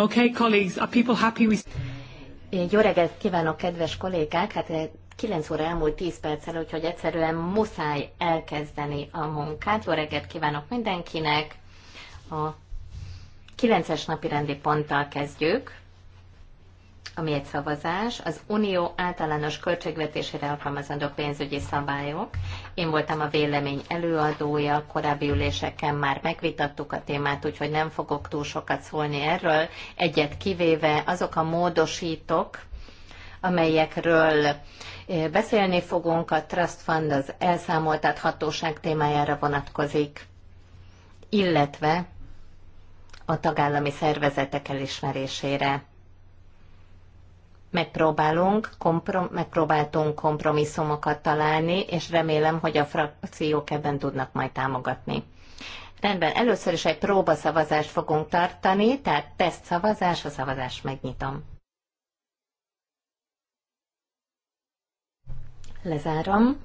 Okay, colleagues, are people happy with... Jó reggelt kívánok, kedves kollégák! Hát 9 eh, óra elmúlt 10 perccel, úgyhogy egyszerűen muszáj elkezdeni a munkát. Jó reggelt kívánok mindenkinek! A 9-es napi rendi ponttal kezdjük ami egy szavazás, az Unió általános költségvetésére alkalmazandó pénzügyi szabályok. Én voltam a vélemény előadója, korábbi üléseken már megvitattuk a témát, úgyhogy nem fogok túl sokat szólni erről. Egyet kivéve azok a módosítók, amelyekről eh, beszélni fogunk, a Trust Fund az elszámoltathatóság témájára vonatkozik, illetve a tagállami szervezetek elismerésére megpróbálunk, komprom, megpróbáltunk kompromisszumokat találni, és remélem, hogy a frakciók ebben tudnak majd támogatni. Rendben, először is egy próbaszavazást fogunk tartani, tehát teszt szavazás, a szavazást megnyitom. Lezárom.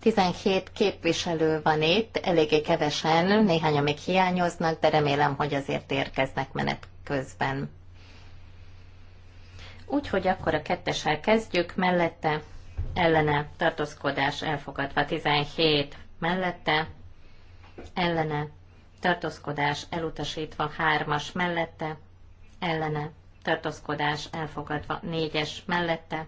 17 képviselő van itt, eléggé kevesen, néhányan még hiányoznak, de remélem, hogy azért érkeznek menet közben. Úgyhogy akkor a kettessel kezdjük, mellette ellene tartózkodás elfogadva 17, mellette ellene tartózkodás elutasítva 3-as mellette, ellene tartózkodás elfogadva 4-es mellette,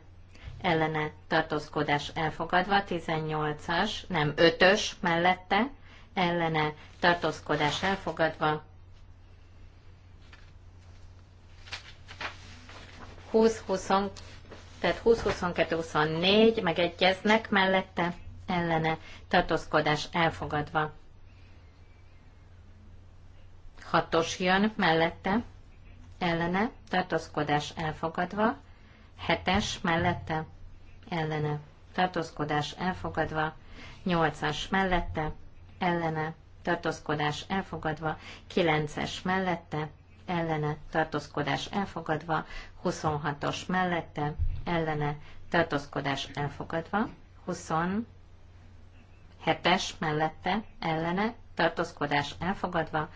ellene tartózkodás elfogadva 18-as, nem 5-ös mellette, ellene tartózkodás elfogadva 20, 20, tehát 20, 22, 24 megegyeznek mellette ellene tartózkodás elfogadva. Hatos jön mellette, ellene, tartózkodás elfogadva. Hetes mellette, ellene, tartózkodás elfogadva. Nyolcas mellette, ellene, tartózkodás elfogadva. Kilences mellette, ellene tartózkodás elfogadva, 26-os mellette ellene tartózkodás elfogadva, 27-es mellette ellene tartózkodás elfogadva,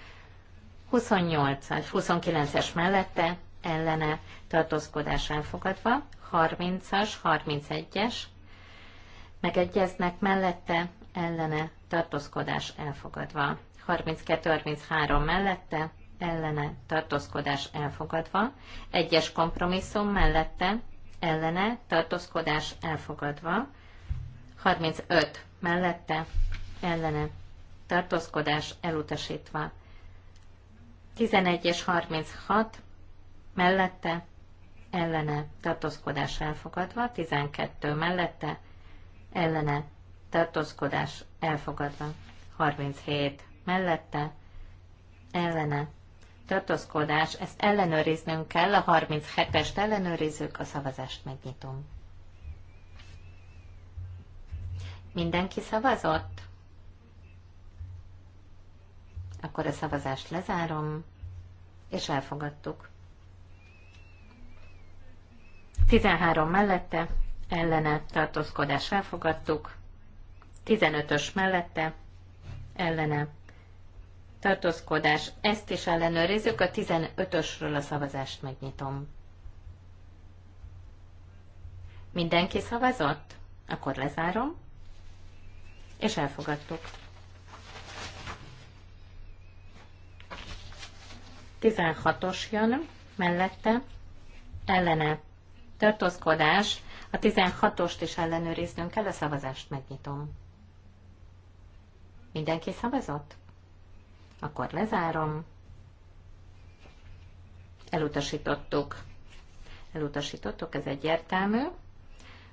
28-as, 29-es mellette ellene tartózkodás elfogadva, 30-as, 31-es megegyeznek mellette ellene tartózkodás elfogadva. 32-33 mellette ellene tartózkodás elfogadva, egyes kompromisszum mellette ellene tartózkodás elfogadva, 35 mellette ellene tartózkodás elutasítva, 11 és 36 mellette ellene tartózkodás elfogadva, 12 mellette ellene tartózkodás elfogadva, 37 mellette ellene tartózkodás, ezt ellenőriznünk kell, a 37-est ellenőrizzük, a szavazást megnyitom. Mindenki szavazott? Akkor a szavazást lezárom, és elfogadtuk. 13 mellette, ellene tartózkodás elfogadtuk, 15-ös mellette, ellene tartózkodás. Ezt is ellenőrizzük, a 15-ösről a szavazást megnyitom. Mindenki szavazott? Akkor lezárom. És elfogadtuk. 16-os jön mellette, ellene tartózkodás, a 16-ost is ellenőriznünk kell, a szavazást megnyitom. Mindenki szavazott? Akkor lezárom. Elutasítottuk. Elutasítottuk, ez egyértelmű.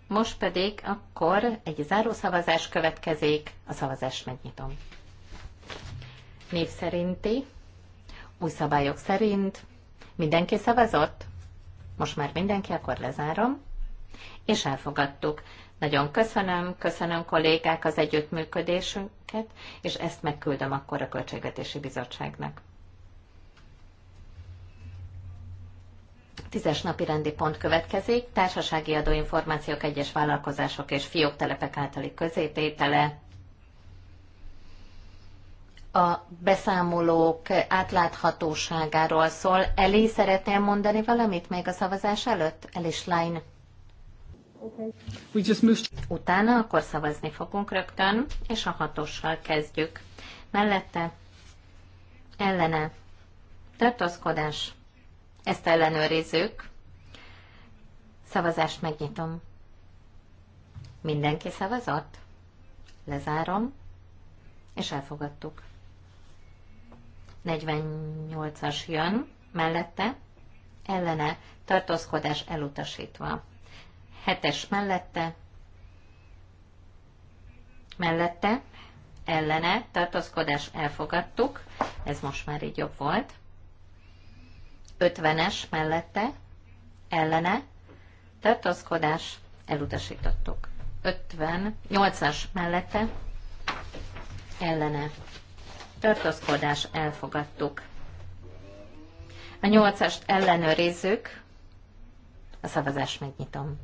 Most pedig akkor egy zárószavazás következik. A szavazást megnyitom. Név szerinti, új szabályok szerint. Mindenki szavazott? Most már mindenki, akkor lezárom. És elfogadtuk. Nagyon köszönöm, köszönöm kollégák az együttműködésünket, és ezt megküldöm akkor a Költségvetési Bizottságnak. Tízes napi rendi pont következik, társasági adóinformációk egyes vállalkozások és fióktelepek általi közététele, a beszámolók átláthatóságáról szól. Elé szeretnél mondani valamit még a szavazás előtt? Elis Line. We just moved. Utána akkor szavazni fogunk rögtön, és a hatossal kezdjük. Mellette ellene tartózkodás. Ezt ellenőrizzük. Szavazást megnyitom. Mindenki szavazott? Lezárom, és elfogadtuk. 48-as jön, mellette ellene tartózkodás elutasítva hetes mellette, mellette, ellene, tartózkodás elfogadtuk, ez most már így jobb volt. 50-es mellette, ellene, tartózkodás elutasítottuk. 50, 8-as mellette, ellene, tartózkodás elfogadtuk. A 8-ast ellenőrizzük, a szavazást megnyitom.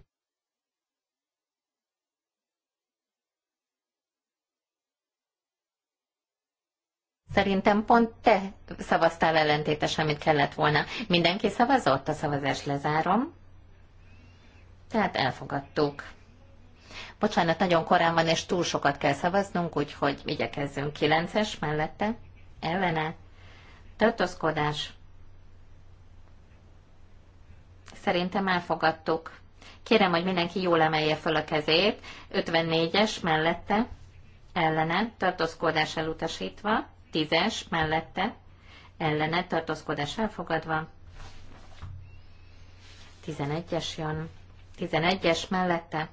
Szerintem pont te szavaztál ellentétes, amit kellett volna. Mindenki szavazott? A szavazást lezárom. Tehát elfogadtuk. Bocsánat, nagyon korán van, és túl sokat kell szavaznunk, úgyhogy igyekezzünk. Kilences mellette, ellene, tartózkodás. Szerintem elfogadtuk. Kérem, hogy mindenki jól emelje föl a kezét. 54-es mellette, ellene, tartózkodás elutasítva. Tízes mellette ellene tartózkodás elfogadva. Tizenegyes jön. Tizenegyes mellette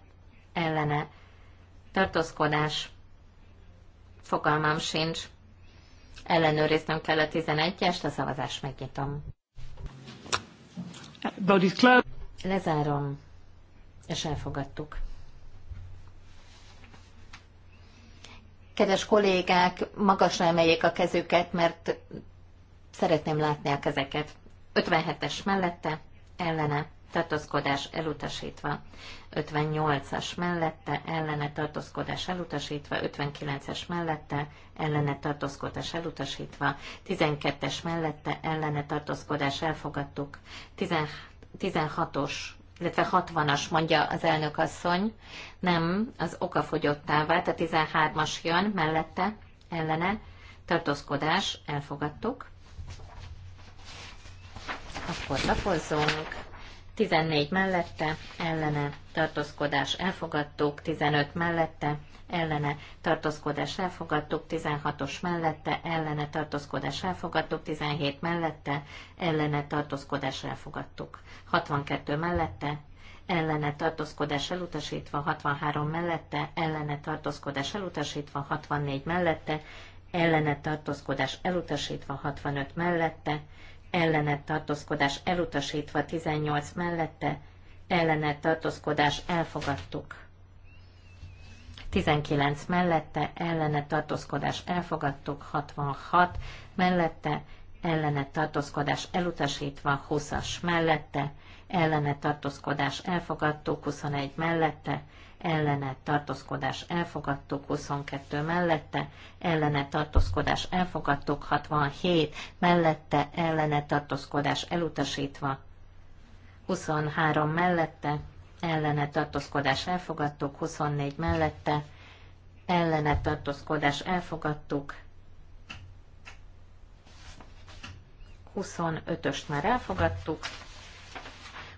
ellene tartózkodás. Fogalmam sincs. Ellenőriznem kell a 11-est, a szavazást megnyitom. Lezárom, és elfogadtuk. Kedves kollégák, magasra emeljék a kezüket, mert szeretném látni a kezeket. 57-es mellette, ellene, tartózkodás elutasítva. 58-as mellette, ellene tartózkodás elutasítva, 59-es mellette, ellene tartózkodás elutasítva, 12-es mellette, ellene tartózkodás elfogadtuk, 16-os illetve 60-as mondja az elnök asszony, nem, az okafogyottá vált, a 13-as jön mellette, ellene, tartózkodás, elfogadtuk. Akkor lapozzunk. 14 mellette, ellene, tartózkodás, elfogadtuk. 15 mellette, ellene tartózkodás elfogadtuk, 16-os mellette ellene tartózkodás elfogadtuk, 17 mellette ellene tartózkodás elfogadtuk, 62 mellette ellene tartózkodás elutasítva, 63 mellette ellene tartózkodás elutasítva, 64 mellette ellene tartózkodás elutasítva, 65 mellette ellene tartózkodás elutasítva, 18 mellette ellene tartózkodás elfogadtuk. 19 mellette ellene tartózkodás elfogadtuk, 66 mellette ellene tartózkodás elutasítva, 20-as mellette ellene tartózkodás elfogadtuk, 21 mellette ellene tartózkodás elfogadtuk, 22 mellette, ellene tartózkodás elfogadtuk, 67 mellette, ellene tartózkodás elutasítva, 23 mellette, ellene tartózkodás elfogadtuk, 24 mellette, ellene tartózkodás elfogadtuk. 25-öst már elfogadtuk.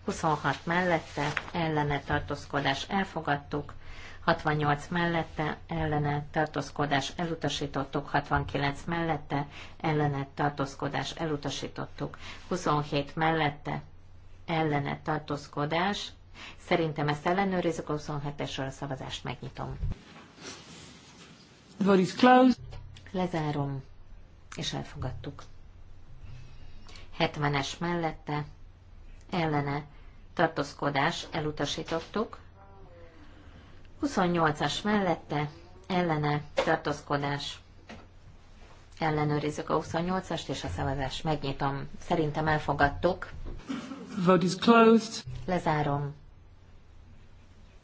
26 mellette ellene tartózkodás elfogadtuk. 68 mellette ellene tartózkodás elutasítottuk, 69 mellette ellene tartózkodás elutasítottuk, 27 mellette ellene tartózkodás. Szerintem ezt ellenőrizzük, a 27-esről a szavazást megnyitom. Vote is closed. Lezárom, és elfogadtuk. 70-es mellette, ellene, tartózkodás, elutasítottuk. 28-as mellette, ellene, tartózkodás, ellenőrizzük a 28-ast, és a szavazást megnyitom. Szerintem elfogadtuk. Vote is closed. Lezárom.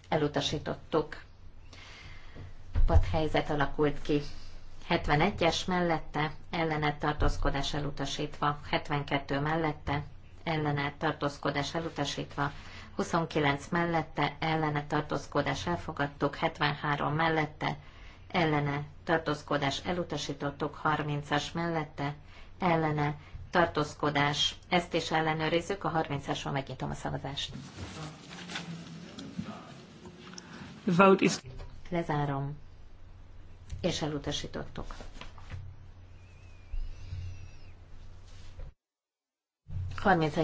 Elutasítottuk csapat helyzet alakult ki. 71-es mellette ellene tartózkodás elutasítva, 72 mellette ellene tartózkodás elutasítva, 29 mellette ellene tartózkodás elfogadtuk, 73 mellette ellene tartózkodás elutasítottuk, 30-as mellette ellene tartózkodás. Ezt is ellenőrizzük, a 30-asról megnyitom a szavazást. The vote is... Lezárom és elutasítottuk.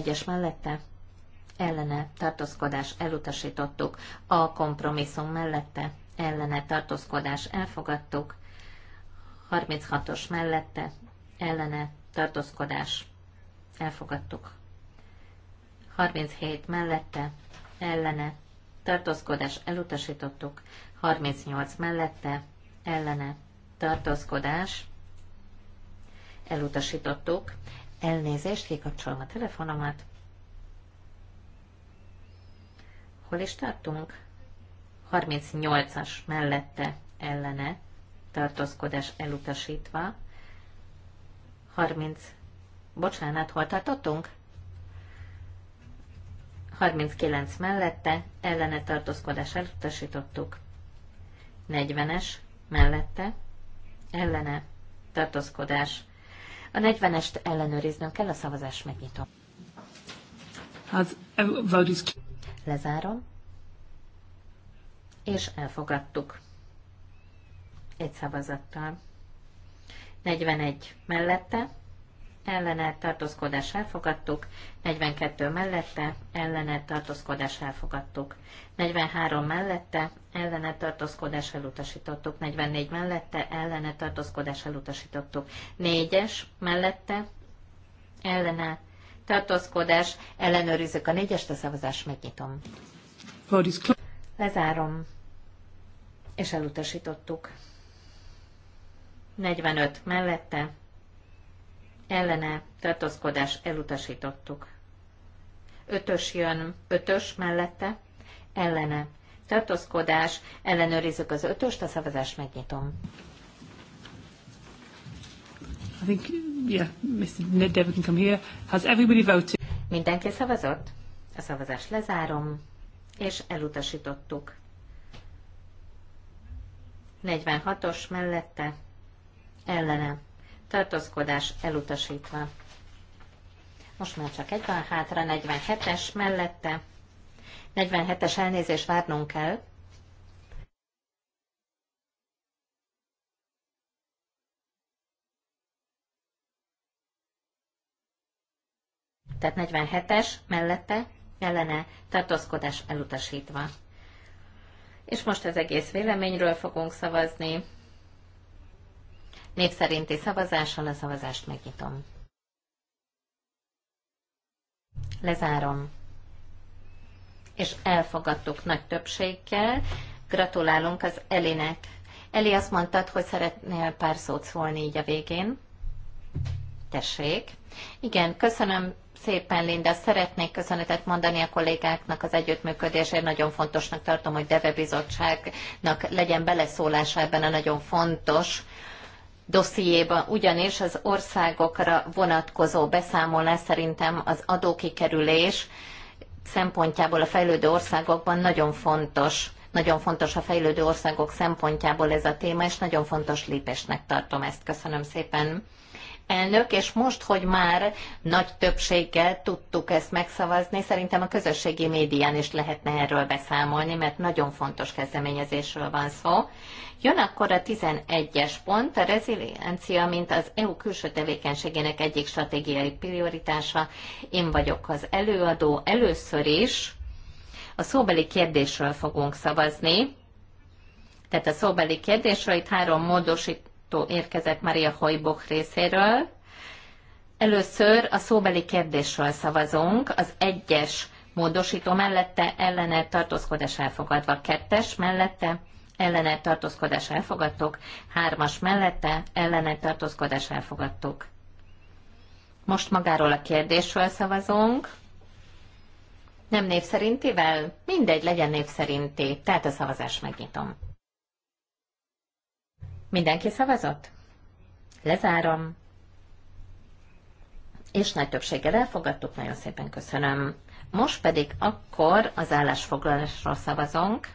es mellette ellene tartózkodás elutasítottuk, a kompromisszum mellette ellene tartózkodás elfogadtuk, 36-os mellette ellene tartózkodás elfogadtuk. 37 mellette ellene tartózkodás elutasítottuk, 38 mellette ellene tartózkodás elutasítottuk. Elnézést, kikapcsolom a telefonomat. Hol is tartunk? 38-as mellette ellene tartózkodás elutasítva. 30. Bocsánat, hol tartottunk? 39 mellette ellene tartózkodás elutasítottuk. 40-es mellette, ellene, tartózkodás. A 40-est ellenőriznünk kell, a szavazás megnyitom. Az hát, e, is... Lezárom. És elfogadtuk. Egy szavazattal. 41 mellette, ellene tartózkodás elfogadtuk, 42 mellette ellene tartózkodás elfogadtuk, 43 mellette ellene tartózkodás elutasítottuk, 44 mellette ellene tartózkodás elutasítottuk, 4-es mellette ellene tartózkodás, ellenőrizzük a 4-est, a szavazást megnyitom. Lezárom, és elutasítottuk. 45 mellette ellene tartózkodás elutasítottuk. Ötös jön, ötös mellette, ellene tartózkodás, ellenőrizzük az ötöst, a szavazást megnyitom. I think, yeah, Mr. David can come here. Has everybody voted? Mindenki szavazott? A szavazást lezárom, és elutasítottuk. 46-os mellette, ellene tartózkodás elutasítva. Most már csak egy van hátra, 47-es mellette. 47-es elnézést várnunk kell. Tehát 47-es mellette ellene tartózkodás elutasítva. És most az egész véleményről fogunk szavazni. Nép szerinti szavazással a szavazást megnyitom. Lezárom. És elfogadtuk nagy többséggel. Gratulálunk az Elinek. Eli azt mondtad, hogy szeretnél pár szót szólni így a végén. Tessék. Igen, köszönöm szépen, Linda. Szeretnék köszönetet mondani a kollégáknak az együttműködésért. Nagyon fontosnak tartom, hogy Deve Bizottságnak legyen beleszólása ebben a nagyon fontos dossziéba, ugyanis az országokra vonatkozó beszámolás szerintem az adókikerülés szempontjából a fejlődő országokban nagyon fontos. Nagyon fontos a fejlődő országok szempontjából ez a téma, és nagyon fontos lépésnek tartom ezt. Köszönöm szépen elnök, és most, hogy már nagy többséggel tudtuk ezt megszavazni, szerintem a közösségi médián is lehetne erről beszámolni, mert nagyon fontos kezdeményezésről van szó. Jön akkor a 11-es pont, a reziliencia, mint az EU külső tevékenységének egyik stratégiai prioritása. Én vagyok az előadó. Először is a szóbeli kérdésről fogunk szavazni. Tehát a szóbeli kérdésről itt három módosít, Tó érkezett Maria Hojbok részéről. Először a szóbeli kérdésről szavazunk, az egyes módosító mellette ellene tartózkodás elfogadva, kettes mellette ellene tartózkodás elfogadtuk, hármas mellette ellene tartózkodás elfogadtuk. Most magáról a kérdésről szavazunk. Nem név szerintivel? Mindegy, legyen név szerinti. Tehát a szavazás megnyitom. Mindenki szavazott? Lezárom. És nagy többséggel elfogadtuk, nagyon szépen köszönöm. Most pedig akkor az állásfoglalásról szavazunk.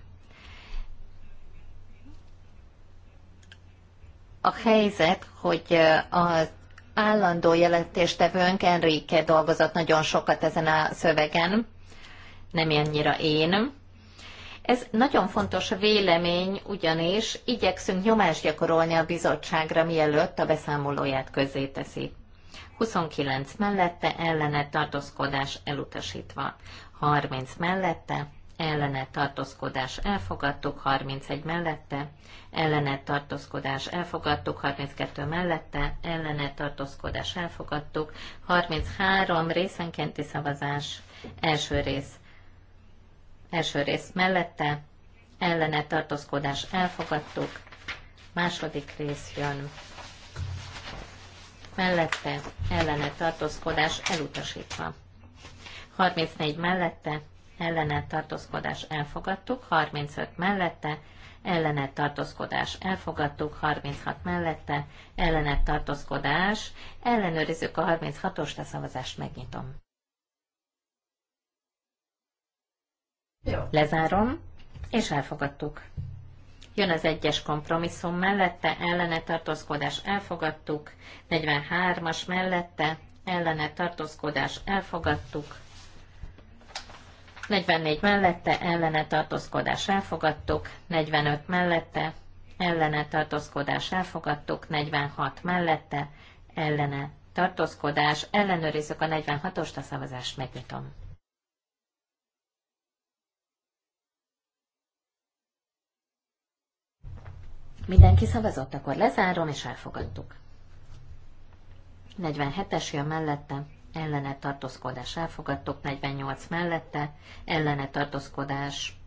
A helyzet, hogy az állandó jelentéstevőnk Enrique dolgozott nagyon sokat ezen a szövegen, nem ilyennyira én, ez nagyon fontos vélemény, ugyanis igyekszünk nyomást gyakorolni a bizottságra, mielőtt a beszámolóját közzéteszi. 29 mellette ellene tartózkodás elutasítva. 30 mellette ellene tartózkodás elfogadtuk, 31 mellette, ellene tartózkodás elfogadtuk, 32 mellette, ellene tartózkodás elfogadtuk, 33 részenkénti szavazás, első rész Első rész mellette, ellene tartózkodás elfogadtuk. Második rész jön. Mellette, ellene tartózkodás elutasítva. 34 mellette, ellene tartózkodás elfogadtuk. 35 mellette, ellene tartózkodás elfogadtuk. 36 mellette, ellene tartózkodás. Ellenőrizzük a 36-os, a szavazást megnyitom. Jó. Lezárom, és elfogadtuk. Jön az egyes kompromisszum mellette, ellene tartózkodás elfogadtuk, 43-as mellette, ellene tartózkodás elfogadtuk, 44 mellette, ellene tartózkodás elfogadtuk, 45 mellette, ellene tartózkodás elfogadtuk, 46 mellette, ellene tartózkodás, ellenőrizzük a 46-ost, a szavazást megnyitom. Mindenki szavazott, akkor lezárom, és elfogadtuk. 47-es jön mellette, ellene tartózkodás elfogadtuk, 48 mellette, ellene tartózkodás,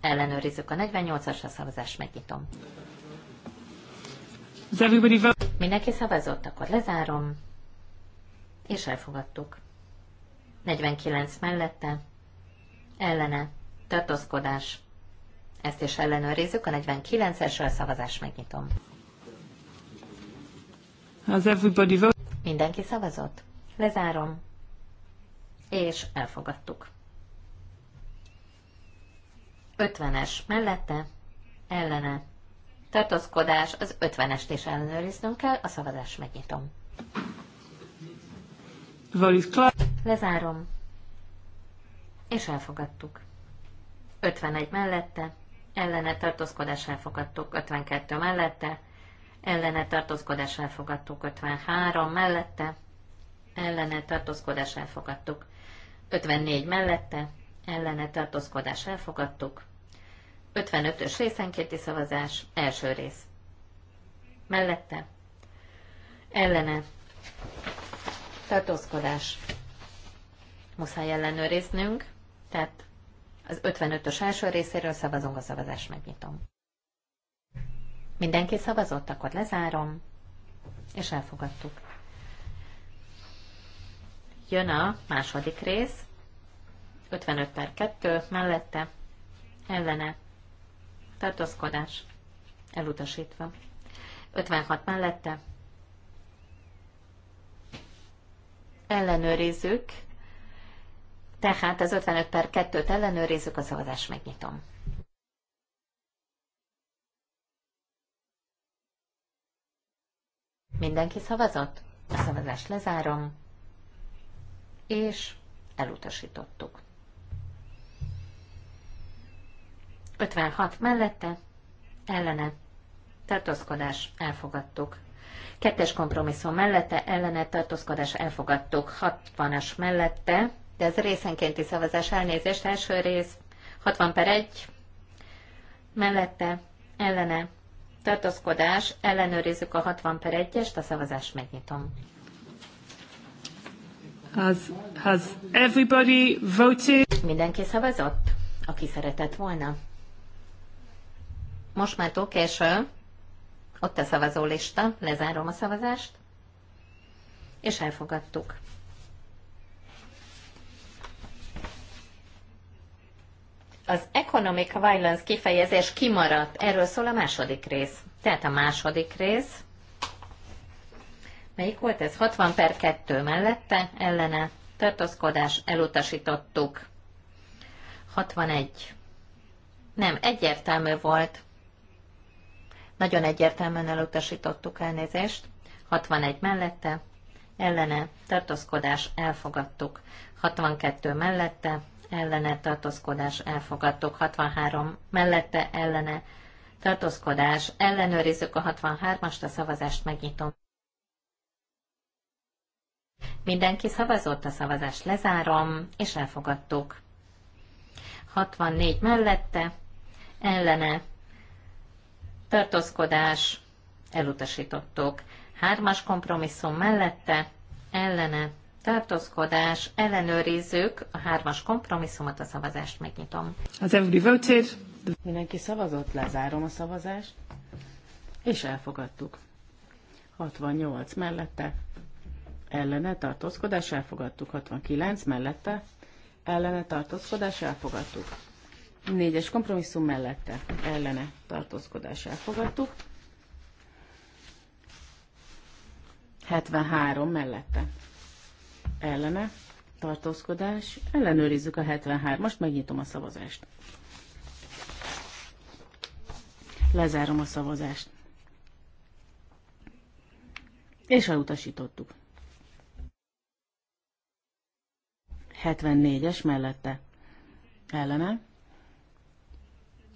ellenőrizzük a 48-asra szavazást, megnyitom. Mindenki szavazott, akkor lezárom, és elfogadtuk. 49 mellette, ellene, tartózkodás, ezt is ellenőrizzük, a 49-esről szavazás megnyitom. Has everybody vote? Mindenki szavazott? Lezárom. És elfogadtuk. 50-es mellette, ellene. Tartózkodás, az 50-est is ellenőriznünk kell, a szavazást megnyitom. Lezárom. És elfogadtuk. 51 mellette, ellene tartózkodás elfogadtuk 52 mellette, ellene tartózkodás elfogadtuk 53 mellette, ellene tartózkodás elfogadtuk 54 mellette, ellene tartózkodás elfogadtuk 55-ös részenkéti szavazás, első rész. Mellette, ellene tartózkodás. Muszáj ellenőriznünk, tehát az 55-ös első részéről szavazunk, a szavazás megnyitom. Mindenki szavazott, akkor lezárom, és elfogadtuk. Jön a második rész, 55 per 2, mellette, ellene, tartózkodás, elutasítva. 56 mellette, ellenőrizzük, tehát az 55 per 2-t ellenőrizzük, a szavazást megnyitom. Mindenki szavazott? A szavazást lezárom, és elutasítottuk. 56 mellette, ellene, tartózkodás, elfogadtuk. Kettes kompromisszum mellette, ellene, tartózkodás, elfogadtuk. 60-as mellette, de ez részenkénti szavazás elnézést. Első rész 60 per 1, mellette ellene tartózkodás, ellenőrizzük a 60 per 1-est, a szavazást megnyitom. Has, has everybody voted? Mindenki szavazott, aki szeretett volna. Most már túl késő, ott a szavazólista, lezárom a szavazást, és elfogadtuk. az economic violence kifejezés kimaradt. Erről szól a második rész. Tehát a második rész. Melyik volt ez? 60 per 2 mellette, ellene, tartózkodás, elutasítottuk. 61. Nem, egyértelmű volt. Nagyon egyértelműen elutasítottuk elnézést. 61 mellette, ellene, tartózkodás, elfogadtuk. 62 mellette, ellene tartózkodás elfogadtuk, 63 mellette ellene tartózkodás, ellenőrizzük a 63-ast, a szavazást megnyitom. Mindenki szavazott, a szavazást lezárom, és elfogadtuk. 64 mellette, ellene, tartózkodás, elutasítottuk. Hármas kompromisszum mellette, ellene, tartózkodás, ellenőrizzük a hármas kompromisszumot, a szavazást megnyitom. Az every voted. Mindenki szavazott, lezárom a szavazást, és elfogadtuk. 68 mellette, ellene tartózkodás, elfogadtuk. 69 mellette, ellene tartózkodás, elfogadtuk. 4 kompromisszum mellette, ellene tartózkodás, elfogadtuk. 73 mellette, ellene, tartózkodás, ellenőrizzük a 73 Most megnyitom a szavazást. Lezárom a szavazást. És elutasítottuk. 74-es mellette. Ellene.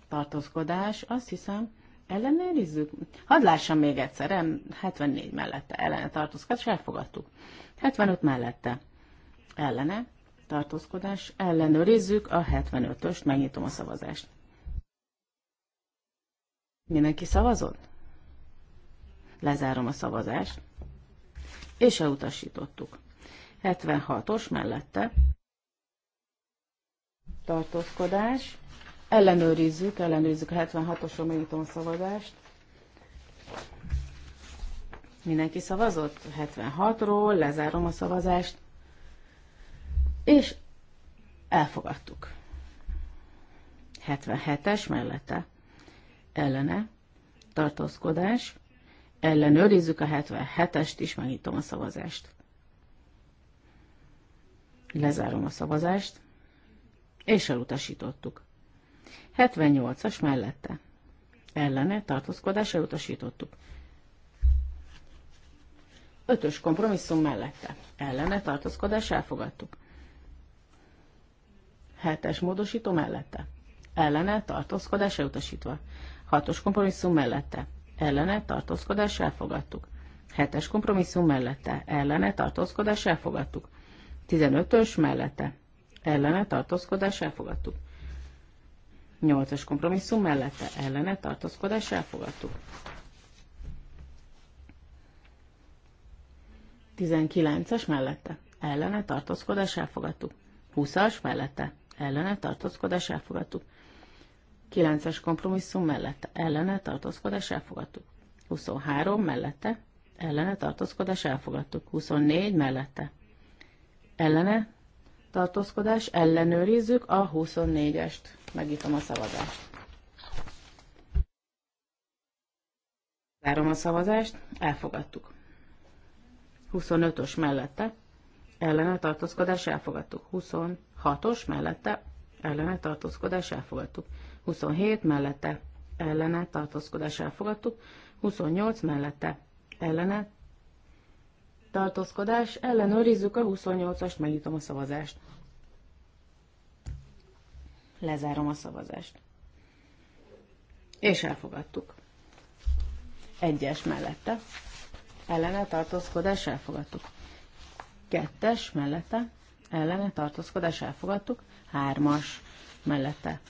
Tartózkodás, azt hiszem, ellenőrizzük. Hadd lássam még egyszer, 74 mellette ellene tartózkodás, elfogadtuk. 75 mellette. Ellene. Tartózkodás. Ellenőrizzük a 75-öst. Megnyitom a szavazást. Mindenki szavazott? Lezárom a szavazást. És elutasítottuk. 76-os mellette. Tartózkodás. Ellenőrizzük, ellenőrizzük a 76 osra megnyitom a szavazást. Mindenki szavazott? 76-ról lezárom a szavazást, és elfogadtuk. 77-es mellette ellene tartózkodás, ellenőrizzük a 77-est is, megnyitom a szavazást. Lezárom a szavazást, és elutasítottuk. 78-as mellette ellene tartózkodás elutasítottuk. Ötös kompromisszum mellette. Ellene tartózkodás elfogadtuk. Hetes módosító mellette. Ellene tartózkodás elutasítva. Hatos kompromisszum mellette. Ellene tartózkodás elfogadtuk. Hetes kompromisszum mellette. Ellene tartózkodás elfogadtuk. 15-ös mellette. Ellene tartózkodás elfogadtuk. 8-as kompromisszum mellette. Ellene tartózkodás elfogadtuk. 19-es mellette ellene tartózkodás elfogadtuk. 20-as mellette ellene tartózkodás elfogadtuk. 9-es kompromisszum mellette ellene tartózkodás elfogadtuk. 23 mellette ellene tartózkodás elfogadtuk. 24 mellette ellene tartózkodás ellenőrizzük a 24-est. Megítom a szavazást. Várom a szavazást, elfogadtuk. 25-ös mellette ellene tartózkodás elfogadtuk. 26-os mellette ellene tartózkodás elfogadtuk. 27 mellette ellene tartózkodás elfogadtuk. 28 mellette ellene tartózkodás. Ellenőrizzük a 28-ast, megnyitom a szavazást. Lezárom a szavazást. És elfogadtuk. Egyes mellette ellene tartózkodás elfogadtuk. Kettes mellette ellene tartózkodás elfogadtuk. Hármas mellette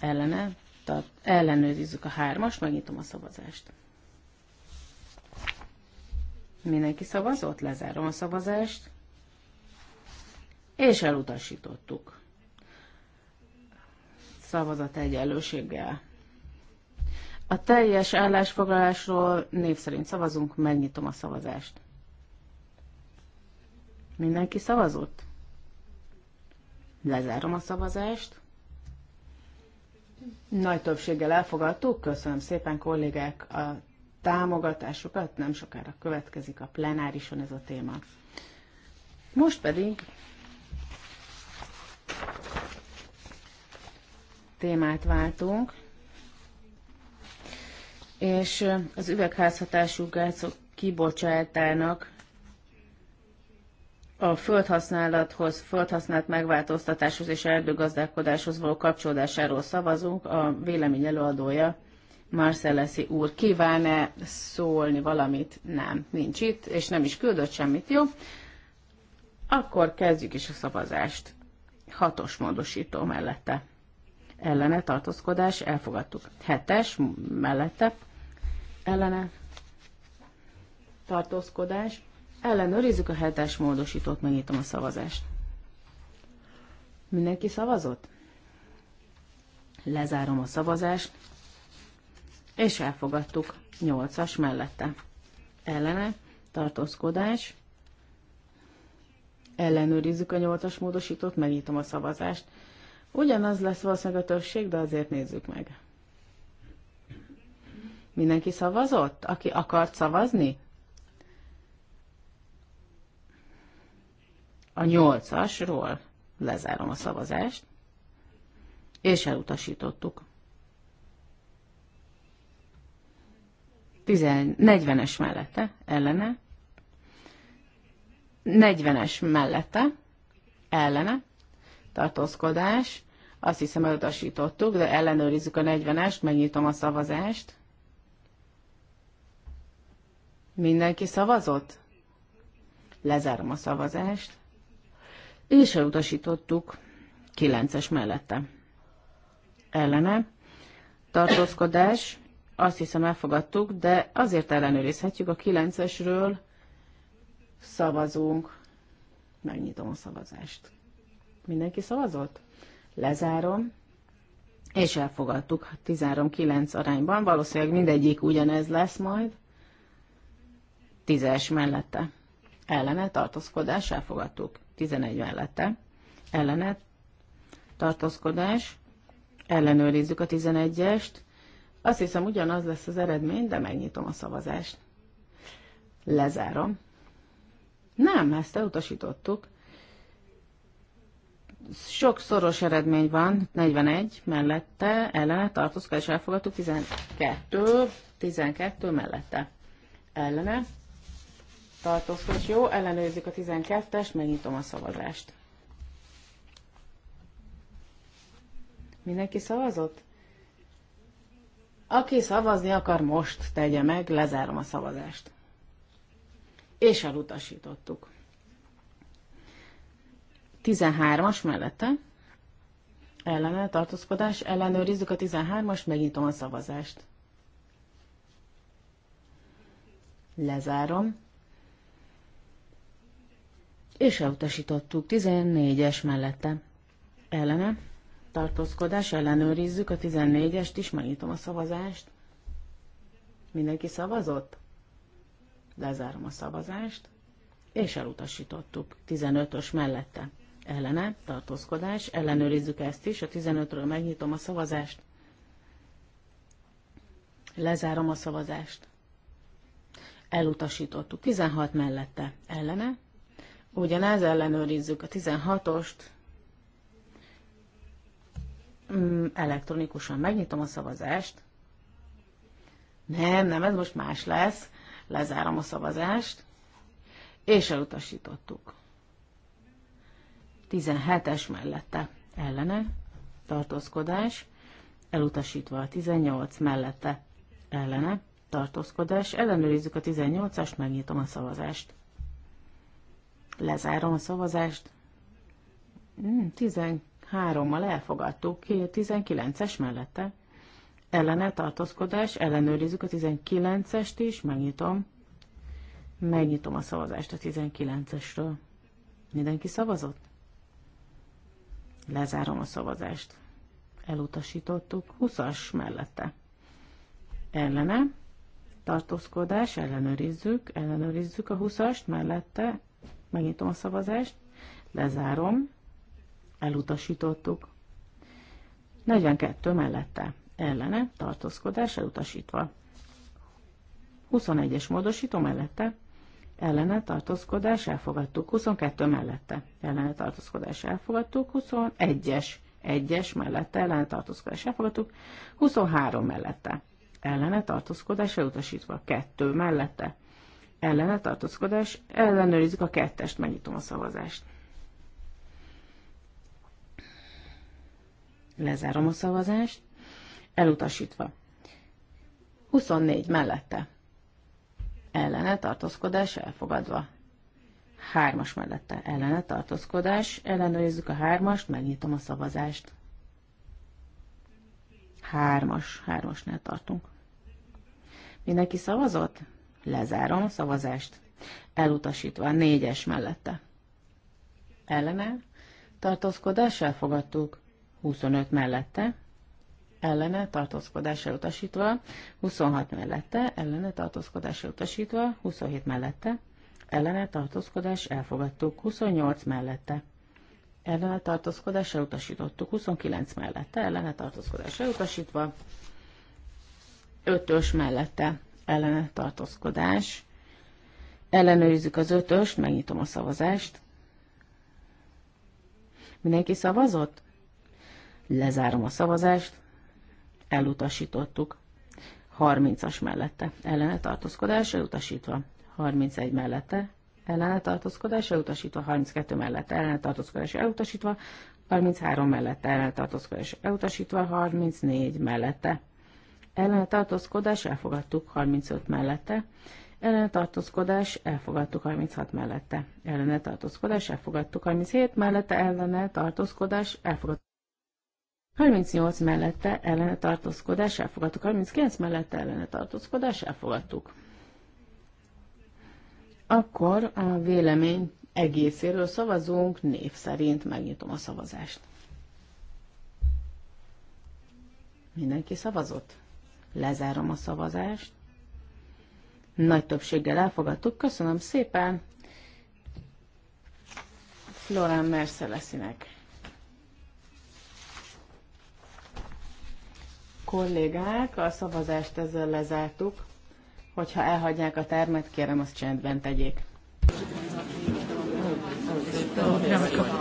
ellene, tehát ellenőrizzük a hármas, megnyitom a szavazást. Mindenki szavazott, lezárom a szavazást, és elutasítottuk. Szavazat egyenlőséggel a teljes állásfoglalásról név szerint szavazunk, megnyitom a szavazást. Mindenki szavazott? Lezárom a szavazást. Nagy többséggel elfogadtuk, köszönöm szépen kollégák a támogatásokat, nem sokára következik a plenárison ez a téma. Most pedig témát váltunk és az üvegházhatású gázok kibocsátának a földhasználathoz, földhasználat megváltoztatáshoz és erdőgazdálkodáshoz való kapcsolódásáról szavazunk. A vélemény előadója Marcellesi úr kíván-e szólni valamit? Nem, nincs itt, és nem is küldött semmit, jó? Akkor kezdjük is a szavazást. Hatos módosító mellette. Ellene tartózkodás, elfogadtuk. Hetes mellette ellene tartózkodás. Ellenőrizzük a hetes módosítót, megnyitom a szavazást. Mindenki szavazott? Lezárom a szavazást, és elfogadtuk 8-as mellette. Ellene tartózkodás. Ellenőrizzük a 8-as módosítót, megnyitom a szavazást. Ugyanaz lesz valószínűleg a többség, de azért nézzük meg. Mindenki szavazott, aki akart szavazni? A nyolcasról lezárom a szavazást, és elutasítottuk. 40-es mellette, ellene, 40-es mellette, ellene, tartózkodás, azt hiszem elutasítottuk, de ellenőrizzük a 40-est, megnyitom a szavazást. Mindenki szavazott? Lezárom a szavazást. És elutasítottuk kilences mellette. Ellene. Tartózkodás. Azt hiszem elfogadtuk, de azért ellenőrizhetjük a kilencesről. Szavazunk. Megnyitom a szavazást. Mindenki szavazott? Lezárom. És elfogadtuk 13-9 arányban. Valószínűleg mindegyik ugyanez lesz majd. Tízes mellette. Ellene tartózkodás elfogadtuk. Tizenegy mellette. Ellene tartózkodás. Ellenőrizzük a tizenegyest. Azt hiszem ugyanaz lesz az eredmény, de megnyitom a szavazást. Lezárom. Nem, ezt elutasítottuk. Sok szoros eredmény van, 41 mellette, ellene, tartózkodás elfogadtuk, 12, 12 mellette, ellene, tartózkodás. Jó, ellenőrizzük a 12-est, megnyitom a szavazást. Mindenki szavazott? Aki szavazni akar, most tegye meg, lezárom a szavazást. És elutasítottuk. 13-as mellette ellene tartózkodás, ellenőrizzük a 13-as, megnyitom a szavazást. Lezárom és elutasítottuk 14-es mellette. Ellene, tartózkodás, ellenőrizzük a 14-est is, megnyitom a szavazást. Mindenki szavazott? Lezárom a szavazást, és elutasítottuk 15-ös mellette. Ellene, tartózkodás, ellenőrizzük ezt is, a 15-ről megnyitom a szavazást. Lezárom a szavazást. Elutasítottuk 16 mellette. Ellene, Ugyanez ellenőrizzük a 16-ost. Mm, elektronikusan megnyitom a szavazást. Nem, nem, ez most más lesz. Lezárom a szavazást. És elutasítottuk. 17-es mellette ellene tartózkodás, elutasítva a 18 mellette ellene tartózkodás. Ellenőrizzük a 18-ast, megnyitom a szavazást. Lezárom a szavazást. 13-mal hmm, elfogadtuk, 19-es mellette. Ellene tartózkodás, ellenőrizzük a 19-est is, megnyitom. Megnyitom a szavazást a 19-esről. Mindenki szavazott? Lezárom a szavazást. Elutasítottuk. 20-as mellette. Ellene. Tartózkodás, ellenőrizzük, ellenőrizzük a 20-ast, mellette Megnyitom a szavazást, lezárom, elutasítottuk. 42 mellette, ellene, tartózkodás elutasítva. 21-es módosító mellette, ellene tartózkodás elfogadtuk, 22 mellette ellene tartózkodás elfogadtuk, 21-es, 1-es mellette ellene tartózkodás elfogadtuk, 23 mellette ellene tartózkodás elutasítva, 2 mellette ellene tartózkodás, ellenőrizzük a kettest, megnyitom a szavazást. Lezárom a szavazást, elutasítva. 24 mellette. Ellene tartózkodás elfogadva. Hármas mellette ellene tartózkodás, ellenőrizzük a hármast, megnyitom a szavazást. Hármas, hármasnál tartunk. Mindenki szavazott? Lezárom a szavazást. Elutasítva a négyes mellette. Ellene. Tartózkodás elfogadtuk. 25 mellette. Ellene tartózkodás elutasítva. 26 mellette. Ellene tartózkodás elutasítva. 27 mellette. Ellene tartózkodás elfogadtuk. 28 mellette ellene tartózkodás elutasítottuk, 29 mellette ellene tartózkodás elutasítva, 5-ös mellette ellene tartózkodás. Ellenőrizzük az ötöst, megnyitom a szavazást. Mindenki szavazott? Lezárom a szavazást. Elutasítottuk. 30-as mellette ellene tartózkodás elutasítva. 31 mellette ellene tartózkodás elutasítva. 32 mellette ellene tartózkodás elutasítva. 33 mellette ellene tartózkodás elutasítva. 34 mellette ellene tartózkodás elfogadtuk 35 mellette, ellene tartózkodás elfogadtuk 36 mellette, ellene tartózkodás elfogadtuk 37 mellette, ellene tartózkodás elfogadtuk 38 mellette ellene tartózkodás elfogadtuk, 39 mellette ellene tartózkodás elfogadtuk. Akkor a vélemény egészéről szavazunk, név szerint megnyitom a szavazást. Mindenki szavazott? Lezárom a szavazást. Nagy többséggel elfogadtuk. Köszönöm szépen Florán Mercelesinek. Kollégák, a szavazást ezzel lezártuk. Hogyha elhagyják a termet, kérem, azt csendben tegyék. Köszönöm.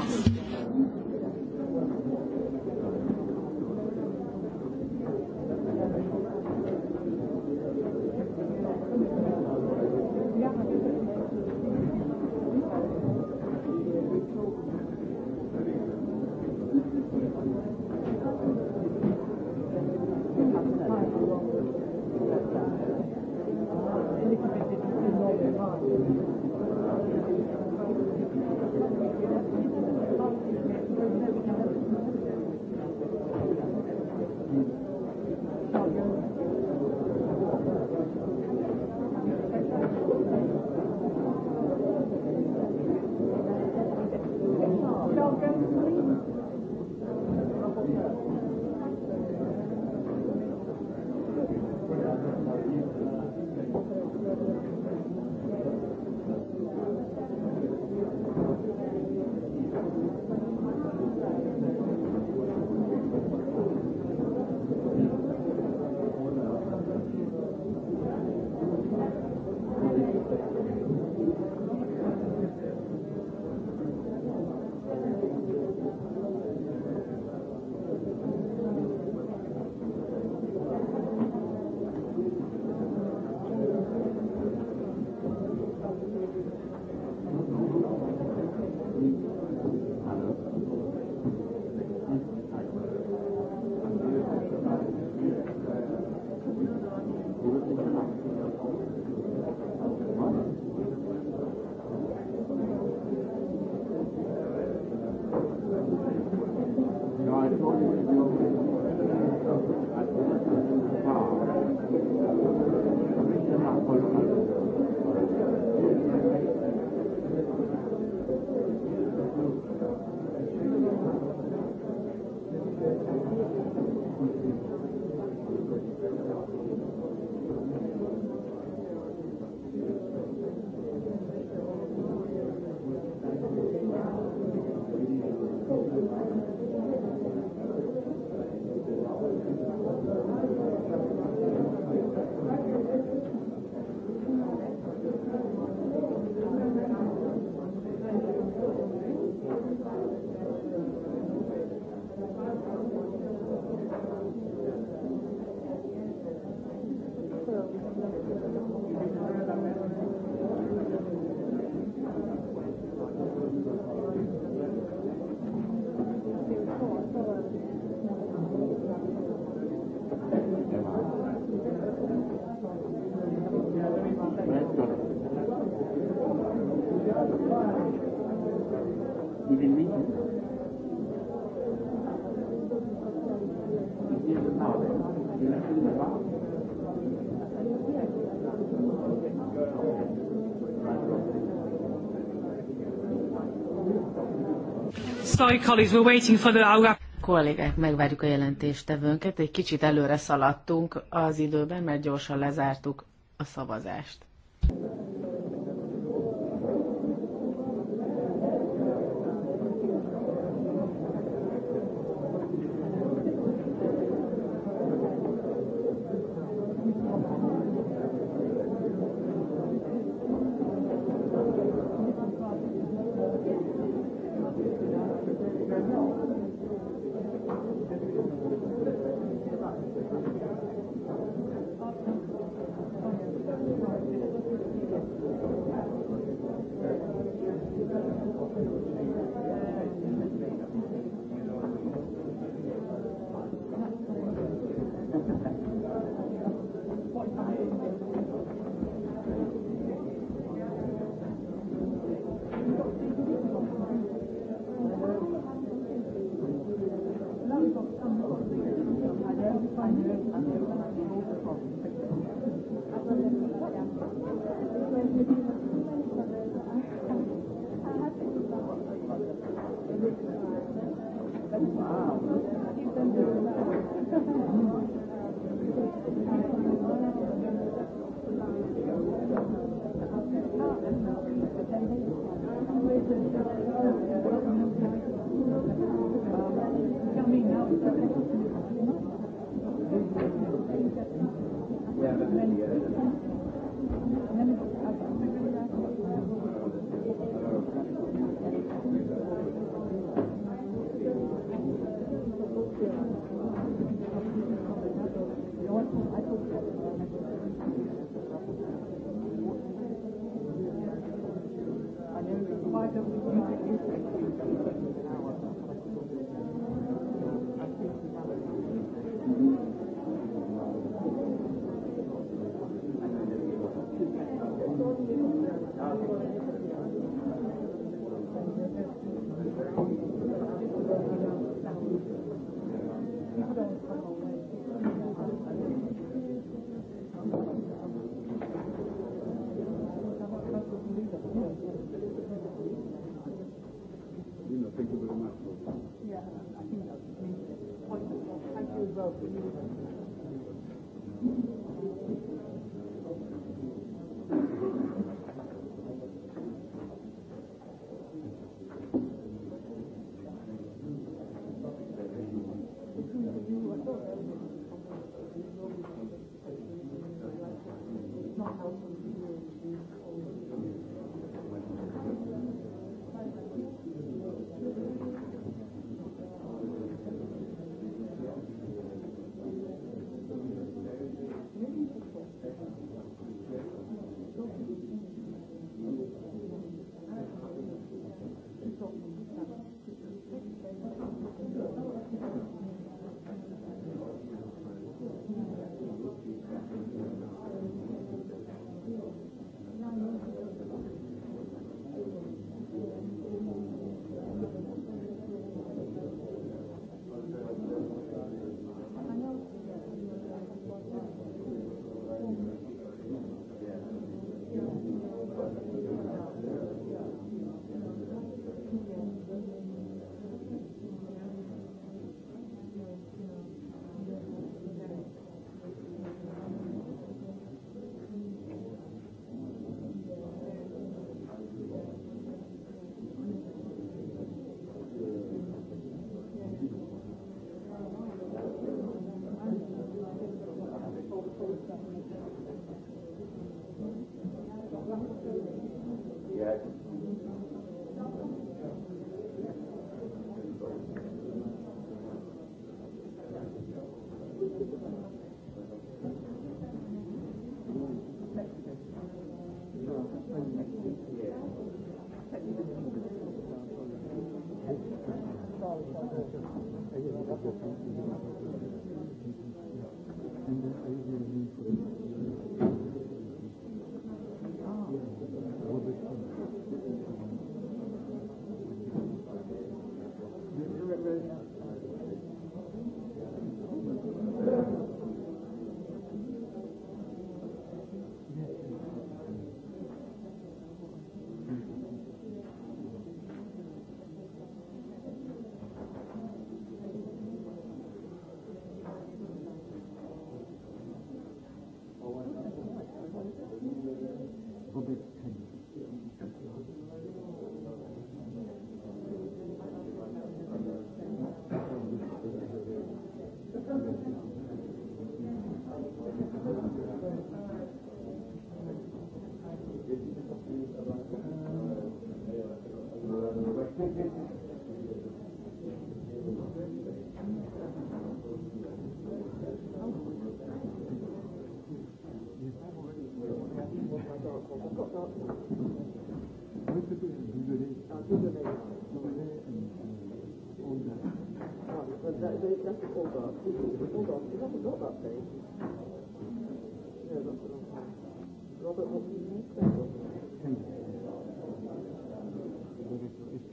Kollégák, megvárjuk a jelentéstevőnket. Egy kicsit előre szaladtunk az időben, mert gyorsan lezártuk a szavazást.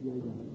Yeah, yeah.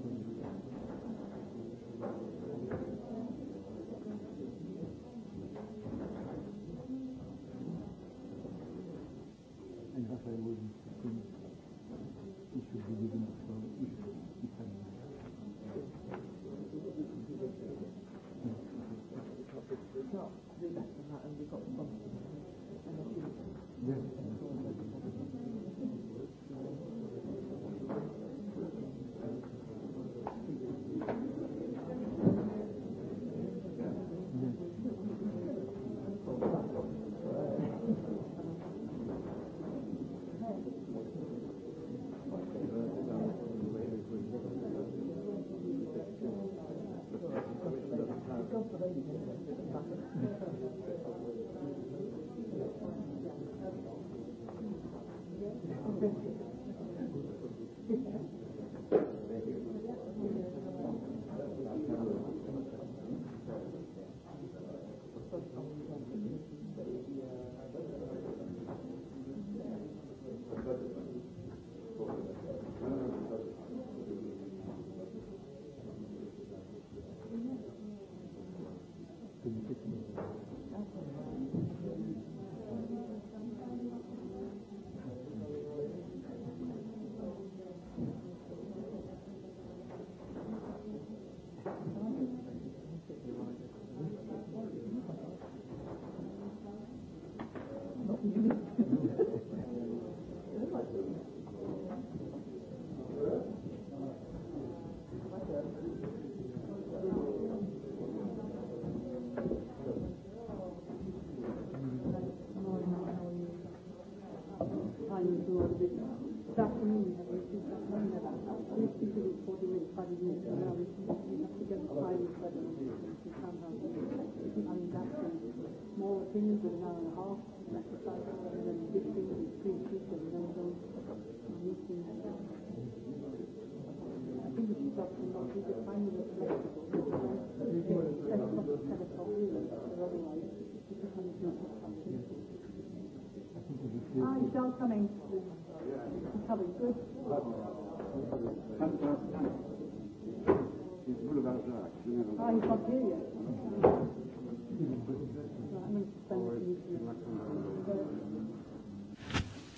Hi, John coming.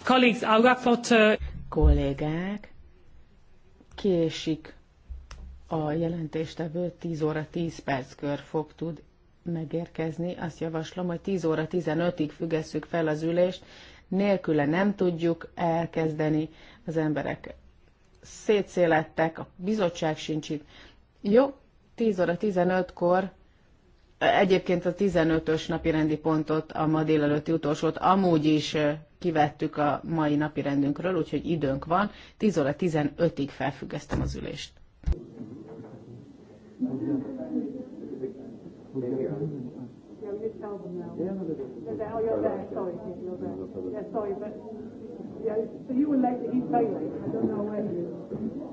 Colleagues, Kollégák, késik a jelentéstevő 10 óra 10 perc kör fog tud megérkezni. Azt javaslom, hogy 10 óra 15-ig függesszük fel az ülést, nélküle nem tudjuk elkezdeni, az emberek szétszélettek, a bizottság sincs itt. Jó, 10 óra 15-kor Egyébként a 15-ös napi rendi pontot, a ma délelőtti utolsót amúgy is kivettük a mai napi rendünkről, úgyhogy időnk van. 10 óra 15-ig felfüggesztem az ülést. Köszönöm. Yeah, Sorry, but yeah, so you were late. He's late. I don't know where he is.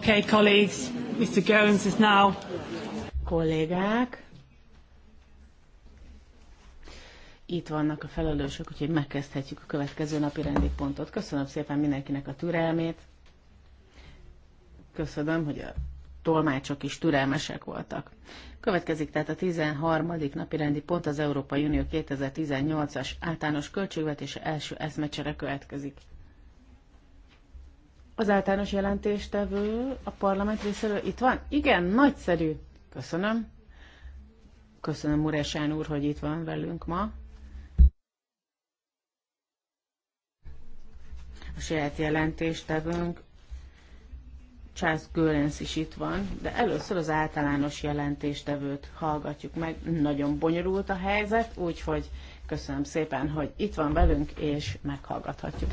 Okay, colleagues, Mr. Goins is now. Kollégák, itt vannak a felelősök, úgyhogy megkezdhetjük a következő napi rendi pontot. Köszönöm szépen mindenkinek a türelmét. Köszönöm, hogy a tolmácsok is türelmesek voltak. Következik tehát a 13. napi rendi pont az Európai Unió 2018-as általános költségvetése első eszmecsere következik. Az általános jelentéstevő a parlament részéről itt van? Igen, nagyszerű. Köszönöm. Köszönöm Muresán úr, hogy itt van velünk ma. A saját jelentéstevőnk Charles Görens is itt van, de először az általános jelentéstevőt hallgatjuk meg. Nagyon bonyolult a helyzet, úgyhogy köszönöm szépen, hogy itt van velünk, és meghallgathatjuk.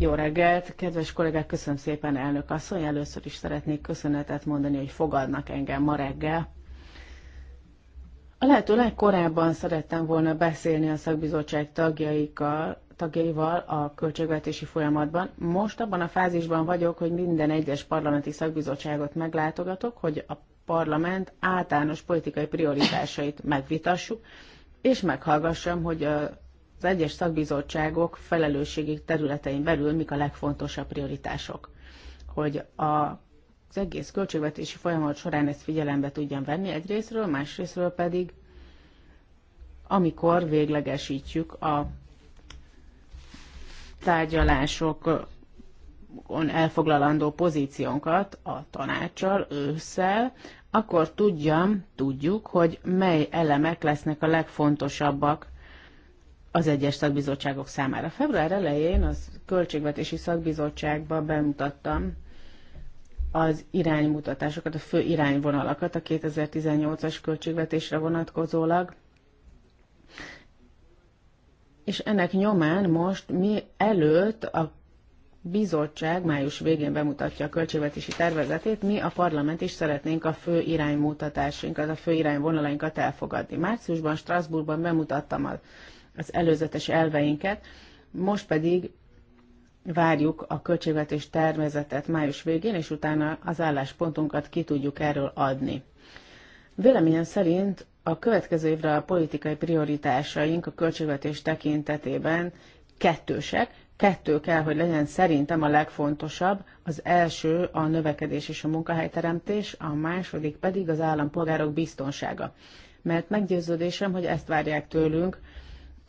Jó reggelt, kedves kollégák, köszönöm szépen, elnök asszony. Először is szeretnék köszönetet mondani, hogy fogadnak engem ma reggel. A lehető legkorábban szerettem volna beszélni a szakbizottság tagjaikkal, tagjaival a költségvetési folyamatban. Most abban a fázisban vagyok, hogy minden egyes parlamenti szakbizottságot meglátogatok, hogy a parlament általános politikai prioritásait megvitassuk, és meghallgassam, hogy a az egyes szakbizottságok felelősségi területein belül mik a legfontosabb prioritások. Hogy a, az egész költségvetési folyamat során ezt figyelembe tudjam venni egyrésztről, másrésztről pedig, amikor véglegesítjük a tárgyalásokon elfoglalandó pozíciónkat a tanácssal ősszel, akkor tudjam, tudjuk, hogy mely elemek lesznek a legfontosabbak az egyes szakbizottságok számára. Február elején az Költségvetési szakbizottságba bemutattam az iránymutatásokat, a fő irányvonalakat a 2018-as költségvetésre vonatkozólag, és ennek nyomán most mi előtt a bizottság május végén bemutatja a költségvetési tervezetét, mi a parlament is szeretnénk a fő iránymutatásunkat, a fő irányvonalainkat elfogadni. Márciusban Strasbourgban bemutattam a az előzetes elveinket, most pedig várjuk a költségvetés tervezetet május végén, és utána az álláspontunkat ki tudjuk erről adni. Véleményem szerint a következő évre a politikai prioritásaink a költségvetés tekintetében kettősek. Kettő kell, hogy legyen szerintem a legfontosabb. Az első a növekedés és a munkahelyteremtés, a második pedig az állampolgárok biztonsága. Mert meggyőződésem, hogy ezt várják tőlünk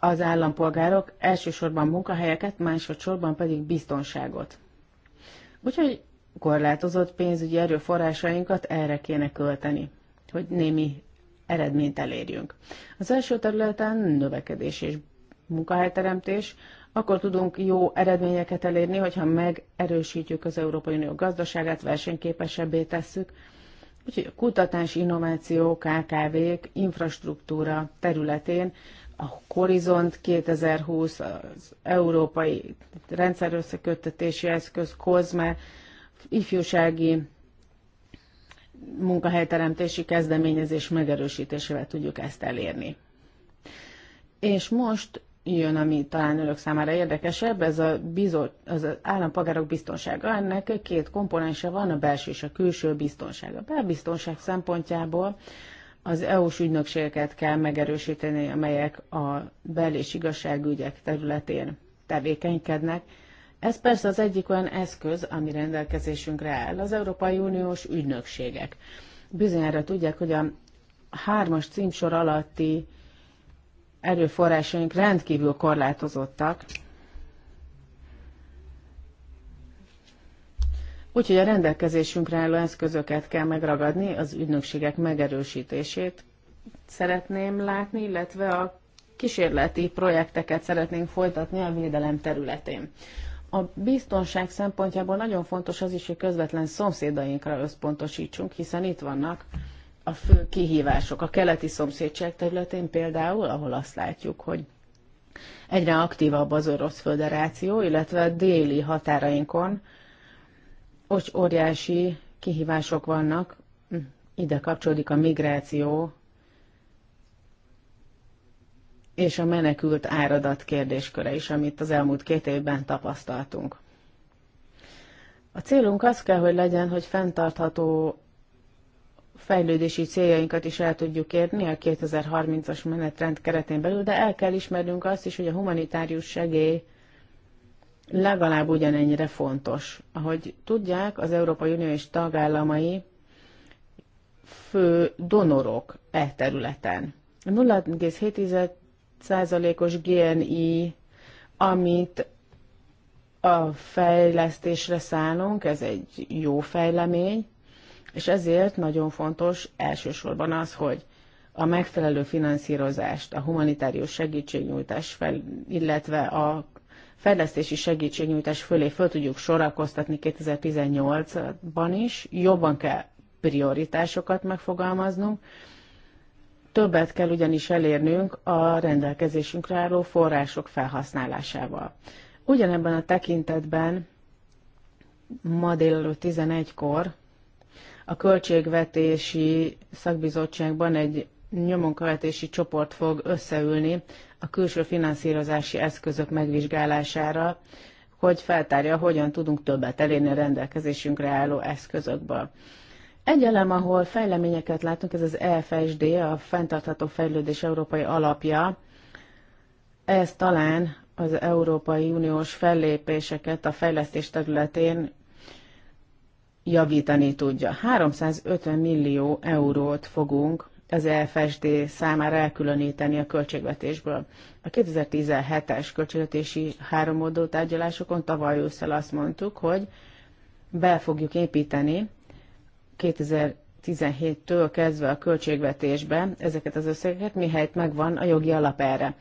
az állampolgárok elsősorban munkahelyeket, másodszorban pedig biztonságot. Úgyhogy korlátozott pénzügyi erőforrásainkat erre kéne költeni, hogy némi eredményt elérjünk. Az első területen növekedés és munkahelyteremtés, akkor tudunk jó eredményeket elérni, hogyha megerősítjük az Európai Unió gazdaságát, versenyképesebbé tesszük, Úgyhogy a kutatás, innováció, KKV-k, infrastruktúra területén a Horizont 2020, az Európai Rendszerösszeköttetési Eszköz, COSME, ifjúsági munkahelyteremtési kezdeményezés megerősítésével tudjuk ezt elérni. És most jön, ami talán önök számára érdekesebb, ez a bizot, az állampolgárok biztonsága. Ennek két komponense van, a belső és a külső biztonság. A belbiztonság szempontjából az EU-s ügynökségeket kell megerősíteni, amelyek a bel- és igazságügyek területén tevékenykednek. Ez persze az egyik olyan eszköz, ami rendelkezésünkre áll, az Európai Uniós ügynökségek. Bizonyára tudják, hogy a hármas címsor alatti erőforrásaink rendkívül korlátozottak, Úgyhogy a rendelkezésünkre álló eszközöket kell megragadni, az ügynökségek megerősítését szeretném látni, illetve a kísérleti projekteket szeretnénk folytatni a védelem területén. A biztonság szempontjából nagyon fontos az is, hogy közvetlen szomszédainkra összpontosítsunk, hiszen itt vannak a fő kihívások. A keleti szomszédság területén például, ahol azt látjuk, hogy egyre aktívabb az Orosz Föderáció, illetve a déli határainkon hogy óriási kihívások vannak, ide kapcsolódik a migráció és a menekült áradat kérdésköre is, amit az elmúlt két évben tapasztaltunk. A célunk az kell, hogy legyen, hogy fenntartható fejlődési céljainkat is el tudjuk érni a 2030-as menetrend keretén belül, de el kell ismernünk azt is, hogy a humanitárius segély legalább ugyanennyire fontos. Ahogy tudják, az Európai Unió és tagállamai fő donorok e területen. 0,7%-os GNI, amit a fejlesztésre szállunk, ez egy jó fejlemény, és ezért nagyon fontos elsősorban az, hogy a megfelelő finanszírozást, a humanitárius segítségnyújtás, fel, illetve a fejlesztési segítségnyújtás fölé föl tudjuk sorakoztatni 2018-ban is, jobban kell prioritásokat megfogalmaznunk, többet kell ugyanis elérnünk a rendelkezésünkre álló források felhasználásával. Ugyanebben a tekintetben ma délelőtt 11-kor a Költségvetési Szakbizottságban egy nyomonkövetési csoport fog összeülni a külső finanszírozási eszközök megvizsgálására, hogy feltárja, hogyan tudunk többet elérni a rendelkezésünkre álló eszközökből. Egy elem, ahol fejleményeket látunk, ez az EFSD, a Fentartható Fejlődés Európai Alapja. Ez talán az Európai Uniós fellépéseket a fejlesztés területén javítani tudja. 350 millió eurót fogunk az EFSD számára elkülöníteni a költségvetésből. A 2017-es költségvetési háromoldó tárgyalásokon tavaly ősszel azt mondtuk, hogy be fogjuk építeni 2017-től kezdve a költségvetésbe ezeket az összegeket, mihelyt megvan a jogi alap erre.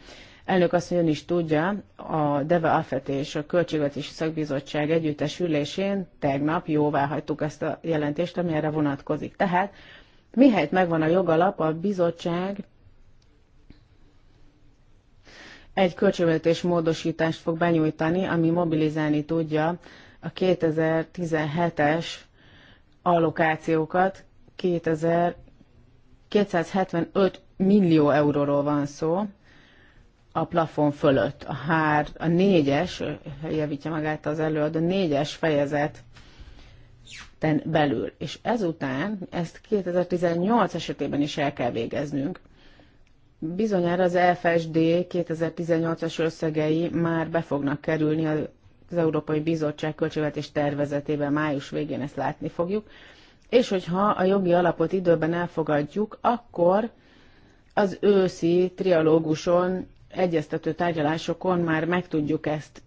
Elnök azt mondja, is tudja, a DEVE AFET és a Költségvetési Szakbizottság együttes ülésén tegnap jóvá hagytuk ezt a jelentést, ami erre vonatkozik. Tehát mihelyt megvan a jogalap, a bizottság egy költségvetés módosítást fog benyújtani, ami mobilizálni tudja a 2017-es allokációkat. 2275 millió euróról van szó a plafon fölött. A, hár, a négyes, javítja magát az előadó, négyes fejezet ten belül. És ezután ezt 2018 esetében is el kell végeznünk. Bizonyára az FSD 2018-as összegei már be fognak kerülni az Európai Bizottság költségvetés tervezetében május végén ezt látni fogjuk. És hogyha a jogi alapot időben elfogadjuk, akkor az őszi trialóguson, egyeztető tárgyalásokon már meg tudjuk ezt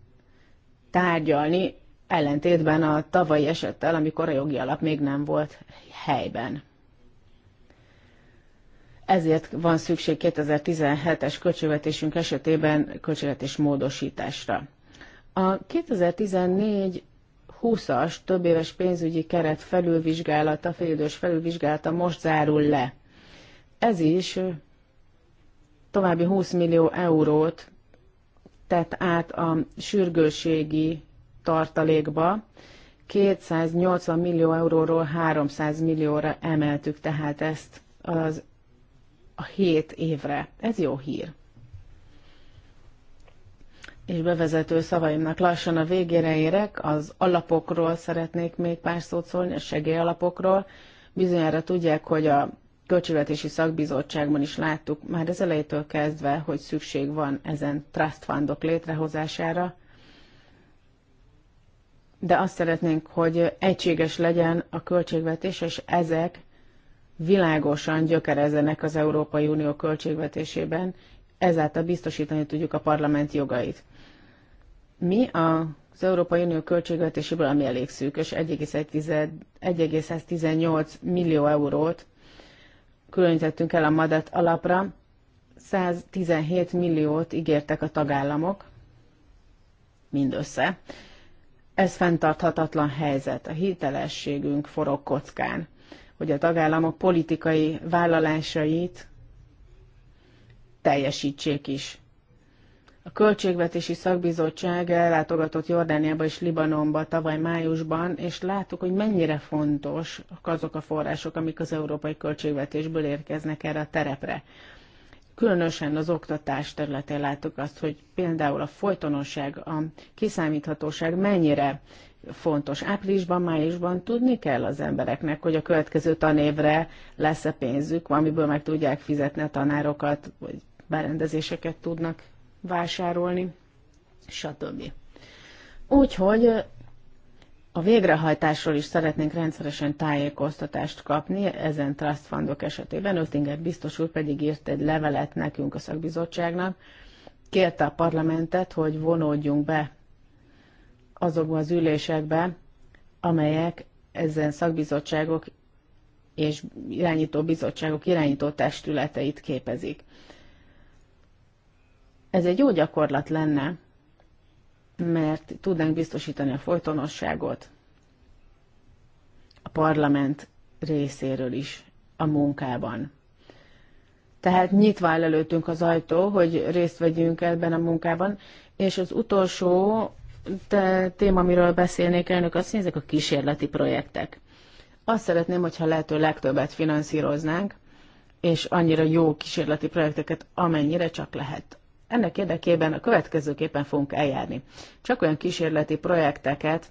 tárgyalni, ellentétben a tavalyi esettel, amikor a jogi alap még nem volt helyben. Ezért van szükség 2017-es költségvetésünk esetében költségvetés módosításra. A 2014-20-as többéves pénzügyi keret felülvizsgálata, félidős felülvizsgálata most zárul le. Ez is további 20 millió eurót tett át a sürgőségi tartalékba. 280 millió euróról 300 millióra emeltük tehát ezt az a 7 évre. Ez jó hír. És bevezető szavaimnak lassan a végére érek, az alapokról szeretnék még pár szót szólni, a segélyalapokról. Bizonyára tudják, hogy a Költségvetési Szakbizottságban is láttuk már az elejétől kezdve, hogy szükség van ezen trust fundok létrehozására, de azt szeretnénk, hogy egységes legyen a költségvetés, és ezek világosan gyökerezzenek az Európai Unió költségvetésében, ezáltal biztosítani tudjuk a parlament jogait. Mi az Európai Unió költségvetéséből, ami elég szűkös, 1,118 millió eurót különítettünk el a madat alapra, 117 milliót ígértek a tagállamok, mindössze. Ez fenntarthatatlan helyzet, a hitelességünk forog kockán, hogy a tagállamok politikai vállalásait teljesítsék is. A Költségvetési Szakbizottság ellátogatott Jordániába és Libanonba tavaly májusban, és láttuk, hogy mennyire fontos azok a források, amik az európai költségvetésből érkeznek erre a terepre. Különösen az oktatás területén látok azt, hogy például a folytonosság, a kiszámíthatóság mennyire fontos. Áprilisban, májusban tudni kell az embereknek, hogy a következő tanévre lesz-e pénzük, amiből meg tudják fizetni a tanárokat, vagy berendezéseket tudnak vásárolni, stb. Úgyhogy a végrehajtásról is szeretnénk rendszeresen tájékoztatást kapni, ezen trust fundok esetében. Öttinger biztos úr pedig írt egy levelet nekünk a szakbizottságnak, kérte a parlamentet, hogy vonódjunk be azokba az ülésekbe, amelyek ezen szakbizottságok és irányító bizottságok irányító testületeit képezik. Ez egy jó gyakorlat lenne, mert tudnánk biztosítani a folytonosságot a parlament részéről is a munkában. Tehát nyitva áll előttünk az ajtó, hogy részt vegyünk ebben a munkában, és az utolsó téma, amiről beszélnék elnök, az ezek a kísérleti projektek. Azt szeretném, hogyha lehető legtöbbet finanszíroznánk, és annyira jó kísérleti projekteket, amennyire csak lehet. Ennek érdekében a következőképpen fogunk eljárni. Csak olyan kísérleti projekteket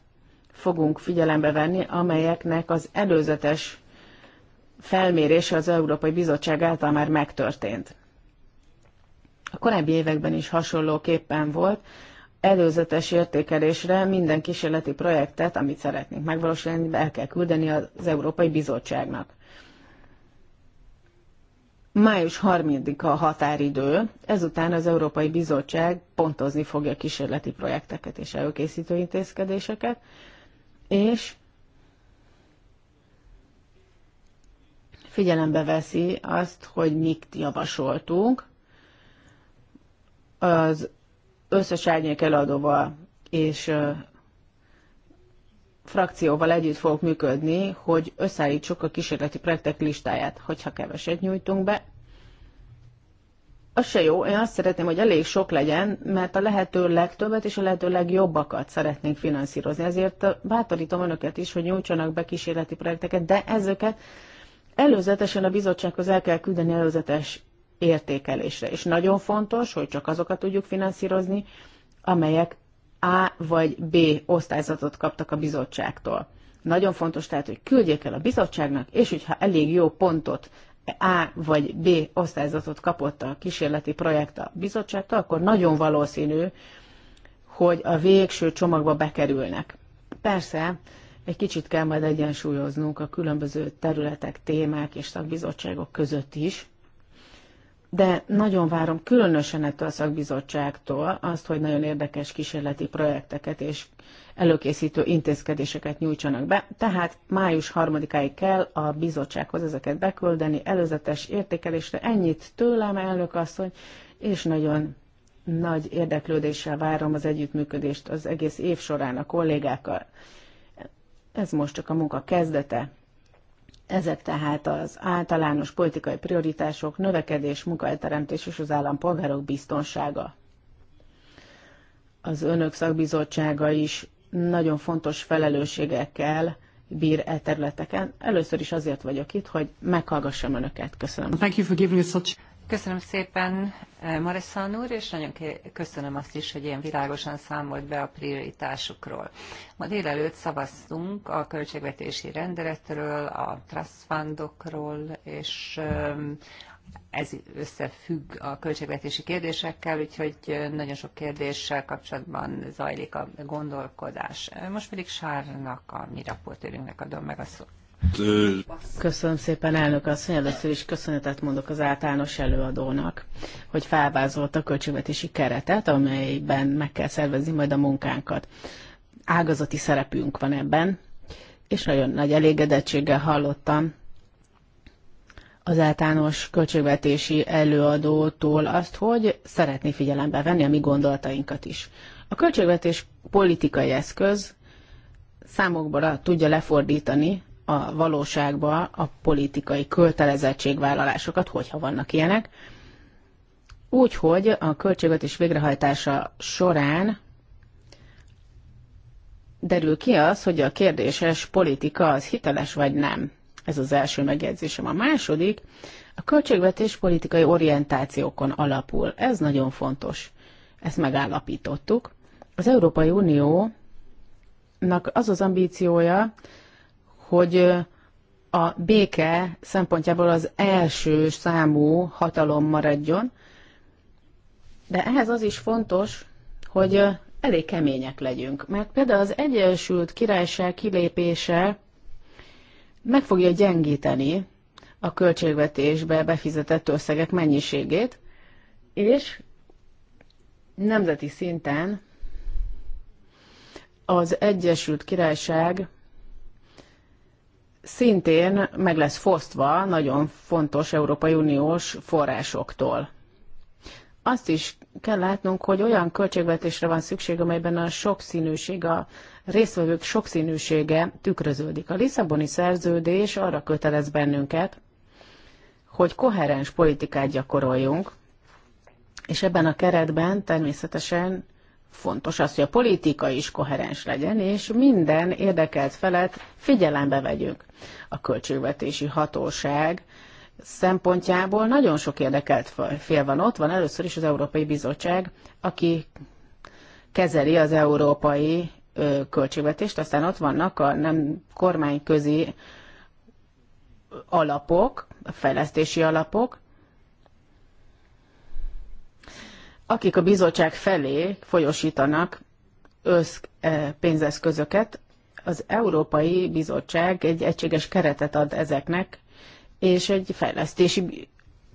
fogunk figyelembe venni, amelyeknek az előzetes felmérése az Európai Bizottság által már megtörtént. A korábbi években is hasonlóképpen volt, előzetes értékelésre minden kísérleti projektet, amit szeretnénk megvalósítani, el kell küldeni az Európai Bizottságnak. Május 30-a a határidő, ezután az Európai Bizottság pontozni fogja a kísérleti projekteket és előkészítő intézkedéseket, és figyelembe veszi azt, hogy mit javasoltunk. Az összes árnyék eladóval és frakcióval együtt fogok működni, hogy összeállítsuk a kísérleti projektek listáját, hogyha keveset nyújtunk be. Az se jó, én azt szeretném, hogy elég sok legyen, mert a lehető legtöbbet és a lehető legjobbakat szeretnénk finanszírozni. Ezért bátorítom önöket is, hogy nyújtsanak be kísérleti projekteket, de ezeket előzetesen a bizottsághoz el kell küldeni előzetes értékelésre. És nagyon fontos, hogy csak azokat tudjuk finanszírozni, amelyek a vagy B osztályzatot kaptak a bizottságtól. Nagyon fontos tehát, hogy küldjék el a bizottságnak, és hogyha elég jó pontot a vagy B osztályzatot kapott a kísérleti projekt a bizottságtól, akkor nagyon valószínű, hogy a végső csomagba bekerülnek. Persze, egy kicsit kell majd egyensúlyoznunk a különböző területek, témák és szakbizottságok között is, de nagyon várom különösen ettől a szakbizottságtól azt, hogy nagyon érdekes kísérleti projekteket és előkészítő intézkedéseket nyújtsanak be. Tehát május harmadikáig kell a bizottsághoz ezeket beküldeni előzetes értékelésre. Ennyit tőlem, elnök asszony, és nagyon nagy érdeklődéssel várom az együttműködést az egész év során a kollégákkal. Ez most csak a munka kezdete. Ezek tehát az általános politikai prioritások, növekedés, munkahelyteremtés és az állampolgárok biztonsága. Az önök szakbizottsága is nagyon fontos felelősségekkel bír e területeken. Először is azért vagyok itt, hogy meghallgassam önöket. Köszönöm. Thank you for giving us such... Köszönöm szépen, eh, Mareszán úr, és nagyon köszönöm azt is, hogy ilyen világosan számolt be a prioritásukról. Ma délelőtt szavaztunk a költségvetési rendeletről, a trust fundokról, és ehm, ez összefügg a költségvetési kérdésekkel, úgyhogy eh, nagyon sok kérdéssel kapcsolatban zajlik a gondolkodás. Most pedig Sárnak, a mi raportőrünknek adom meg a szót. Köszönöm szépen, elnök asszony. Először is köszönetet mondok az általános előadónak, hogy felvázolta a költségvetési keretet, amelyben meg kell szervezni majd a munkánkat. Ágazati szerepünk van ebben, és nagyon nagy elégedettséggel hallottam az általános költségvetési előadótól azt, hogy szeretné figyelembe venni a mi gondolatainkat is. A költségvetés politikai eszköz számokból tudja lefordítani a valóságba a politikai kötelezettségvállalásokat, hogyha vannak ilyenek. Úgyhogy a költségvetés végrehajtása során derül ki az, hogy a kérdéses politika az hiteles vagy nem. Ez az első megjegyzésem. A második, a költségvetés politikai orientációkon alapul. Ez nagyon fontos. Ezt megállapítottuk. Az Európai Uniónak az az ambíciója, hogy a béke szempontjából az első számú hatalom maradjon, de ehhez az is fontos, hogy elég kemények legyünk. Mert például az Egyesült Királyság kilépése meg fogja gyengíteni a költségvetésbe befizetett összegek mennyiségét, és nemzeti szinten az Egyesült Királyság szintén meg lesz fosztva nagyon fontos Európai Uniós forrásoktól. Azt is kell látnunk, hogy olyan költségvetésre van szükség, amelyben a sokszínűség, a résztvevők sokszínűsége tükröződik. A Lisszaboni szerződés arra kötelez bennünket, hogy koherens politikát gyakoroljunk, és ebben a keretben természetesen Fontos az, hogy a politika is koherens legyen, és minden érdekelt felet figyelembe vegyünk. A költségvetési hatóság szempontjából nagyon sok érdekelt fél van ott. Van először is az Európai Bizottság, aki kezeli az európai költségvetést, aztán ott vannak a nem kormányközi alapok, a fejlesztési alapok, akik a bizottság felé folyosítanak össz e, pénzeszközöket, az Európai Bizottság egy egységes keretet ad ezeknek, és egy fejlesztési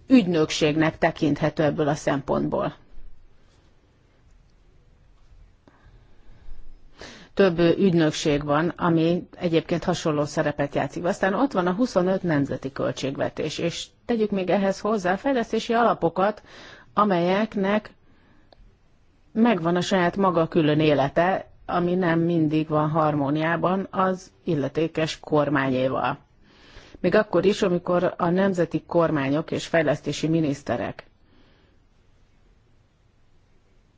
ügynökségnek tekinthető ebből a szempontból. Több ügynökség van, ami egyébként hasonló szerepet játszik. Aztán ott van a 25 nemzeti költségvetés, és tegyük még ehhez hozzá fejlesztési alapokat, amelyeknek megvan a saját maga külön élete, ami nem mindig van harmóniában az illetékes kormányéval. Még akkor is, amikor a nemzeti kormányok és fejlesztési miniszterek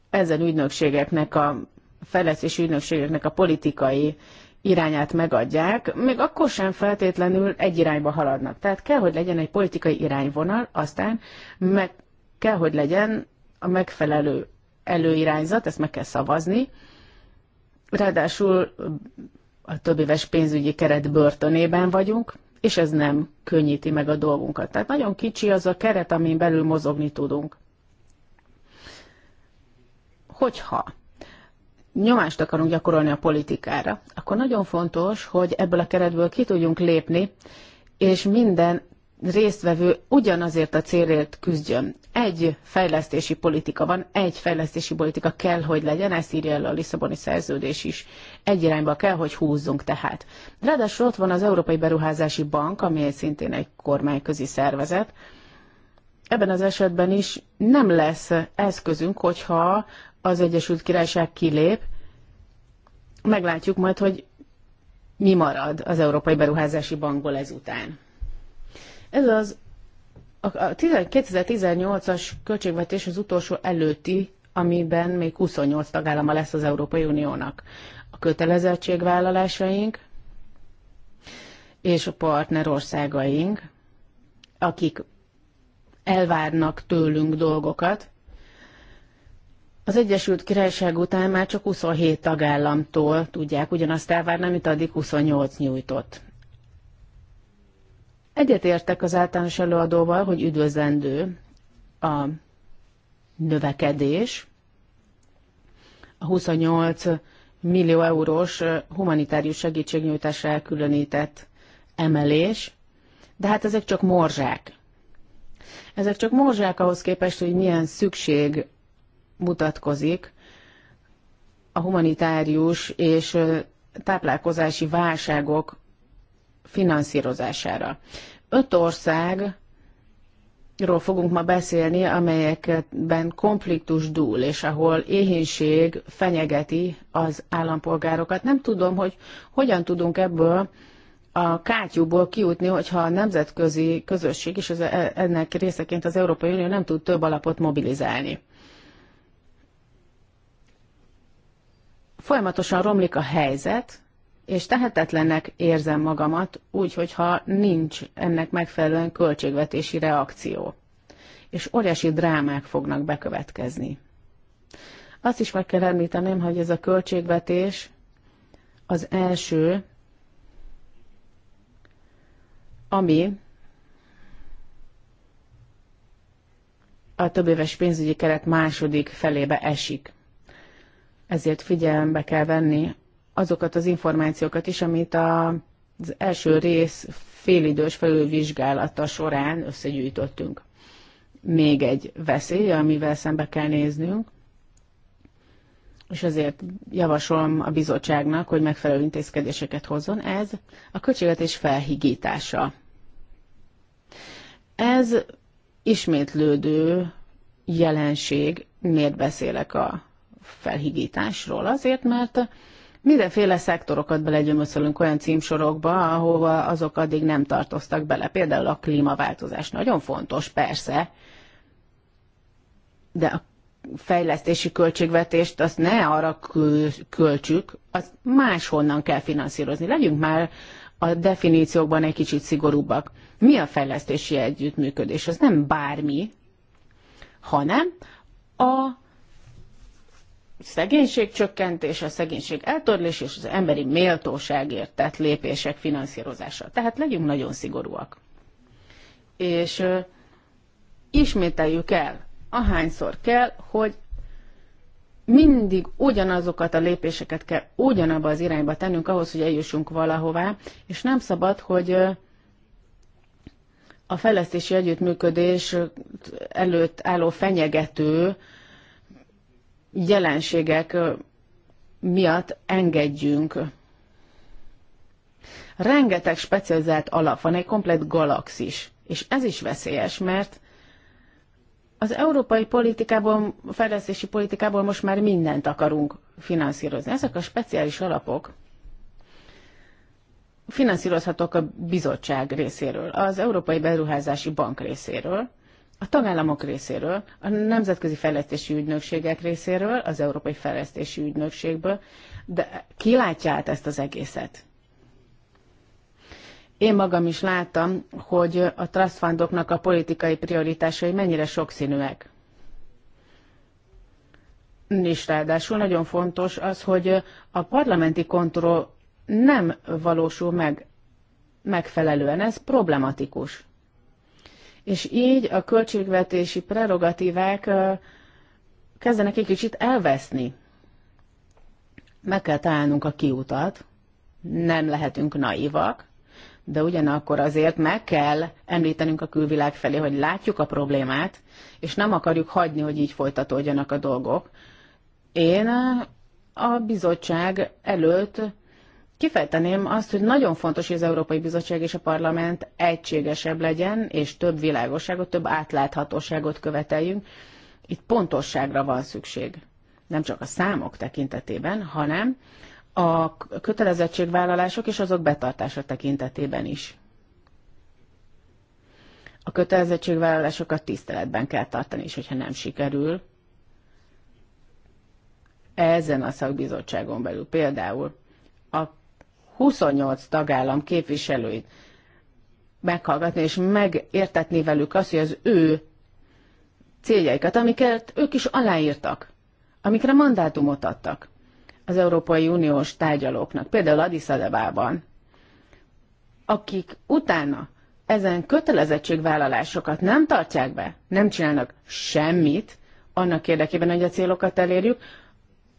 ezen ügynökségeknek a fejlesztési ügynökségeknek a politikai irányát megadják, még akkor sem feltétlenül egy irányba haladnak. Tehát kell, hogy legyen egy politikai irányvonal, aztán meg kell, hogy legyen a megfelelő előirányzat, ezt meg kell szavazni. Ráadásul a több éves pénzügyi keret börtönében vagyunk, és ez nem könnyíti meg a dolgunkat. Tehát nagyon kicsi az a keret, amin belül mozogni tudunk. Hogyha nyomást akarunk gyakorolni a politikára, akkor nagyon fontos, hogy ebből a keretből ki tudjunk lépni, és minden résztvevő ugyanazért a célért küzdjön. Egy fejlesztési politika van, egy fejlesztési politika kell, hogy legyen, ezt írja el a Lisszaboni szerződés is. Egy irányba kell, hogy húzzunk tehát. Ráadásul ott van az Európai Beruházási Bank, ami szintén egy kormányközi szervezet. Ebben az esetben is nem lesz eszközünk, hogyha az Egyesült Királyság kilép, meglátjuk majd, hogy mi marad az Európai Beruházási Bankból ezután. Ez az a 2018-as költségvetés az utolsó előtti, amiben még 28 tagállama lesz az Európai Uniónak. A kötelezettségvállalásaink és a partnerországaink, akik elvárnak tőlünk dolgokat, az Egyesült Királyság után már csak 27 tagállamtól tudják ugyanazt elvárni, amit addig 28 nyújtott. Egyetértek az általános előadóval, hogy üdvözlendő a növekedés, a 28 millió eurós humanitárius segítségnyújtásra elkülönített emelés, de hát ezek csak morzsák. Ezek csak morzsák ahhoz képest, hogy milyen szükség mutatkozik a humanitárius és táplálkozási válságok finanszírozására. Öt ország ról fogunk ma beszélni, amelyekben konfliktus dúl, és ahol éhénység fenyegeti az állampolgárokat. Nem tudom, hogy hogyan tudunk ebből a kátyúból kiútni, hogyha a nemzetközi közösség és az, e- ennek részeként az Európai Unió nem tud több alapot mobilizálni. Folyamatosan romlik a helyzet, és tehetetlennek érzem magamat, úgy, hogyha nincs ennek megfelelően költségvetési reakció. És óriási drámák fognak bekövetkezni. Azt is meg kell említenem, hogy ez a költségvetés az első, ami a többéves pénzügyi keret második felébe esik. Ezért figyelembe kell venni azokat az információkat is, amit a, az első rész félidős felülvizsgálata során összegyűjtöttünk. Még egy veszély, amivel szembe kell néznünk, és azért javasolom a bizottságnak, hogy megfelelő intézkedéseket hozzon, ez a költségvetés felhigítása. Ez ismétlődő jelenség, miért beszélek a felhigításról? Azért, mert mindenféle szektorokat belegyömöszölünk olyan címsorokba, ahova azok addig nem tartoztak bele. Például a klímaváltozás nagyon fontos, persze, de a fejlesztési költségvetést azt ne arra költsük, az máshonnan kell finanszírozni. Legyünk már a definíciókban egy kicsit szigorúbbak. Mi a fejlesztési együttműködés? Az nem bármi, hanem a szegénység csökkentése, a szegénység eltörlés és az emberi méltóságért tett lépések finanszírozása. Tehát legyünk nagyon szigorúak. És ö, ismételjük el, ahányszor kell, hogy mindig ugyanazokat a lépéseket kell ugyanabba az irányba tennünk ahhoz, hogy eljussunk valahová, és nem szabad, hogy a fejlesztési együttműködés előtt álló fenyegető jelenségek miatt engedjünk. Rengeteg specializált alap van, egy komplet galaxis, és ez is veszélyes, mert az európai politikából, a fejlesztési politikából most már mindent akarunk finanszírozni. Ezek a speciális alapok finanszírozhatók a bizottság részéről, az Európai Beruházási Bank részéről, a tagállamok részéről, a nemzetközi fejlesztési ügynökségek részéről, az Európai Fejlesztési Ügynökségből, de ki látja át ezt az egészet? Én magam is láttam, hogy a trust fundoknak a politikai prioritásai mennyire sokszínűek. És ráadásul nagyon fontos az, hogy a parlamenti kontroll nem valósul meg megfelelően. Ez problematikus és így a költségvetési prerogatívák kezdenek egy kicsit elveszni. Meg kell találnunk a kiutat, nem lehetünk naivak, de ugyanakkor azért meg kell említenünk a külvilág felé, hogy látjuk a problémát, és nem akarjuk hagyni, hogy így folytatódjanak a dolgok. Én a bizottság előtt Kifejteném azt, hogy nagyon fontos, hogy az Európai Bizottság és a Parlament egységesebb legyen, és több világosságot, több átláthatóságot követeljünk. Itt pontosságra van szükség. Nem csak a számok tekintetében, hanem a kötelezettségvállalások és azok betartása tekintetében is. A kötelezettségvállalásokat tiszteletben kell tartani, és hogyha nem sikerül, ezen a szakbizottságon belül például 28 tagállam képviselőit meghallgatni, és megértetni velük azt, hogy az ő céljaikat, amiket ők is aláírtak, amikre mandátumot adtak az Európai Uniós tárgyalóknak, például Addis Adebában, akik utána ezen kötelezettségvállalásokat nem tartják be, nem csinálnak semmit annak érdekében, hogy a célokat elérjük,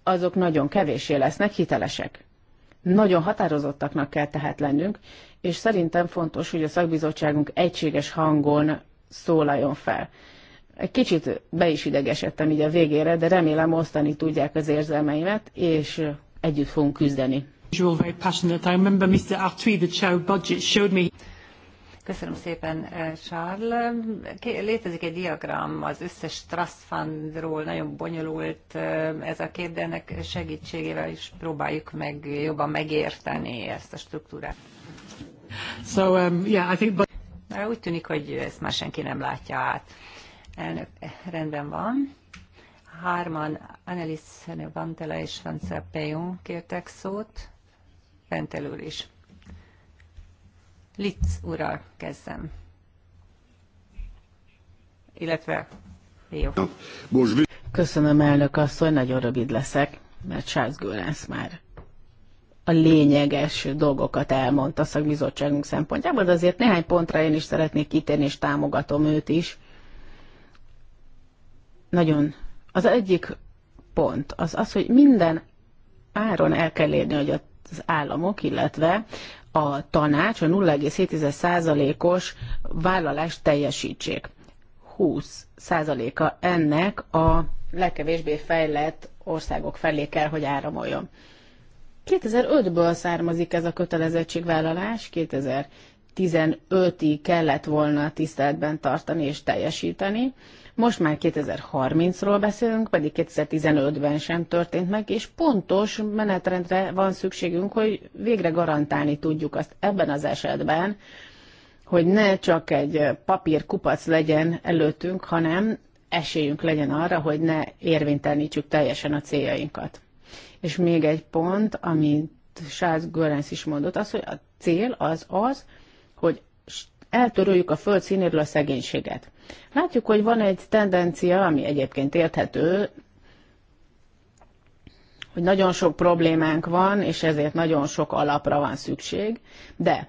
azok nagyon kevésé lesznek hitelesek. Nagyon határozottaknak kell tehát lennünk, és szerintem fontos, hogy a szakbizottságunk egységes hangon szólaljon fel. Egy kicsit be is idegesedtem így a végére, de remélem osztani tudják az érzelmeimet, és együtt fogunk küzdeni. very passionate. I remember Mr. Artui, the chair of budget, showed me Köszönöm szépen, eh, Charles. Létezik egy diagram az összes trust fundról, nagyon bonyolult eh, ez a kép, de ennek segítségével is próbáljuk meg jobban megérteni ezt a struktúrát. So, um, yeah, I think... But... Úgy tűnik, hogy ezt már senki nem látja át. Elnök, eh, rendben van. Hárman, Annelies Vantela és Francia Pejon kértek szót, Ventelül is. Litz ural kezdem. Illetve jó. Köszönöm, elnök asszony, nagyon rövid leszek, mert Charles Görens már a lényeges dolgokat elmondta a szakbizottságunk szempontjából, de azért néhány pontra én is szeretnék kitérni, és támogatom őt is. Nagyon. Az egyik pont az az, hogy minden áron el kell érni, hogy az államok, illetve a tanács a 0,7%-os vállalást teljesítsék. 20%-a ennek a legkevésbé fejlett országok felé kell, hogy áramoljon. 2005-ből származik ez a kötelezettségvállalás, 2015-ig kellett volna tiszteletben tartani és teljesíteni. Most már 2030-ról beszélünk, pedig 2015-ben sem történt meg, és pontos menetrendre van szükségünk, hogy végre garantálni tudjuk azt ebben az esetben, hogy ne csak egy papírkupac legyen előttünk, hanem esélyünk legyen arra, hogy ne érvénytelenítsük teljesen a céljainkat. És még egy pont, amit Charles Görens is mondott, az, hogy a cél az az, hogy eltöröljük a föld színéről a szegénységet. Látjuk, hogy van egy tendencia, ami egyébként érthető, hogy nagyon sok problémánk van, és ezért nagyon sok alapra van szükség, de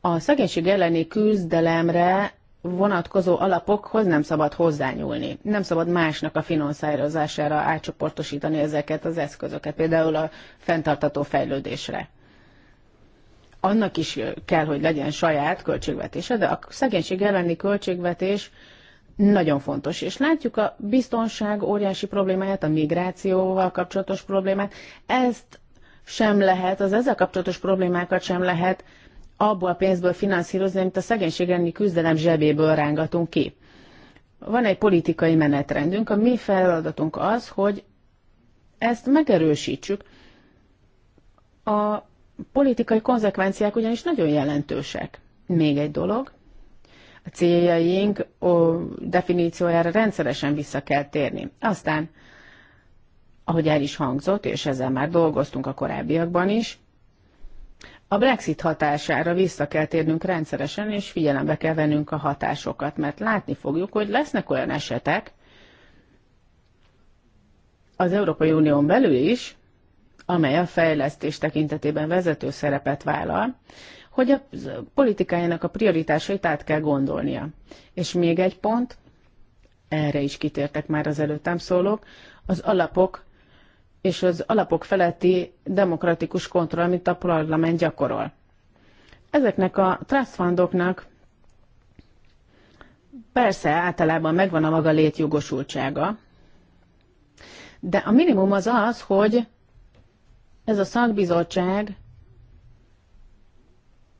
a szegénység elleni küzdelemre vonatkozó alapokhoz nem szabad hozzányúlni. Nem szabad másnak a finanszírozására átcsoportosítani ezeket az eszközöket, például a fenntartató fejlődésre annak is kell, hogy legyen saját költségvetése, de a szegénység elleni költségvetés nagyon fontos. És látjuk a biztonság óriási problémáját, a migrációval kapcsolatos problémát. Ezt sem lehet, az ezzel kapcsolatos problémákat sem lehet abból a pénzből finanszírozni, amit a szegénység elleni küzdelem zsebéből rángatunk ki. Van egy politikai menetrendünk, a mi feladatunk az, hogy ezt megerősítsük. A politikai konzekvenciák ugyanis nagyon jelentősek. Még egy dolog, a céljaink ó, definíciójára rendszeresen vissza kell térni. Aztán, ahogy el is hangzott, és ezzel már dolgoztunk a korábbiakban is, a Brexit hatására vissza kell térnünk rendszeresen, és figyelembe kell vennünk a hatásokat, mert látni fogjuk, hogy lesznek olyan esetek az Európai Unión belül is, amely a fejlesztés tekintetében vezető szerepet vállal, hogy a politikájának a prioritásait át kell gondolnia. És még egy pont, erre is kitértek már az előttem szólók, az alapok és az alapok feletti demokratikus kontroll, amit a parlament gyakorol. Ezeknek a trust fundoknak persze általában megvan a maga létjogosultsága, de a minimum az az, hogy ez a szakbizottság,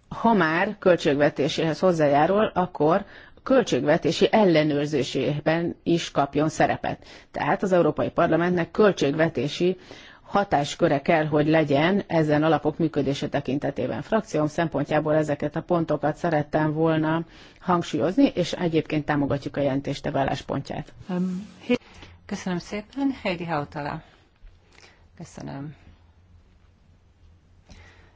ha már költségvetéséhez hozzájárul, akkor költségvetési ellenőrzésében is kapjon szerepet. Tehát az Európai Parlamentnek költségvetési hatásköre kell, hogy legyen ezen alapok működése tekintetében. Frakcióm szempontjából ezeket a pontokat szerettem volna hangsúlyozni, és egyébként támogatjuk a jelentéstevő pontját. Um, Köszönöm szépen, Heidi Hautala. Köszönöm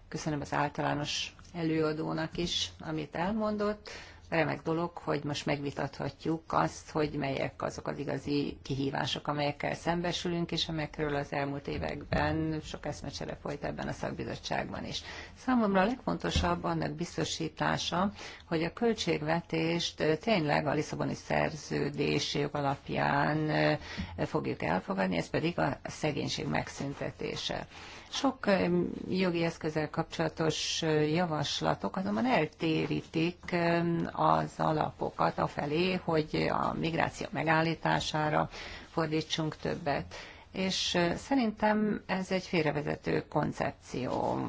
köszönöm az általános előadónak is, amit elmondott. Remek dolog, hogy most megvitathatjuk azt, hogy melyek azok az igazi kihívások, amelyekkel szembesülünk, és amelyekről az elmúlt években sok eszmecsere folyt ebben a szakbizottságban is. Számomra a legfontosabb annak biztosítása, hogy a költségvetést tényleg a Lisszaboni szerződés alapján fogjuk elfogadni, ez pedig a szegénység megszüntetése. Sok jogi eszközzel kapcsolatos javaslatok azonban eltérítik az alapokat a felé, hogy a migráció megállítására fordítsunk többet és szerintem ez egy félrevezető koncepció,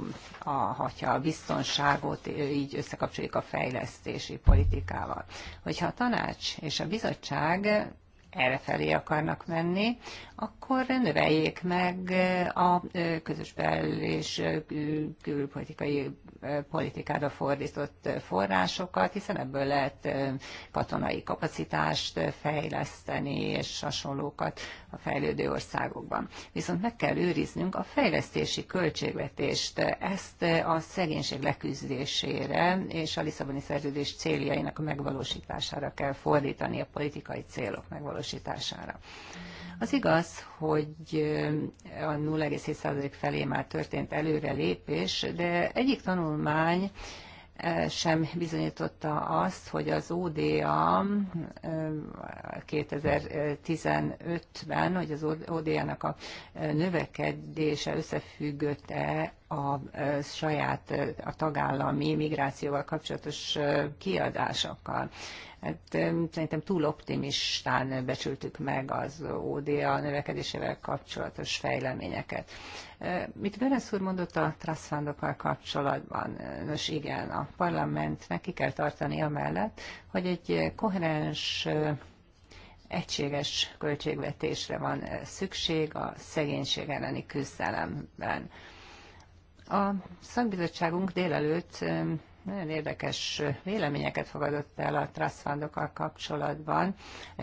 a, hogyha a biztonságot így összekapcsoljuk a fejlesztési politikával. Hogyha a tanács és a bizottság felé akarnak menni, akkor növeljék meg eh, a eh, közös bel- és eh, külpolitikai politikára fordított forrásokat, hiszen ebből lehet katonai kapacitást fejleszteni és hasonlókat a fejlődő országokban. Viszont meg kell őriznünk a fejlesztési költségvetést, ezt a szegénység leküzdésére és a Lisszaboni szerződés céljainak a megvalósítására kell fordítani, a politikai célok megvalósítására. Az igaz, az, hogy a 0,7% felé már történt előrelépés, de egyik tanulmány sem bizonyította azt, hogy az ODA 2015-ben, hogy az ODA-nak a növekedése összefüggött-e a saját, a tagállami migrációval kapcsolatos kiadásokkal. Hát szerintem túl optimistán becsültük meg az ODA növekedésével kapcsolatos fejleményeket. E, mit Göresz úr mondott a trasszfándokkal kapcsolatban? Nos igen, a parlamentnek ki kell tartani a mellett, hogy egy koherens egységes költségvetésre van e, szükség a szegénység elleni küzdelemben. A szakbizottságunk délelőtt nagyon érdekes véleményeket fogadott el a trust kapcsolatban.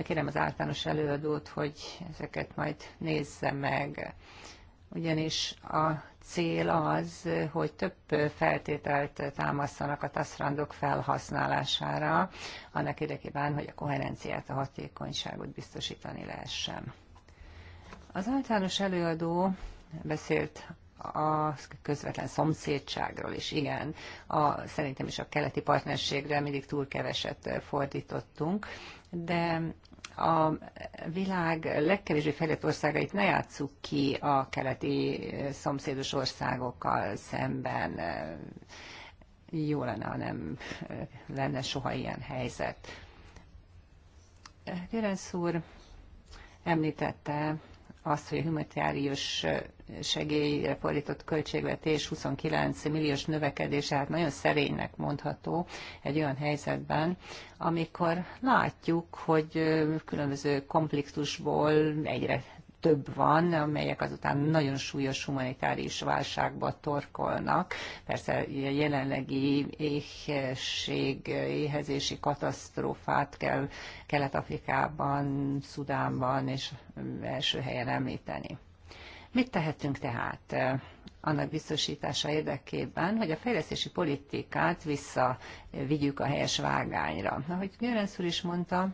Kérem az általános előadót, hogy ezeket majd nézze meg. Ugyanis a cél az, hogy több feltételt támasztanak a taszrandok felhasználására, annak érdekében, hogy a koherenciát, a hatékonyságot biztosítani lehessen. Az általános előadó beszélt a közvetlen szomszédságról is, igen, a, szerintem is a keleti partnerségre mindig túl keveset fordítottunk, de a világ legkevésbé fejlett országait ne játsszuk ki a keleti eh, szomszédos országokkal szemben. Jó lenne, ha nem eh, lenne soha ilyen helyzet. Kérenc eh, úr említette azt, hogy a humanitárius segélyre fordított költségvetés 29 milliós növekedése, hát nagyon szerénynek mondható egy olyan helyzetben, amikor látjuk, hogy különböző konfliktusból egyre több van, amelyek azután nagyon súlyos humanitárius válságba torkolnak. Persze a jelenlegi éhesség, éhezési katasztrófát kell Kelet-Afrikában, Szudánban és első helyen említeni. Mit tehetünk tehát? Eh, annak biztosítása érdekében, hogy a fejlesztési politikát visszavigyük a helyes vágányra. Ahogy Görenc úr is mondta,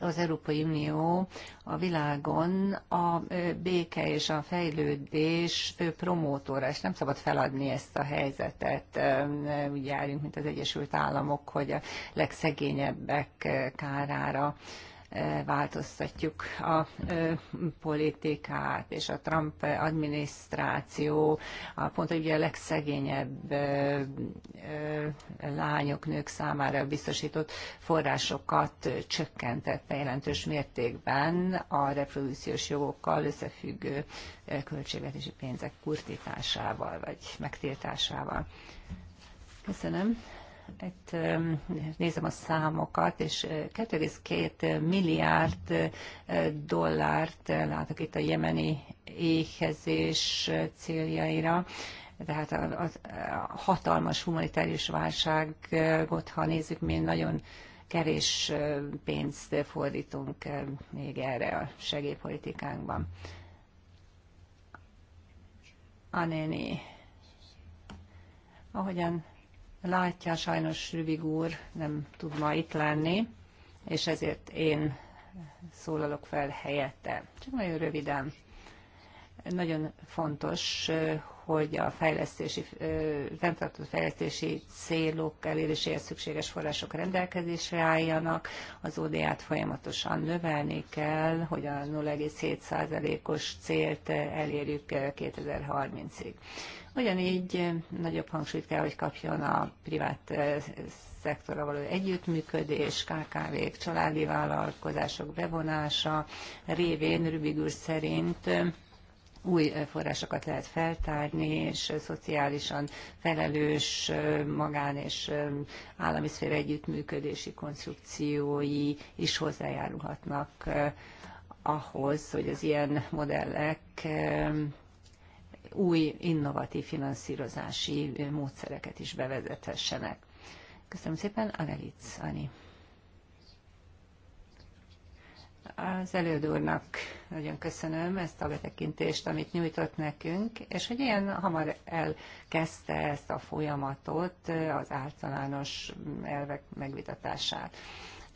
az Európai Unió a világon a béke és a fejlődés fő promótora, és nem szabad feladni ezt a helyzetet. Úgy járjunk, mint az Egyesült Államok, hogy a legszegényebbek kárára változtatjuk a politikát, és a Trump adminisztráció, a pont ugye a legszegényebb lányok, nők számára biztosított forrásokat csökkentette jelentős mértékben a reprodukciós jogokkal összefüggő költségvetési pénzek kurtításával, vagy megtiltásával. Köszönöm. Itt nézem a számokat, és 2,2 eh, milliárd eh, dollárt eh, látok itt a jemeni éhezés céljaira tehát a, a, a hatalmas humanitárius válságot, ha nézzük, mi nagyon kevés pénzt fordítunk még erre a segélypolitikánkban. Anéni, ahogyan látja, sajnos Rüvig úr nem tud ma itt lenni, és ezért én szólalok fel helyette. Csak nagyon röviden. Nagyon fontos, hogy a fejlesztési, fenntartó fejlesztési célok eléréséhez szükséges források rendelkezésre álljanak. Az ODA-t folyamatosan növelni kell, hogy a 0,7%-os célt elérjük 2030-ig. Ugyanígy eh, nagyobb hangsúlyt kell, hogy kapjon a privát eh, szektorra való együttműködés, KKV-k, családi vállalkozások bevonása révén Rübig szerint eh, új forrásokat lehet feltárni, és szociálisan felelős magán és állami szféra együttműködési konstrukciói is hozzájárulhatnak ahhoz, hogy az ilyen modellek új innovatív finanszírozási módszereket is bevezethessenek. Köszönöm szépen, Alelic Ani. Az elődúrnak nagyon köszönöm ezt a betekintést, amit nyújtott nekünk, és hogy ilyen hamar elkezdte ezt a folyamatot, az általános elvek megvitatását.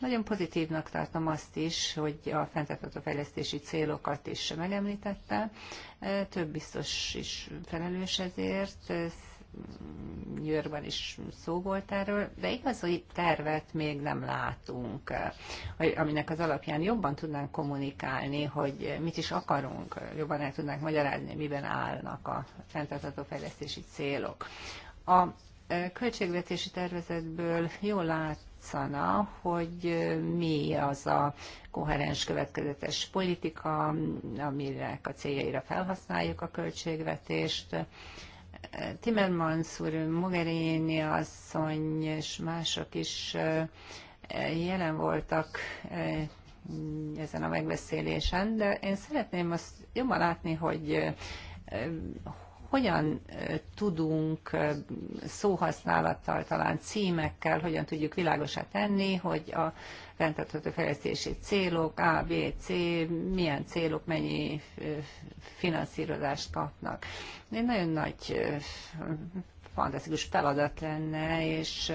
Nagyon pozitívnak tartom azt is, hogy a fenntartható fejlesztési célokat is megemlítette. E, több biztos is felelős ezért, e, Győrben is szó volt erről, de igazi tervet még nem látunk, e, aminek az alapján jobban tudnánk kommunikálni, hogy mit is akarunk, jobban el tudnánk magyarázni, miben állnak a fenntartható fejlesztési célok. A költségvetési tervezetből jól lát, látszana, hogy mi az a koherens következetes politika, aminek a céljaira felhasználjuk a költségvetést. Timmermans úr, Mogherini asszony és mások is eh, jelen voltak eh, ezen a megbeszélésen, de én szeretném azt jobban látni, hogy eh, hogyan tudunk szóhasználattal, talán címekkel, hogyan tudjuk világosá tenni, hogy a fenntartható fejlesztési célok, A, B, C, milyen célok mennyi finanszírozást kapnak. Én nagyon nagy fantasztikus feladat lenne, és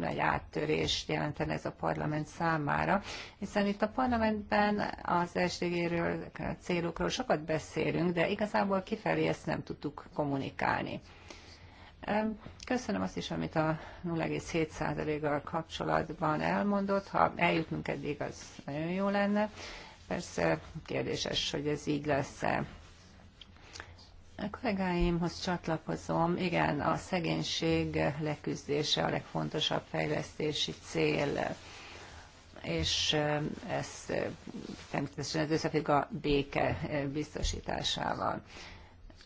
egy áttörést jelentene ez a parlament számára, hiszen itt a parlamentben az SDG-ről, a célokról sokat beszélünk, de igazából kifelé ezt nem tudtuk kommunikálni. Köszönöm azt is, amit a 07 gal kapcsolatban elmondott. Ha eljutnunk eddig, az nagyon jó lenne. Persze kérdéses, hogy ez így lesz-e. A kollégáimhoz csatlakozom, igen, a szegénység leküzdése a legfontosabb fejlesztési cél, és eh, ez eh, természetesen ez összefügg a béke eh, biztosításával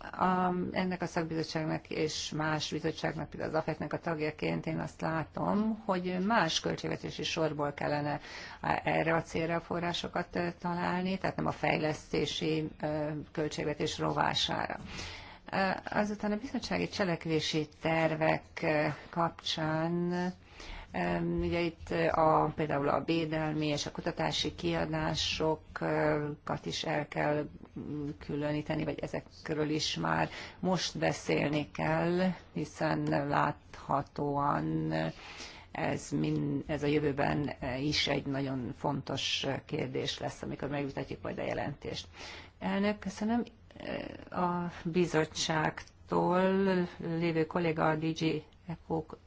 a, ennek a szakbizottságnak és más bizottságnak, például az AFET-nek a tagjaként én azt látom, hogy más költségvetési sorból kellene erre a célra forrásokat találni, tehát nem a fejlesztési költségvetés rovására. Azután a bizottsági cselekvési tervek kapcsán Ugye itt a, például a védelmi és a kutatási kiadásokat is el kell különíteni, vagy ezekről is már most beszélni kell, hiszen láthatóan ez, mind, ez a jövőben is egy nagyon fontos kérdés lesz, amikor megvitatjuk majd a jelentést. Elnök, köszönöm. A bizottságtól lévő kolléga a DG Epok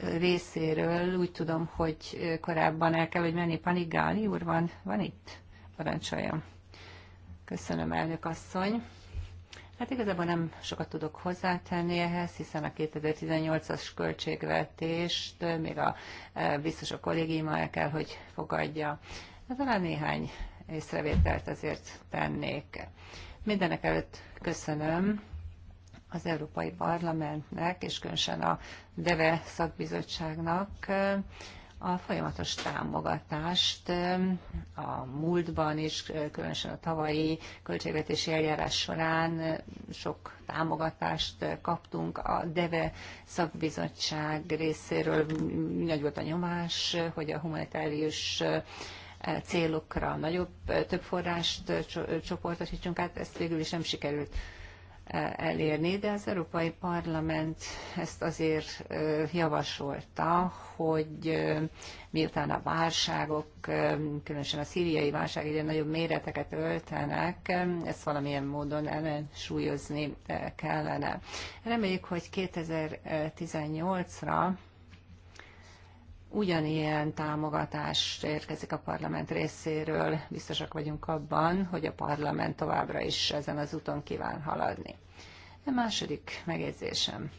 részéről úgy tudom, hogy korábban el kell, hogy menni Panigálni úr van, van itt? Parancsoljam. Köszönöm, elnök asszony. Hát igazából nem sokat tudok hozzátenni ehhez, hiszen a 2018-as költségvetést még a e, biztos a kollégiuma el kell, hogy fogadja. De talán néhány észrevételt azért tennék. Mindenek előtt köszönöm az Európai Parlamentnek, és különösen a DEVE szakbizottságnak a folyamatos támogatást a múltban is, különösen a tavalyi költségvetési eljárás során sok támogatást kaptunk. A DEVE szakbizottság részéről nagy volt a nyomás, hogy a humanitárius e, célokra nagyobb, több forrást csoportosítsunk át, ezt végül is nem sikerült elérni, de az Európai Parlament ezt azért javasolta, hogy miután a válságok, különösen a szíriai válság egyre nagyobb méreteket öltenek, ezt valamilyen módon ellensúlyozni kellene. Reméljük, hogy 2018-ra ugyanilyen támogatás érkezik a parlament részéről, biztosak vagyunk abban, hogy a parlament továbbra is ezen az úton kíván haladni. A második megjegyzésem.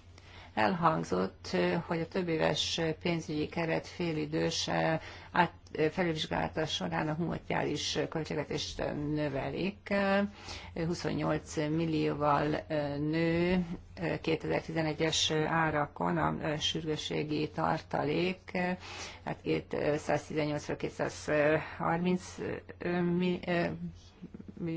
Elhangzott, hogy a több éves pénzügyi keret félidős eh, eh, felvizsgálata során a is költségvetést eh, növelik. 28 millióval nő 2011-es árakon a sürgősségi tartalék, hát 218-230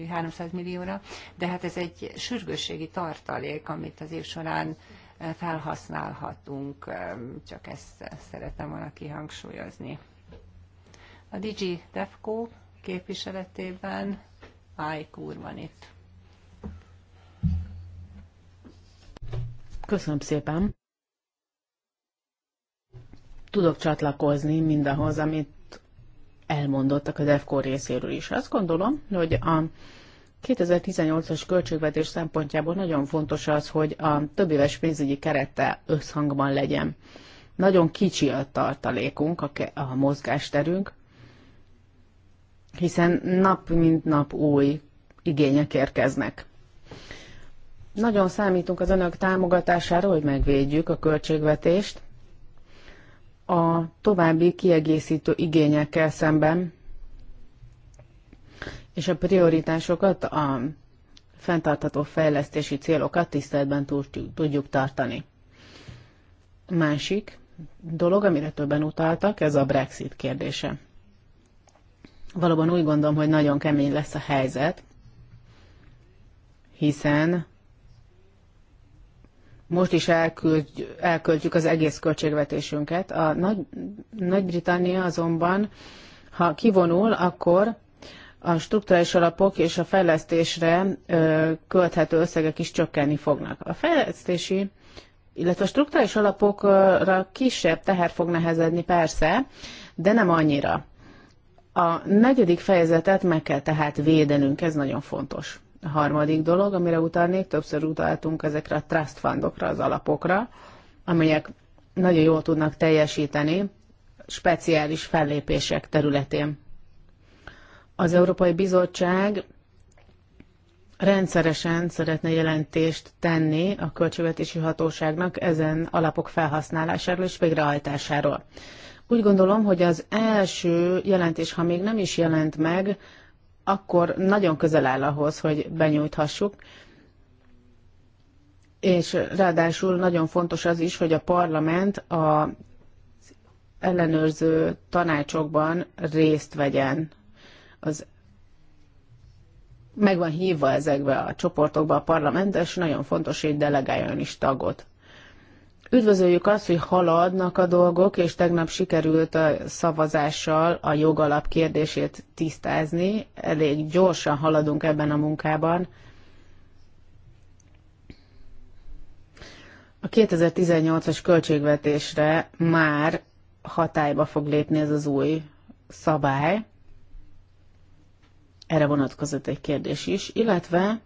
300 millióra, de hát ez egy sürgősségi tartalék, amit az év során e, felhasználhatunk, e, csak ezt szeretem volna kihangsúlyozni. A Digi Defco képviseletében Ájk úr van itt. Köszönöm szépen! Tudok csatlakozni mindahhoz, amit elmondottak az EFKO részéről is. Azt gondolom, hogy a 2018-as költségvetés szempontjából nagyon fontos az, hogy a éves pénzügyi kerettel összhangban legyen. Nagyon kicsi a tartalékunk, a, a mozgásterünk, hiszen nap mint nap új igények érkeznek. Nagyon számítunk az önök támogatására, hogy megvédjük a költségvetést, a további kiegészítő igényekkel szemben, és a prioritásokat, a fenntartható fejlesztési célokat tiszteletben tudjuk tartani. Másik dolog, amire többen utaltak, ez a Brexit kérdése. Valóban úgy gondolom, hogy nagyon kemény lesz a helyzet, hiszen most is elküld, elköltjük az egész költségvetésünket. A Nagy, Nagy-Britannia azonban, ha kivonul, akkor a struktúrális alapok és a fejlesztésre ö, költhető összegek is csökkenni fognak. A fejlesztési, illetve a struktúrális alapokra kisebb teher fog nehezedni persze, de nem annyira. A negyedik fejezetet meg kell tehát védenünk, ez nagyon fontos. A harmadik dolog, amire utalnék, többször utaltunk ezekre a trust fundokra, az alapokra, amelyek nagyon jól tudnak teljesíteni speciális fellépések területén. Az Európai Bizottság rendszeresen szeretne jelentést tenni a költségvetési hatóságnak ezen alapok felhasználásáról és végrehajtásáról. Úgy gondolom, hogy az első jelentés, ha még nem is jelent meg, akkor nagyon közel áll ahhoz, hogy benyújthassuk. És ráadásul nagyon fontos az is, hogy a parlament a ellenőrző tanácsokban részt vegyen. Az meg van hívva ezekbe a csoportokba a parlament, és nagyon fontos, hogy delegáljon is tagot. Üdvözöljük azt, hogy haladnak a dolgok, és tegnap sikerült a szavazással a jogalap kérdését tisztázni. Elég gyorsan haladunk ebben a munkában. A 2018-as költségvetésre már hatályba fog lépni ez az új szabály. Erre vonatkozott egy kérdés is, illetve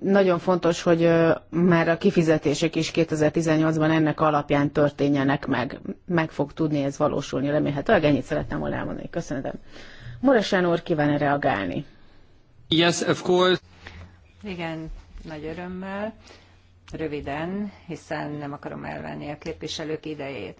Nagyon fontos, hogy már a kifizetések is 2018-ban ennek alapján történjenek meg. Meg fog tudni ez valósulni, remélhetőleg ennyit szerettem volna elmondani. Köszönöm. Moresán úr kíván -e reagálni? Yes, of course. Igen, nagy örömmel. Röviden, hiszen nem akarom elvenni a képviselők idejét.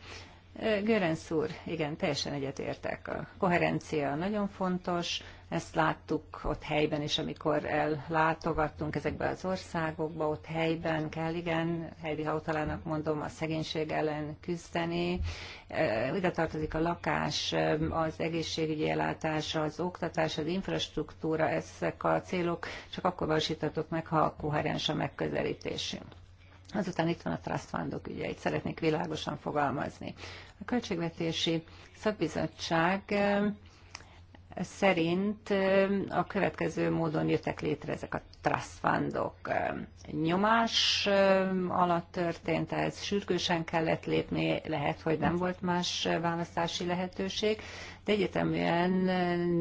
Görensz úr, igen, teljesen egyetértek. A koherencia nagyon fontos, ezt láttuk ott helyben is, amikor ellátogattunk ezekbe az országokba, ott helyben kell, igen, Heidi Hautalának mondom, a szegénység ellen küzdeni. E, ide tartozik a lakás, e, az egészségügyi ellátás, az oktatás, az infrastruktúra, ezek a célok csak akkor valósíthatók meg, ha koherens a megközelítésünk. Azután itt van a trust fundok itt szeretnék világosan fogalmazni. A Költségvetési Szakbizottság eh, szerint eh, a következő módon jöttek létre ezek a trust fundok. Eh, nyomás alatt történt, ez sürgősen kellett lépni, lehet, hogy nem volt más választási lehetőség, de egyeteműen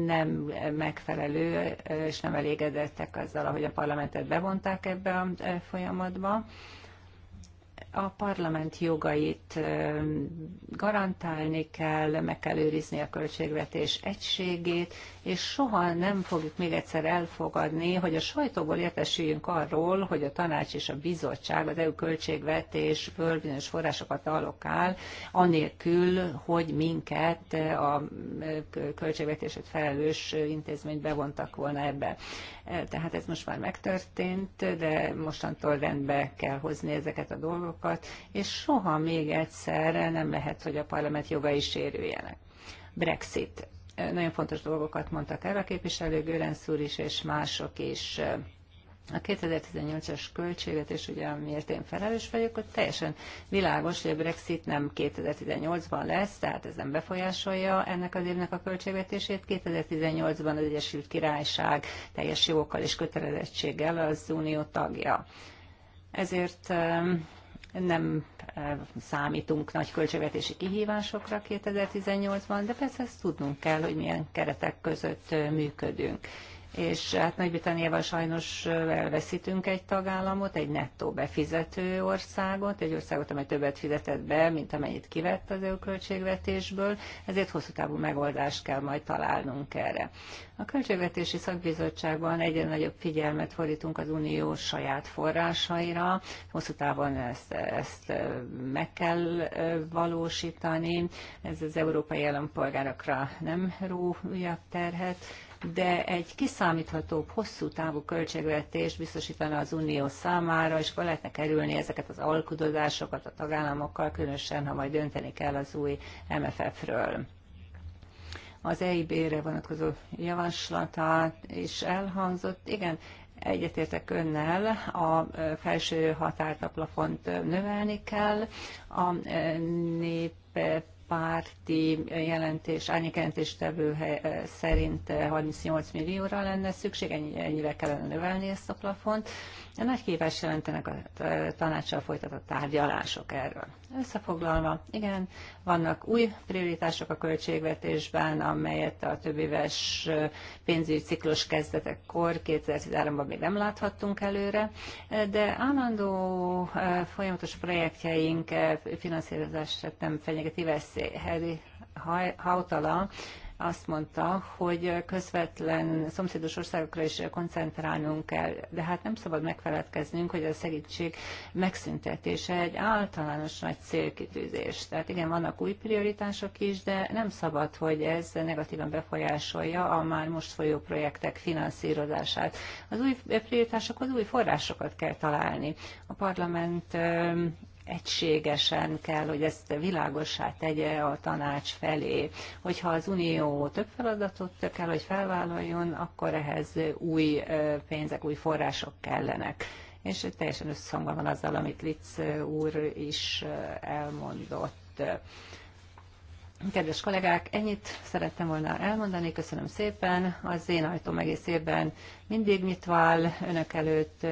nem megfelelő és nem elégedettek azzal, ahogy a parlamentet bevonták ebbe a folyamatba a parlament jogait garantálni kell, meg kell őrizni a költségvetés egységét, és soha nem fogjuk még egyszer elfogadni, hogy a sajtóból értesüljünk arról, hogy a tanács és a bizottság az EU költségvetés, bizonyos forrásokat allokál, anélkül, hogy minket a költségvetését felelős intézményt bevontak volna ebbe. Tehát ez most már megtörtént, de mostantól rendbe kell hozni ezeket a dolgokat, jogokat, és soha még egyszer nem lehet, hogy a parlament jogai sérüljenek. Brexit. Nagyon fontos dolgokat mondtak el a képviselő Görenc úr is, és mások is. A 2018-as költséget és ugye miért én felelős vagyok, hogy teljesen világos, hogy a Brexit nem 2018-ban lesz, tehát ez nem befolyásolja ennek az évnek a költségvetését. 2018-ban az Egyesült Királyság teljes jogokkal és kötelezettséggel az unió tagja. Ezért nem eh, számítunk nagy költségvetési kihívásokra 2018-ban, de persze ezt tudnunk kell, hogy milyen keretek között eh, működünk és hát Nagy-Britanniával sajnos elveszítünk egy tagállamot, egy nettó befizető országot, egy országot, amely többet fizetett be, mint amennyit kivett az EU költségvetésből, ezért hosszú távú megoldást kell majd találnunk erre. A Költségvetési Szakbizottságban egyre nagyobb figyelmet fordítunk az unió saját forrásaira, hosszú távon ezt, ezt meg kell valósítani, ez az európai állampolgárokra nem ró terhet, de egy kiszámíthatóbb, hosszú távú költségvetést biztosítana az Unió számára, és fel lehetne kerülni ezeket az alkudozásokat a tagállamokkal, különösen, ha majd dönteni kell az új MFF-ről az EIB-re vonatkozó javaslatát is elhangzott. Igen, egyetértek önnel, a felső határtaplafont növelni kell, a nép párti jelentés, árnyékjelentéstevő eh, szerint 38 eh, millióra lenne szükség, ennyire kellene növelni ezt a plafont. Nagy kívás jelentenek a tanácssal folytatott tárgyalások erről. Összefoglalva, igen, vannak új prioritások a költségvetésben, amelyet a többéves pénzügyi ciklus kezdetekkor 2013-ban még nem láthattunk előre, de állandó folyamatos projektjeink finanszírozását nem fenyegeti veszély. Hautala, azt mondta, hogy közvetlen szomszédos országokra is koncentrálnunk kell, de hát nem szabad megfeledkeznünk, hogy a segítség megszüntetése egy általános nagy célkitűzés. Tehát igen, vannak új prioritások is, de nem szabad, hogy ez negatívan befolyásolja a már most folyó projektek finanszírozását. Az új prioritásokhoz új forrásokat kell találni. A parlament egységesen kell, hogy ezt világossá tegye a tanács felé. Hogyha az Unió több feladatot kell, hogy felvállaljon, akkor ehhez új pénzek, új források kellenek. És teljesen összhangban van azzal, amit Litz úr is elmondott. Kedves kollégák, ennyit szerettem volna elmondani, köszönöm szépen. Az én ajtóm egész évben mindig nyitva áll, önök előtt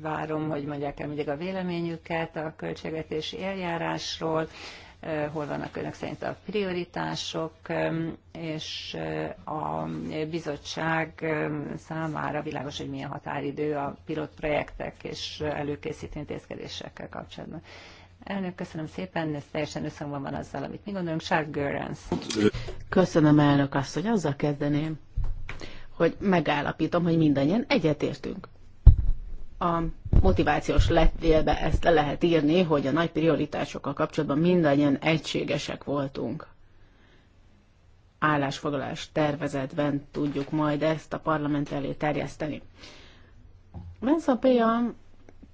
várom, hogy mondják el mindig a véleményüket a költségvetési eljárásról, hol vannak önök szerint a prioritások, és a bizottság számára világos, hogy milyen határidő a pilotprojektek és előkészítő intézkedésekkel kapcsolatban. Elnök, köszönöm szépen, ez teljesen összhangban van azzal, amit mi gondolunk. Charles Görens. Köszönöm, elnök hogy azzal kezdeném, hogy megállapítom, hogy mindannyian egyetértünk. A motivációs lettélbe ezt le lehet írni, hogy a nagy prioritásokkal kapcsolatban mindannyian egységesek voltunk. Állásfoglalás tervezetben tudjuk majd ezt a parlament elé terjeszteni. Vincent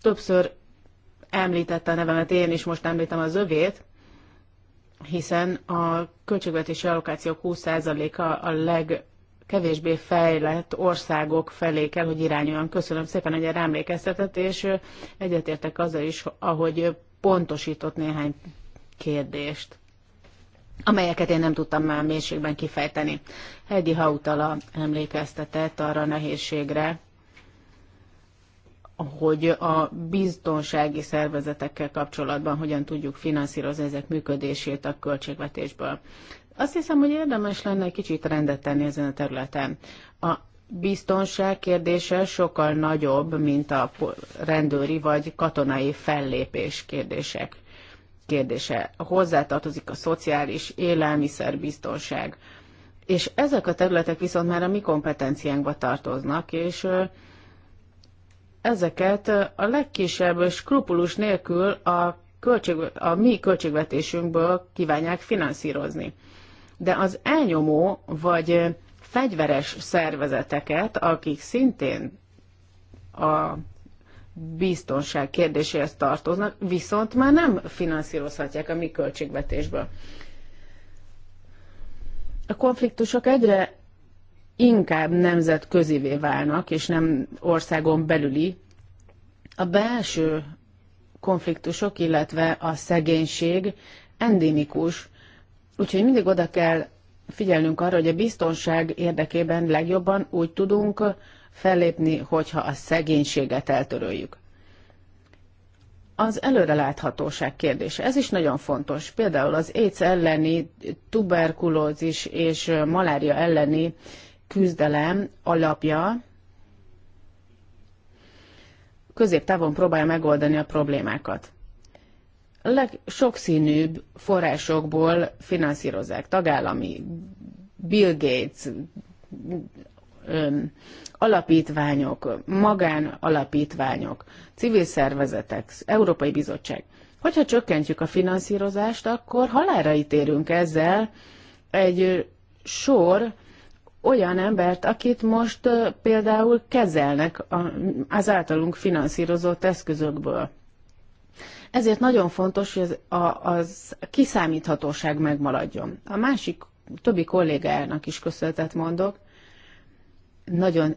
többször említette a nevemet, én is most említem az övét, hiszen a költségvetési allokációk 20%-a a legkevésbé fejlett országok felé kell, hogy irányuljon. Köszönöm szépen, hogy erre emlékeztetett, és egyetértek azzal is, ahogy pontosított néhány kérdést amelyeket én nem tudtam már mélységben kifejteni. Hegyi Hautala emlékeztetett arra a nehézségre, hogy a biztonsági szervezetekkel kapcsolatban hogyan tudjuk finanszírozni ezek működését a költségvetésből. Azt hiszem, hogy érdemes lenne egy kicsit rendet tenni ezen a területen. A biztonság kérdése sokkal nagyobb, mint a rendőri vagy katonai fellépés kérdések kérdése. Hozzátartozik a szociális élelmiszerbiztonság. És ezek a területek viszont már a mi kompetenciánkba tartoznak, és ezeket a legkisebb skrupulus nélkül a, költség, a mi költségvetésünkből kívánják finanszírozni. De az elnyomó vagy fegyveres szervezeteket, akik szintén a biztonság kérdéséhez tartoznak, viszont már nem finanszírozhatják a mi költségvetésből. A konfliktusok egyre inkább nemzetközivé válnak, és nem országon belüli. A belső konfliktusok, illetve a szegénység endémikus, úgyhogy mindig oda kell figyelnünk arra, hogy a biztonság érdekében legjobban úgy tudunk fellépni, hogyha a szegénységet eltöröljük. Az előreláthatóság kérdése, ez is nagyon fontos. Például az AIDS elleni, tuberkulózis és malária elleni küzdelem alapja középtávon próbálja megoldani a problémákat. A legsokszínűbb forrásokból finanszírozzák, tagállami, Bill Gates, alapítványok, magánalapítványok, civil szervezetek, Európai Bizottság. Hogyha csökkentjük a finanszírozást, akkor halára ítérünk ezzel egy sor olyan embert, akit most például kezelnek az általunk finanszírozott eszközökből. Ezért nagyon fontos, hogy az, a, az kiszámíthatóság megmaradjon. A másik többi kollégájának is köszönetet mondok, nagyon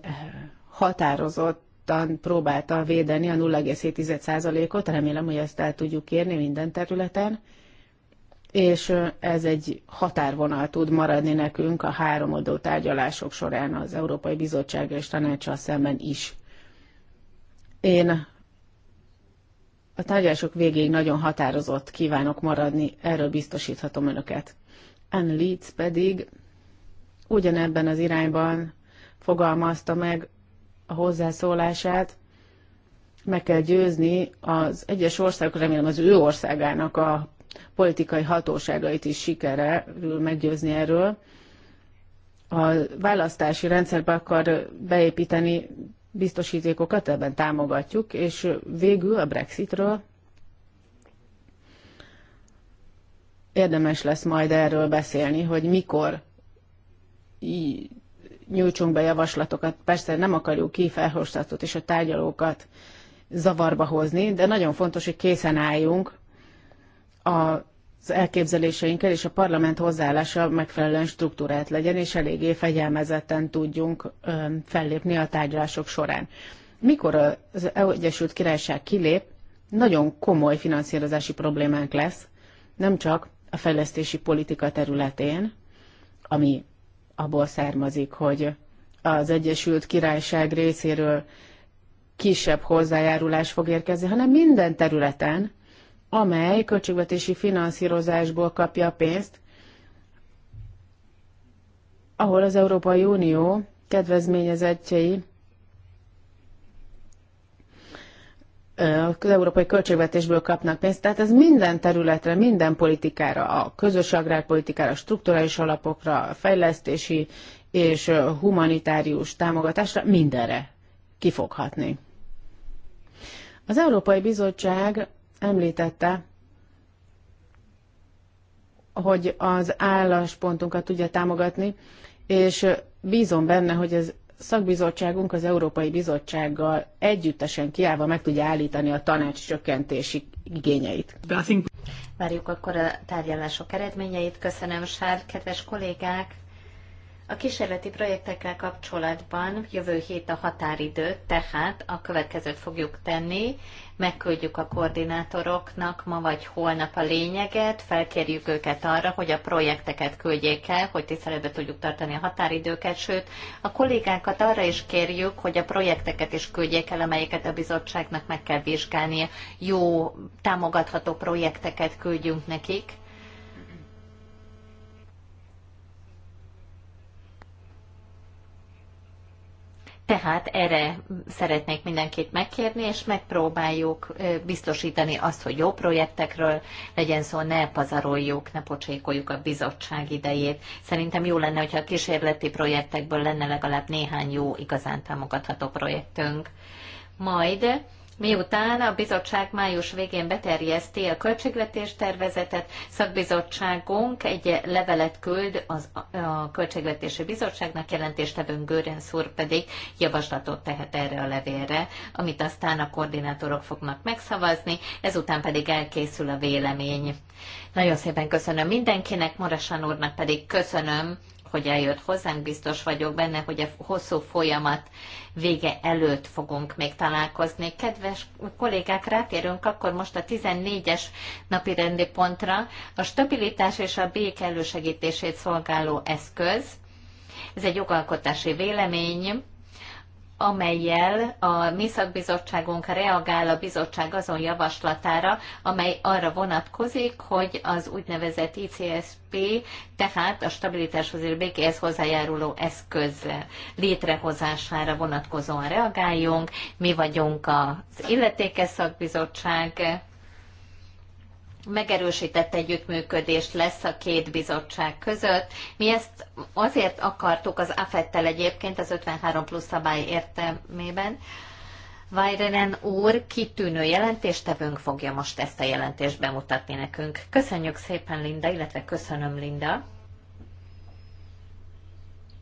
határozottan próbálta védeni a 0,7%-ot, remélem, hogy ezt el tudjuk érni minden területen, és ez egy határvonal tud maradni nekünk a adó tárgyalások során az Európai Bizottság és Tanácsa szemben is. Én a tárgyalások végéig nagyon határozott kívánok maradni, erről biztosíthatom önöket. Anne Leeds pedig ugyanebben az irányban fogalmazta meg a hozzászólását, meg kell győzni az egyes országok, remélem az ő országának a politikai hatóságait is sikerül meggyőzni erről. A választási rendszerbe akar beépíteni biztosítékokat, ebben támogatjuk, és végül a Brexitről érdemes lesz majd erről beszélni, hogy mikor nyújtsunk be javaslatokat. Persze nem akarjuk ki és a tárgyalókat zavarba hozni, de nagyon fontos, hogy készen álljunk az elképzeléseinkkel és a parlament hozzáállása megfelelően struktúrát legyen, és eléggé fegyelmezetten tudjunk fellépni a tárgyalások során. Mikor az e Egyesült Királyság kilép, nagyon komoly finanszírozási problémánk lesz, nem csak a fejlesztési politika területén, ami abból származik, hogy az Egyesült Királyság részéről kisebb hozzájárulás fog érkezni, hanem minden területen, amely költségvetési finanszírozásból kapja a pénzt, ahol az Európai Unió kedvezményezettjei az európai költségvetésből kapnak pénzt. Tehát ez minden területre, minden politikára, a közös agrárpolitikára, a strukturális alapokra, a fejlesztési és humanitárius támogatásra, mindenre kifoghatni. Az Európai Bizottság említette, hogy az álláspontunkat tudja támogatni, és bízom benne, hogy ez szakbizottságunk az Európai Bizottsággal együttesen kiállva meg tudja állítani a tanács csökkentési igényeit. Várjuk akkor a tárgyalások eredményeit. Köszönöm, Sár, kedves kollégák! A kísérleti projektekkel kapcsolatban jövő hét a határidő, tehát a következőt fogjuk tenni, megküldjük a koordinátoroknak ma vagy holnap a lényeget, felkérjük őket arra, hogy a projekteket küldjék el, hogy tiszteletbe tudjuk tartani a határidőket, sőt, a kollégákat arra is kérjük, hogy a projekteket is küldjék el, amelyeket a bizottságnak meg kell vizsgálnia. Jó, támogatható projekteket küldjünk nekik, Tehát erre szeretnék mindenkit megkérni, és megpróbáljuk biztosítani azt, hogy jó projektekről legyen szó, ne pazaroljuk, ne pocsékoljuk a bizottság idejét. Szerintem jó lenne, hogyha a kísérleti projektekből lenne legalább néhány jó, igazán támogatható projektünk. Majd Miután a bizottság május végén beterjeszti a költségvetés tervezetet, szakbizottságunk egy levelet küld az, a Költségvetési Bizottságnak, jelentéstevőn Görenc úr pedig javaslatot tehet erre a levélre, amit aztán a koordinátorok fognak megszavazni, ezután pedig elkészül a vélemény. Nagyon szépen köszönöm mindenkinek, Marasan úrnak pedig köszönöm hogy eljött hozzánk, biztos vagyok benne, hogy a hosszú folyamat vége előtt fogunk még találkozni. Kedves kollégák, rátérünk akkor most a 14-es napi rendi pontra, a stabilitás és a béke elősegítését szolgáló eszköz. Ez egy jogalkotási vélemény, amelyel a mi szakbizottságunk reagál a bizottság azon javaslatára, amely arra vonatkozik, hogy az úgynevezett ICSP, tehát a stabilitáshoz és békéhez hozzájáruló eszköz létrehozására vonatkozóan reagáljunk. Mi vagyunk az illetékes szakbizottság, megerősített együttműködés lesz a két bizottság között. Mi ezt azért akartuk az AFET-tel egyébként, az 53 plusz szabály értelmében. Vajrenen úr kitűnő jelentéstevőnk fogja most ezt a jelentést bemutatni nekünk. Köszönjük szépen, Linda, illetve köszönöm, Linda.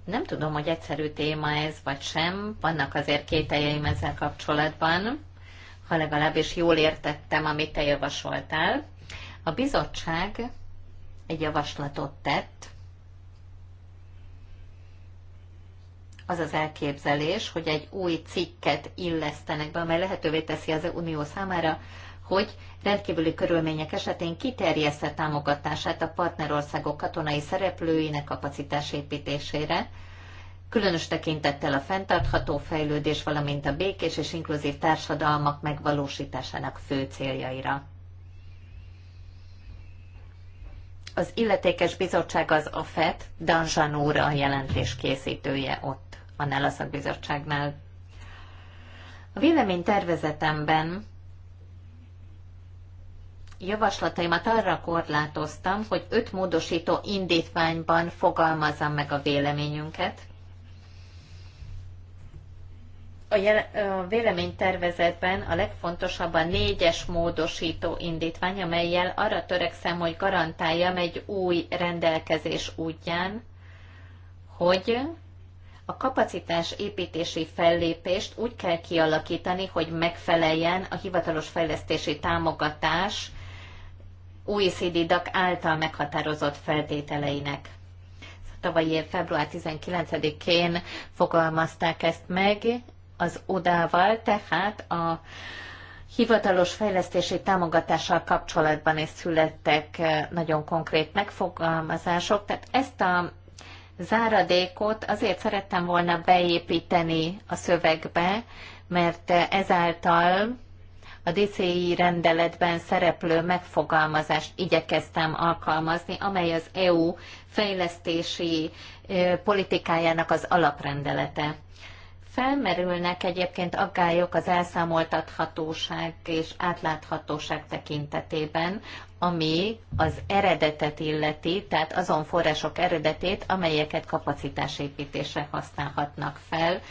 Nem tudom, hogy egyszerű téma ez, vagy sem. Vannak azért kételjeim ezzel kapcsolatban, ha legalábbis jól értettem, amit te javasoltál. A bizottság egy javaslatot tett, az az elképzelés, hogy egy új cikket illesztenek be, amely lehetővé teszi az Unió számára, hogy rendkívüli körülmények esetén kiterjeszte támogatását a partnerországok katonai szereplőinek kapacitásépítésére, különös tekintettel a fenntartható fejlődés, valamint a békés és inkluzív társadalmak megvalósításának fő céljaira. Az illetékes bizottság az a FET, Danzsan a jelentés készítője ott, a Nelaszak bizottságnál. A vélemény tervezetemben javaslataimat arra korlátoztam, hogy öt módosító indítványban fogalmazzam meg a véleményünket, a, jel- a véleménytervezetben a legfontosabb a négyes módosító indítvány, amelyel arra törekszem, hogy garantáljam egy új rendelkezés útján, hogy a kapacitás építési fellépést úgy kell kialakítani, hogy megfeleljen a hivatalos fejlesztési támogatás OECD dak által meghatározott feltételeinek. Tavalyi év február 19-én fogalmazták ezt meg, az odával, tehát a hivatalos fejlesztési támogatással kapcsolatban is születtek eh, nagyon konkrét megfogalmazások. Tehát ezt a záradékot azért szerettem volna beépíteni a szövegbe, mert ezáltal a DCI rendeletben szereplő megfogalmazást igyekeztem alkalmazni, amely az EU fejlesztési eh, politikájának az alaprendelete. Felmerülnek egyébként aggályok az elszámoltathatóság és átláthatóság tekintetében, ami az eredetet illeti, tehát azon források eredetét, amelyeket kapacitásépítésre használhatnak fel,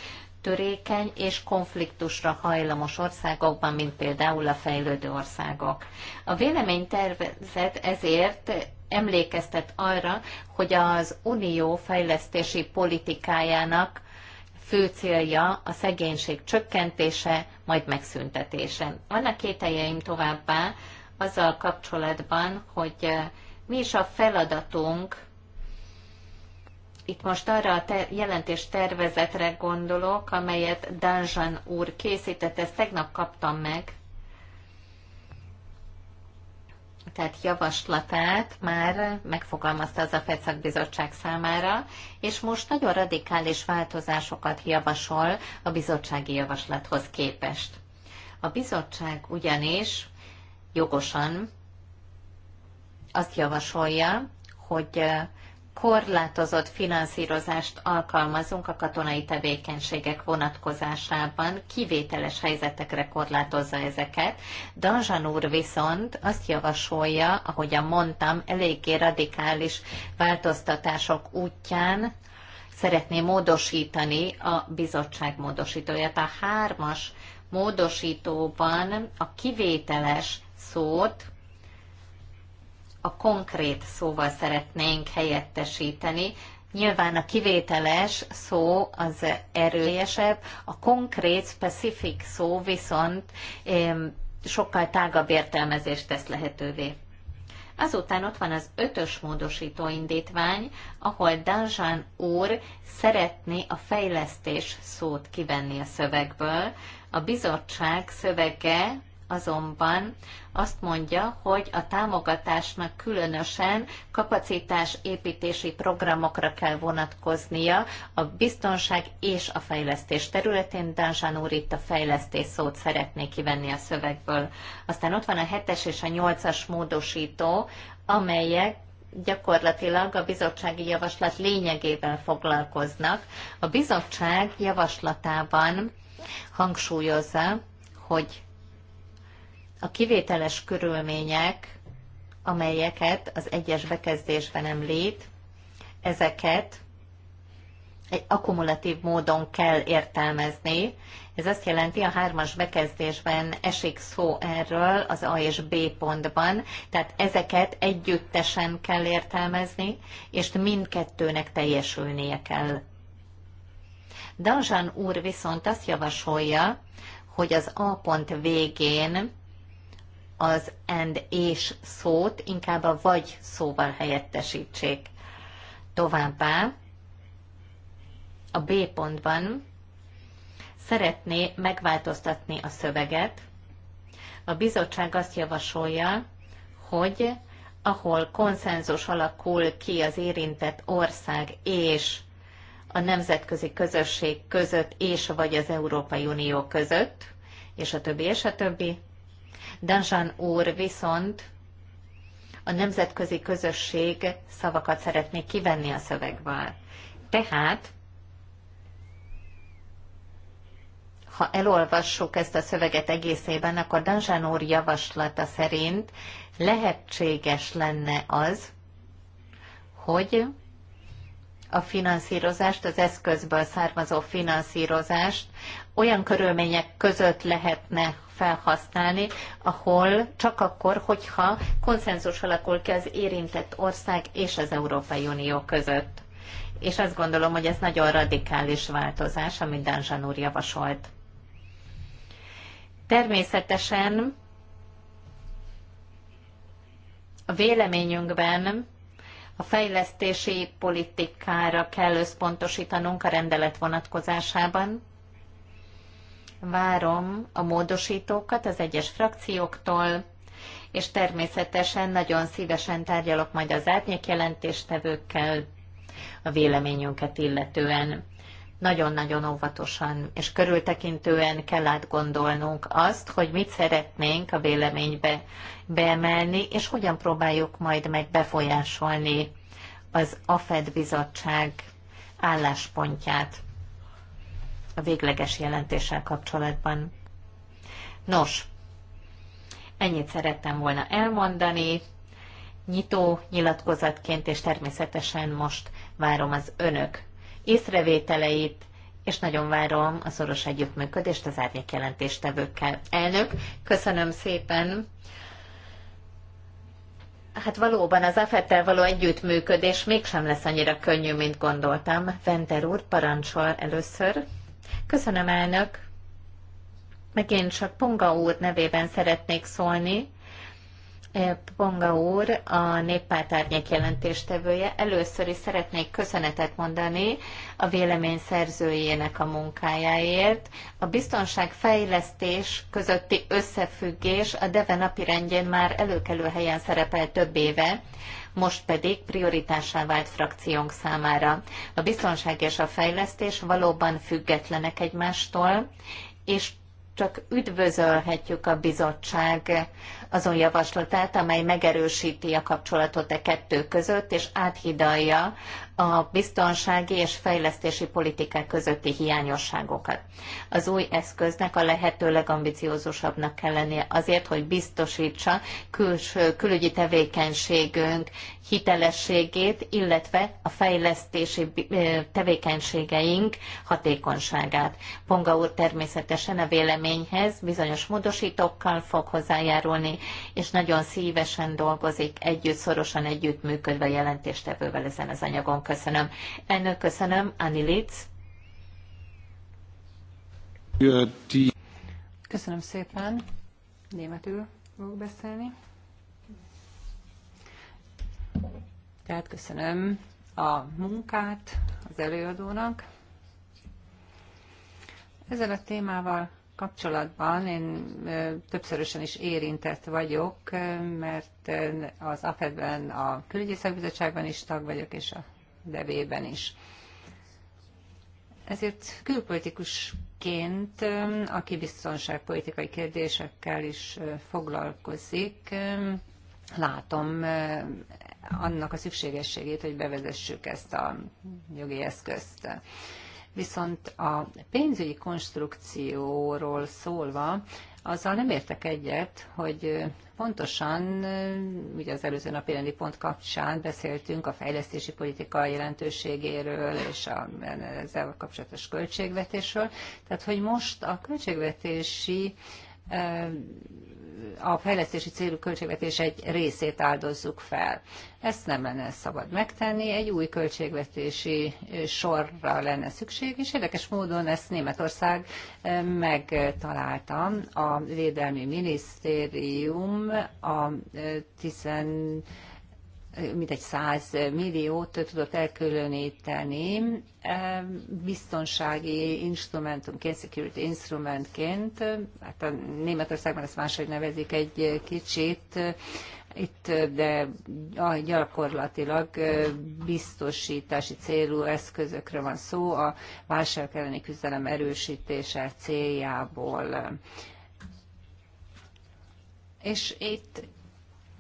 törékeny és konfliktusra hajlamos országokban, mint például a fejlődő országok. A véleménytervezet ezért emlékeztet arra, hogy az unió fejlesztési politikájának fő célja a szegénység csökkentése, majd megszüntetése. Vannak kételjeim továbbá azzal kapcsolatban, hogy eh, mi is a feladatunk, itt most arra a te- jelentés tervezetre gondolok, amelyet Danzsan úr készített, ezt tegnap kaptam meg, tehát javaslatát már megfogalmazta az a FECAK bizottság számára, és most nagyon radikális változásokat javasol a bizottsági javaslathoz képest. A bizottság ugyanis jogosan azt javasolja, hogy korlátozott finanszírozást alkalmazunk a katonai tevékenységek vonatkozásában, kivételes helyzetekre korlátozza ezeket. Danzsan úr viszont azt javasolja, ahogyan mondtam, eléggé radikális változtatások útján szeretné módosítani a bizottság módosítóját. A hármas módosítóban a kivételes szót a konkrét szóval szeretnénk helyettesíteni. Nyilván a kivételes szó az erősebb, a konkrét, specific szó viszont sokkal tágabb értelmezést tesz lehetővé. Azután ott van az ötös módosító indítvány, ahol Danzsán úr szeretné a fejlesztés szót kivenni a szövegből. A bizottság szövege azonban azt mondja, hogy a támogatásnak különösen kapacitásépítési programokra kell vonatkoznia a biztonság és a fejlesztés területén. Danzsán úr itt a fejlesztés szót szeretné kivenni a szövegből. Aztán ott van a 7-es és a 8-as módosító, amelyek gyakorlatilag a bizottsági javaslat lényegében foglalkoznak. A bizottság javaslatában hangsúlyozza, hogy a kivételes körülmények, amelyeket az egyes bekezdésben említ, ezeket egy akkumulatív módon kell értelmezni. Ez azt jelenti, a hármas bekezdésben esik szó erről az A és B pontban, tehát ezeket együttesen kell értelmezni, és mindkettőnek teljesülnie kell. Danzsán úr viszont azt javasolja, hogy az A pont végén az and és szót inkább a vagy szóval helyettesítsék. Továbbá a B pontban szeretné megváltoztatni a szöveget. A bizottság azt javasolja, hogy ahol konszenzus alakul ki az érintett ország és a nemzetközi közösség között és vagy az Európai Unió között, és a többi, és a többi, Danzsán úr viszont a nemzetközi közösség szavakat szeretné kivenni a szövegből. Tehát, ha elolvassuk ezt a szöveget egészében, akkor Danzsán úr javaslata szerint lehetséges lenne az, hogy a finanszírozást, az eszközből származó finanszírozást olyan körülmények között lehetne felhasználni, ahol csak akkor, hogyha konszenzus alakul ki az érintett ország és az Európai Unió között. És azt gondolom, hogy ez nagyon radikális változás, amit Dánzsan úr javasolt. Természetesen a véleményünkben a fejlesztési politikára kell összpontosítanunk a rendelet vonatkozásában, várom a módosítókat az egyes frakcióktól, és természetesen nagyon szívesen tárgyalok majd az árnyék jelentéstevőkkel a véleményünket illetően. Nagyon-nagyon óvatosan és körültekintően kell átgondolnunk azt, hogy mit szeretnénk a véleménybe beemelni, és hogyan próbáljuk majd meg befolyásolni az AFED bizottság álláspontját a végleges jelentéssel kapcsolatban. Nos, ennyit szerettem volna elmondani, nyitó nyilatkozatként, és természetesen most várom az önök észrevételeit, és nagyon várom a szoros együttműködést az árnyék jelentéstevőkkel. Elnök, köszönöm szépen! Hát valóban az afet való együttműködés mégsem lesz annyira könnyű, mint gondoltam. Venter úr, parancsol először. Köszönöm, elnök. Megint csak Ponga úr nevében szeretnék szólni. Eh, Ponga úr, a néppárt árnyék jelentéstevője. Először is szeretnék köszönetet mondani a vélemény szerzőjének a munkájáért. A biztonságfejlesztés közötti összefüggés a DEVE napirendjén már előkelő helyen szerepel több éve most pedig prioritássá vált frakciónk számára. A biztonság és a fejlesztés valóban függetlenek egymástól, és csak üdvözölhetjük a bizottság azon javaslatát, amely megerősíti a kapcsolatot e kettő között, és áthidalja a biztonsági és fejlesztési politikák közötti hiányosságokat. Az új eszköznek a lehető legambiciózusabbnak kell lennie azért, hogy biztosítsa külső, külügyi tevékenységünk hitelességét, illetve a fejlesztési tevékenységeink hatékonyságát. Ponga úr természetesen a véleményhez bizonyos módosítókkal fog hozzájárulni, és nagyon szívesen dolgozik együtt, szorosan együttműködve a jelentéstevővel ezen az anyagon. Köszönöm. Ennél köszönöm, Anni Litz. Köszönöm szépen. Németül fogok beszélni. Tehát köszönöm a munkát az előadónak. Ezzel a témával kapcsolatban én többszörösen is érintett vagyok, mert az AFED-ben, a külügyi szakbizottságban is tag vagyok, és a devében is. Ezért külpolitikusként, aki biztonságpolitikai kérdésekkel is foglalkozik, látom annak a szükségességét, hogy bevezessük ezt a jogi eszközt. Viszont a pénzügyi konstrukcióról szólva, azzal nem értek egyet, hogy pontosan, ugye az előző napi rendi pont kapcsán beszéltünk a fejlesztési politika jelentőségéről és a, ezzel kapcsolatos költségvetésről, tehát hogy most a költségvetési uh, a fejlesztési célú költségvetés egy részét áldozzuk fel. Ezt nem lenne szabad megtenni, egy új költségvetési sorra lenne szükség, és érdekes módon ezt Németország eh, megtalálta. A Védelmi Minisztérium a 10 eh, mintegy 100 milliót tudott elkülöníteni biztonsági instrumentumként, security instrumentként, hát a Németországban ezt máshogy nevezik egy kicsit, itt de gyakorlatilag biztosítási célú eszközökre van szó a válság elleni küzdelem erősítése céljából. És itt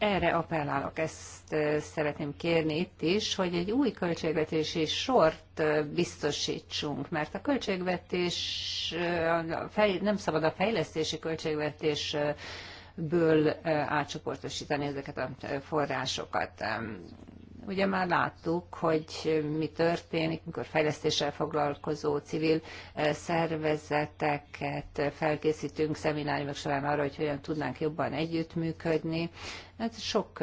erre appellálok, ezt szeretném kérni itt is, hogy egy új költségvetési sort biztosítsunk, mert a költségvetés, nem szabad a fejlesztési költségvetés ből átcsoportosítani ezeket a forrásokat. Ugye már láttuk, hogy mi történik, mikor fejlesztéssel foglalkozó civil szervezeteket felkészítünk szemináriumok során arra, hogy hogyan tudnánk jobban együttműködni. Hát sok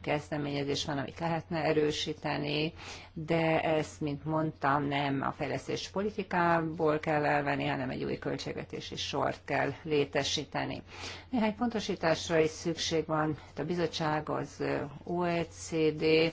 kezdeményezés van, amit lehetne erősíteni, de ezt, mint mondtam, nem a fejlesztés politikából kell elvenni, hanem egy új költségvetési sort kell létesíteni. Néhány pontosításra is szükség van, itt a bizottság, az OECD,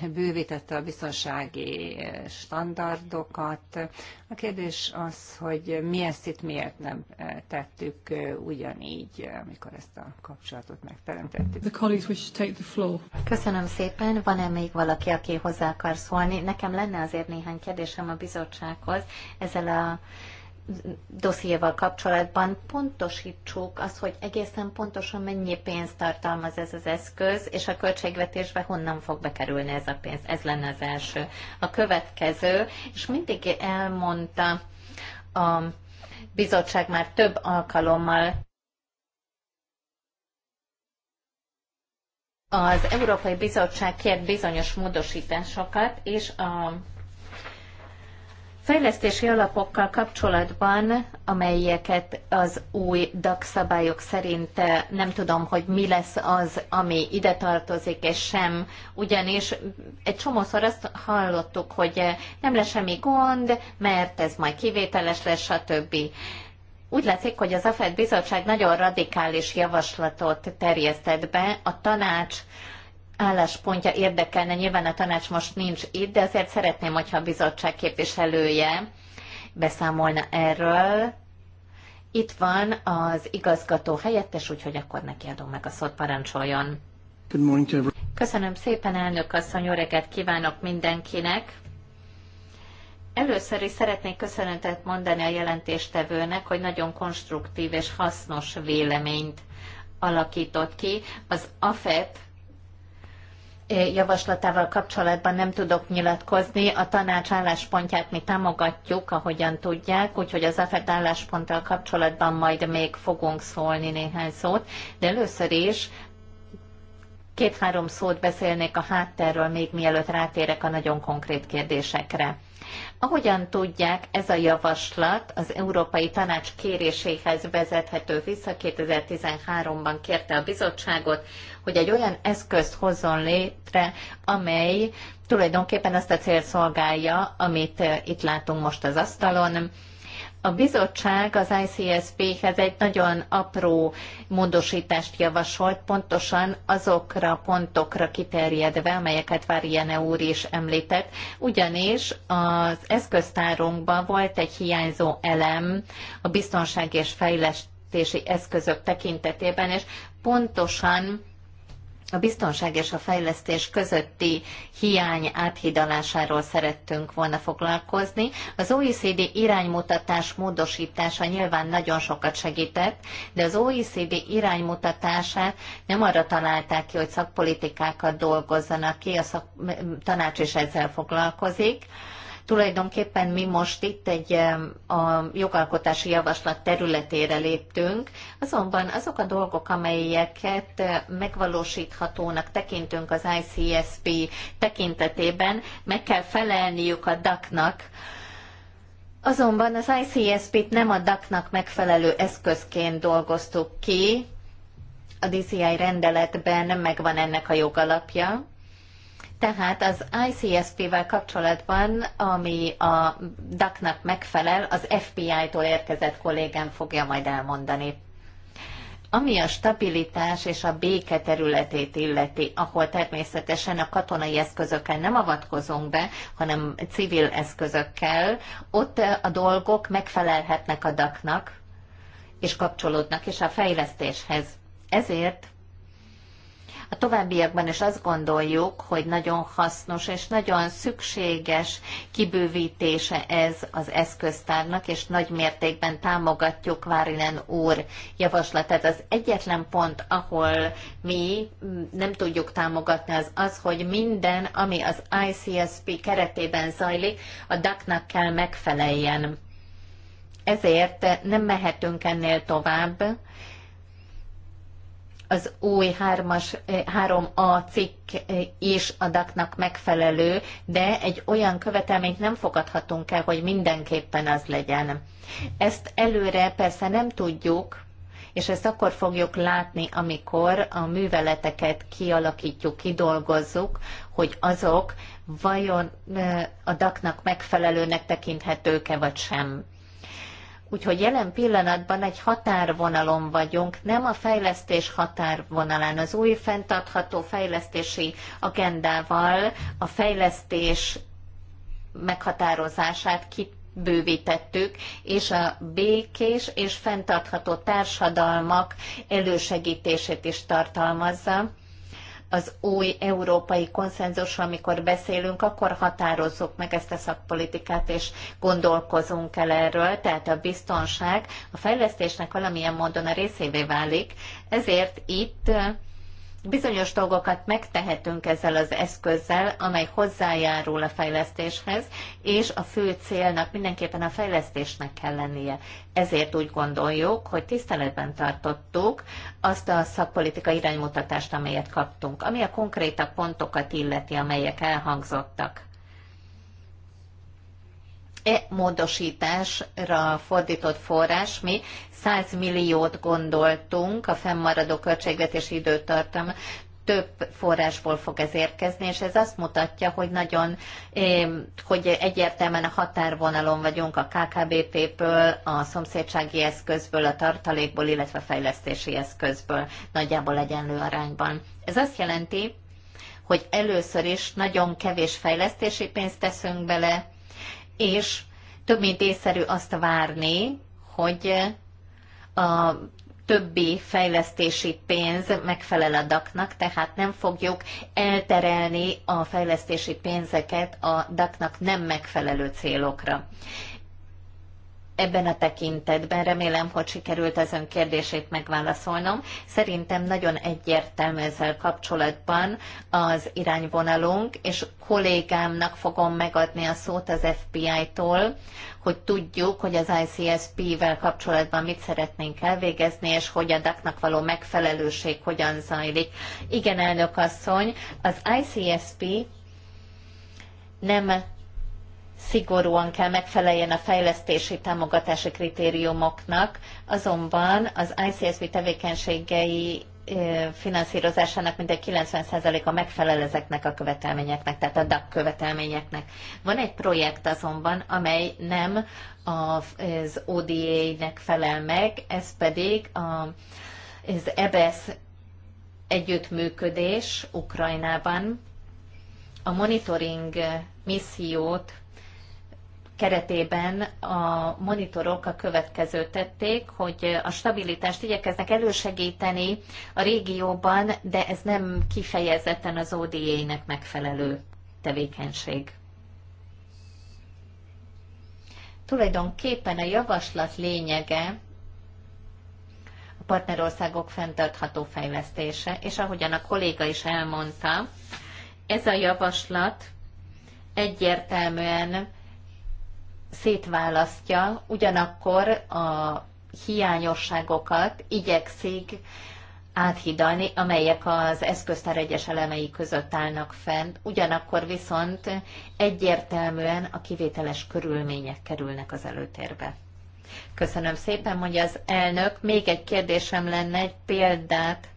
kibővítette a biztonsági standardokat. A kérdés az, hogy mi ezt itt miért nem tettük ugyanígy, amikor ezt a kapcsolatot megteremtettük. The colleagues wish to take the floor. Köszönöm szépen. Van-e még valaki, aki hozzá akar szólni? Nekem lenne azért néhány kérdésem a bizottsághoz ezzel a dossziéval kapcsolatban pontosítsuk azt, hogy egészen pontosan mennyi pénzt tartalmaz ez az eszköz, és a költségvetésbe honnan fog bekerülni ez a pénz. Ez lenne az első. A következő, és mindig elmondta a bizottság már több alkalommal, az Európai Bizottság kért bizonyos módosításokat, és a fejlesztési alapokkal kapcsolatban, amelyeket az új DAC szabályok szerint eh, nem tudom, hogy mi lesz az, ami ide tartozik, és sem, ugyanis egy csomószor azt hallottuk, hogy eh, nem lesz semmi gond, mert ez majd kivételes lesz, stb. Úgy látszik, hogy az AFED bizottság nagyon radikális javaslatot terjesztett be, a tanács álláspontja érdekelne. Nyilván a tanács most nincs itt, de azért szeretném, hogyha a bizottság képviselője beszámolna erről. Itt van az igazgató helyettes, úgyhogy akkor neki adom meg a szót, parancsoljon. Köszönöm szépen, elnök asszony, jó reggelt kívánok mindenkinek. Először is szeretnék köszönetet mondani a jelentéstevőnek, hogy nagyon konstruktív és hasznos véleményt alakított ki. Az AFET javaslatával kapcsolatban nem tudok nyilatkozni. A tanács álláspontját mi támogatjuk, ahogyan tudják, úgyhogy az AFED állásponttal kapcsolatban majd még fogunk szólni néhány szót, de először is két-három szót beszélnék a hátterről, még mielőtt rátérek a nagyon konkrét kérdésekre. Ahogyan tudják, ez a javaslat az Európai Tanács kéréséhez vezethető vissza. 2013-ban kérte a bizottságot, hogy egy olyan eszközt hozzon létre, amely tulajdonképpen azt a célt szolgálja, amit eh, itt látunk most az asztalon, a bizottság az ICSP-hez egy nagyon apró módosítást javasolt, pontosan azokra a pontokra kiterjedve, amelyeket Váriene úr is említett, ugyanis az eszköztárunkban volt egy hiányzó elem a biztonság és fejlesztési eszközök tekintetében, és pontosan a biztonság és a fejlesztés közötti hiány áthidalásáról szerettünk volna foglalkozni. Az OECD iránymutatás módosítása nyilván nagyon sokat segített, de az OECD iránymutatását nem arra találták ki, hogy szakpolitikákat dolgozzanak ki, a szak, tanács is ezzel foglalkozik, Tulajdonképpen mi most itt egy a jogalkotási javaslat területére léptünk, azonban azok a dolgok, amelyeket megvalósíthatónak tekintünk az ICSP tekintetében, meg kell felelniük a DAC-nak, Azonban az ICSP-t nem a DAC-nak megfelelő eszközként dolgoztuk ki, a DCI rendeletben megvan ennek a jogalapja, tehát az ICSP-vel kapcsolatban, ami a DAC-nak megfelel, az FBI-tól érkezett kollégám fogja majd elmondani. Ami a stabilitás és a béke területét illeti, ahol természetesen a katonai eszközökkel nem avatkozunk be, hanem civil eszközökkel, ott a dolgok megfelelhetnek a DAC-nak, és kapcsolódnak is a fejlesztéshez. Ezért a továbbiakban is azt gondoljuk, hogy nagyon hasznos és nagyon szükséges kibővítése ez az eszköztárnak, és nagy mértékben támogatjuk Várinen úr javaslatát. Az egyetlen pont, ahol mi nem tudjuk támogatni, az az, hogy minden, ami az ICSP keretében zajlik, a DAC-nak kell megfeleljen. Ezért nem mehetünk ennél tovább, az új 3-as, 3A cikk is a DAC-nak megfelelő, de egy olyan követelményt nem fogadhatunk el, hogy mindenképpen az legyen. Ezt előre persze nem tudjuk, és ezt akkor fogjuk látni, amikor a műveleteket kialakítjuk, kidolgozzuk, hogy azok vajon a DAC-nak megfelelőnek tekinthetők-e vagy sem. Úgyhogy jelen pillanatban egy határvonalon vagyunk, nem a fejlesztés határvonalán. Az új fenntartható fejlesztési agendával a fejlesztés meghatározását kibővítettük, és a békés és fenntartható társadalmak elősegítését is tartalmazza az új európai konszenzusról, amikor beszélünk, akkor határozzuk meg ezt a szakpolitikát, és gondolkozunk el erről, tehát a biztonság a fejlesztésnek valamilyen módon a részévé válik, ezért itt Bizonyos dolgokat megtehetünk ezzel az eszközzel, amely hozzájárul a fejlesztéshez, és a fő célnak mindenképpen a fejlesztésnek kell lennie. Ezért úgy gondoljuk, hogy tiszteletben tartottuk azt a szakpolitika iránymutatást, amelyet kaptunk, ami a konkrétabb pontokat illeti, amelyek elhangzottak e módosításra fordított forrás, mi 100 milliót gondoltunk a fennmaradó költségvetési időtartam több forrásból fog ez érkezni, és ez azt mutatja, hogy nagyon, e, hogy egyértelműen a határvonalon vagyunk a KKBT-ből, a szomszédsági eszközből, a tartalékból, illetve a fejlesztési eszközből nagyjából egyenlő arányban. Ez azt jelenti, hogy először is nagyon kevés fejlesztési pénzt teszünk bele, és több mint észszerű azt várni, hogy a többi fejlesztési pénz megfelel a DAC-nak, tehát nem fogjuk elterelni a fejlesztési pénzeket a DAC-nak nem megfelelő célokra ebben a tekintetben. Remélem, hogy sikerült az ön kérdését megválaszolnom. Szerintem nagyon egyértelmű ezzel kapcsolatban az irányvonalunk, és kollégámnak fogom megadni a szót az FBI-tól, hogy tudjuk, hogy az ICSP-vel kapcsolatban mit szeretnénk elvégezni, és hogy a DAC-nak való megfelelőség hogyan zajlik. Igen, elnök asszony, az ICSP nem szigorúan kell megfeleljen a fejlesztési támogatási kritériumoknak, azonban az ICSB tevékenységei finanszírozásának mindegy 90%-a megfelel ezeknek a követelményeknek, tehát a DAC követelményeknek. Van egy projekt azonban, amely nem az ODA-nek felel meg, ez pedig az EBS e együttműködés Ukrajnában. A monitoring missziót keretében a monitorok a következőt tették, hogy a stabilitást igyekeznek elősegíteni a régióban, de ez nem kifejezetten az ODA-nek megfelelő tevékenység. Tulajdonképpen a javaslat lényege a partnerországok fenntartható fejlesztése, és ahogyan a kolléga is elmondta, ez a javaslat egyértelműen szétválasztja, ugyanakkor a hiányosságokat igyekszik áthidalni, amelyek az eszköztár egyes elemei között állnak fent, ugyanakkor viszont egyértelműen a kivételes körülmények kerülnek az előtérbe. Köszönöm szépen, mondja az elnök. Még egy kérdésem lenne, egy példát.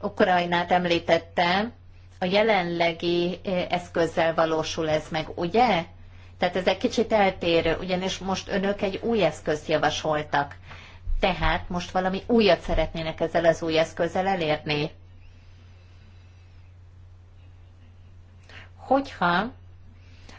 Ukrajnát említette, a jelenlegi eh, eszközzel valósul ez meg, ugye? Tehát ez egy kicsit eltérő, ugyanis most önök egy új eszközt javasoltak. Tehát most valami újat szeretnének ezzel az új eszközzel elérni. Hogyha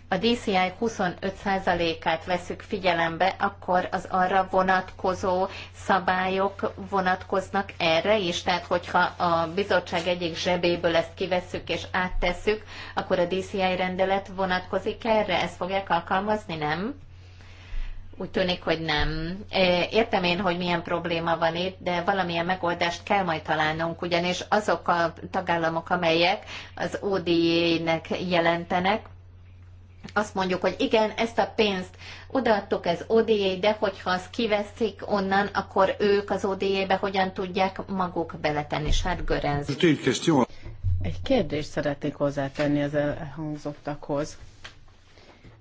a DCI 25%-át veszük figyelembe, akkor az arra vonatkozó szabályok vonatkoznak erre is, tehát hogyha a bizottság egyik zsebéből ezt kivesszük és áttesszük, akkor a DCI rendelet vonatkozik erre? Ezt fogják alkalmazni, nem? Úgy tűnik, hogy nem. Értem én, hogy milyen probléma van itt, de valamilyen megoldást kell majd találnunk, ugyanis azok a tagállamok, amelyek az ODI-nek jelentenek, azt mondjuk, hogy igen, ezt a pénzt odaadtuk, ez ODA, de hogyha azt kiveszik onnan, akkor ők az ODA-be hogyan tudják maguk beletenni, Sárgörenz. Egy kérdést szeretnék hozzátenni az elhangzottakhoz.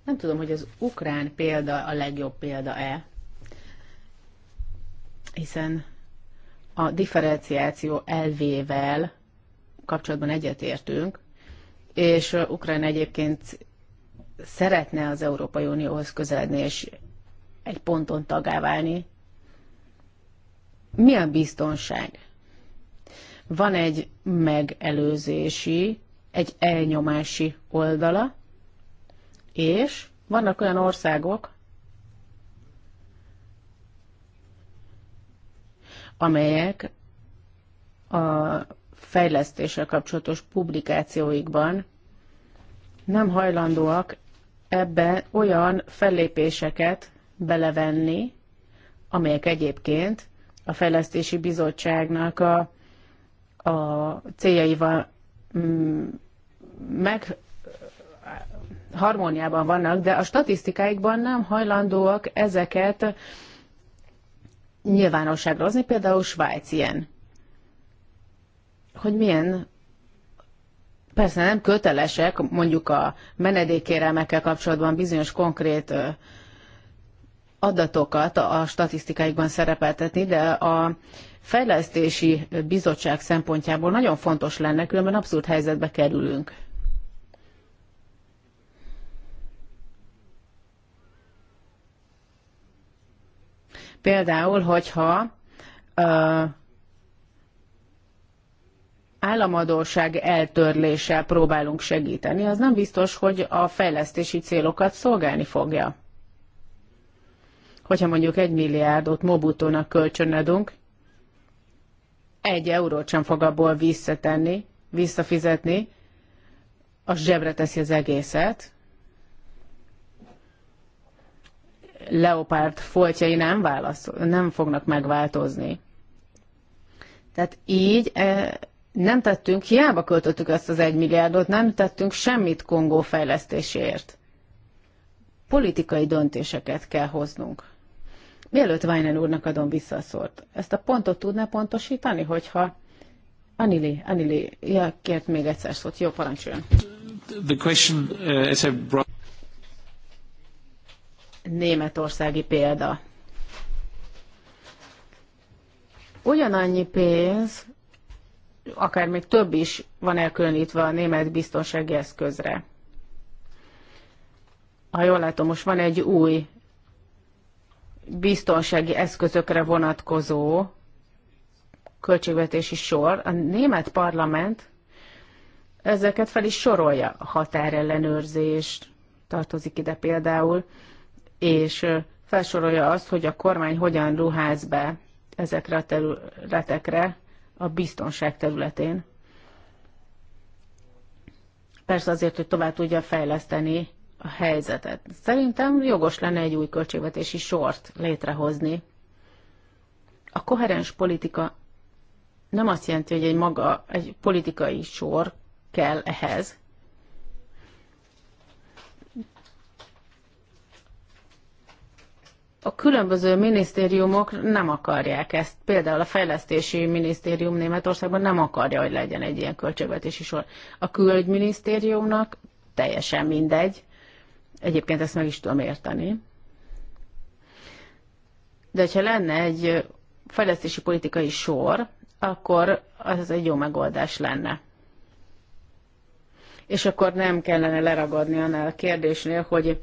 Nem tudom, hogy az ukrán példa a legjobb példa-e, hiszen a differenciáció elvével kapcsolatban egyetértünk, és Ukrán egyébként szeretne az Európai Unióhoz közeledni, és egy ponton tagá válni, mi a biztonság? Van egy megelőzési, egy elnyomási oldala, és vannak olyan országok, amelyek a fejlesztéssel kapcsolatos publikációikban nem hajlandóak ebbe olyan fellépéseket belevenni, amelyek egyébként a Fejlesztési Bizottságnak a, a céljaival mm, meg harmóniában vannak, de a statisztikáikban nem hajlandóak ezeket nyilvánosságra hozni, például Svájc ilyen. Hogy milyen Persze nem kötelesek mondjuk a menedékkérelmekkel kapcsolatban bizonyos konkrét adatokat a statisztikáikban szerepeltetni, de a fejlesztési bizottság szempontjából nagyon fontos lenne, különben abszurd helyzetbe kerülünk. Például, hogyha államadóság eltörléssel próbálunk segíteni, az nem biztos, hogy a fejlesztési célokat szolgálni fogja. Hogyha mondjuk egy milliárdot Mobutónak kölcsönadunk, egy eurót sem fog abból visszatenni, visszafizetni, az zsebre teszi az egészet. Leopárd foltjai nem, válasz, nem fognak megváltozni. Tehát így e, nem tettünk, hiába költöttük ezt az egy milliárdot, nem tettünk semmit Kongó fejlesztéséért. Politikai döntéseket kell hoznunk. Mielőtt Weiner úrnak adom vissza a szót, ezt a pontot tudná pontosítani, hogyha Anili, Anili, ja, kért még egyszer szót. Jó, parancsoljon. The question, uh, a brought... Németországi példa. Ugyanannyi pénz akár még több is van elkülönítve a német biztonsági eszközre. Ha jól látom, most van egy új biztonsági eszközökre vonatkozó költségvetési sor. A német parlament ezeket fel is sorolja. A határellenőrzés tartozik ide például, és felsorolja azt, hogy a kormány hogyan ruház be ezekre a területekre, a biztonság területén. Persze azért, hogy tovább tudja fejleszteni a helyzetet. Szerintem jogos lenne egy új költségvetési sort létrehozni. A koherens politika nem azt jelenti, hogy egy maga, egy politikai sor kell ehhez, a különböző minisztériumok nem akarják ezt. Például a fejlesztési minisztérium Németországban nem akarja, hogy legyen egy ilyen költségvetési sor. A külügyminisztériumnak teljesen mindegy. Egyébként ezt meg is tudom érteni. De ha lenne egy fejlesztési politikai sor, akkor az egy jó megoldás lenne. És akkor nem kellene leragadni annál a kérdésnél, hogy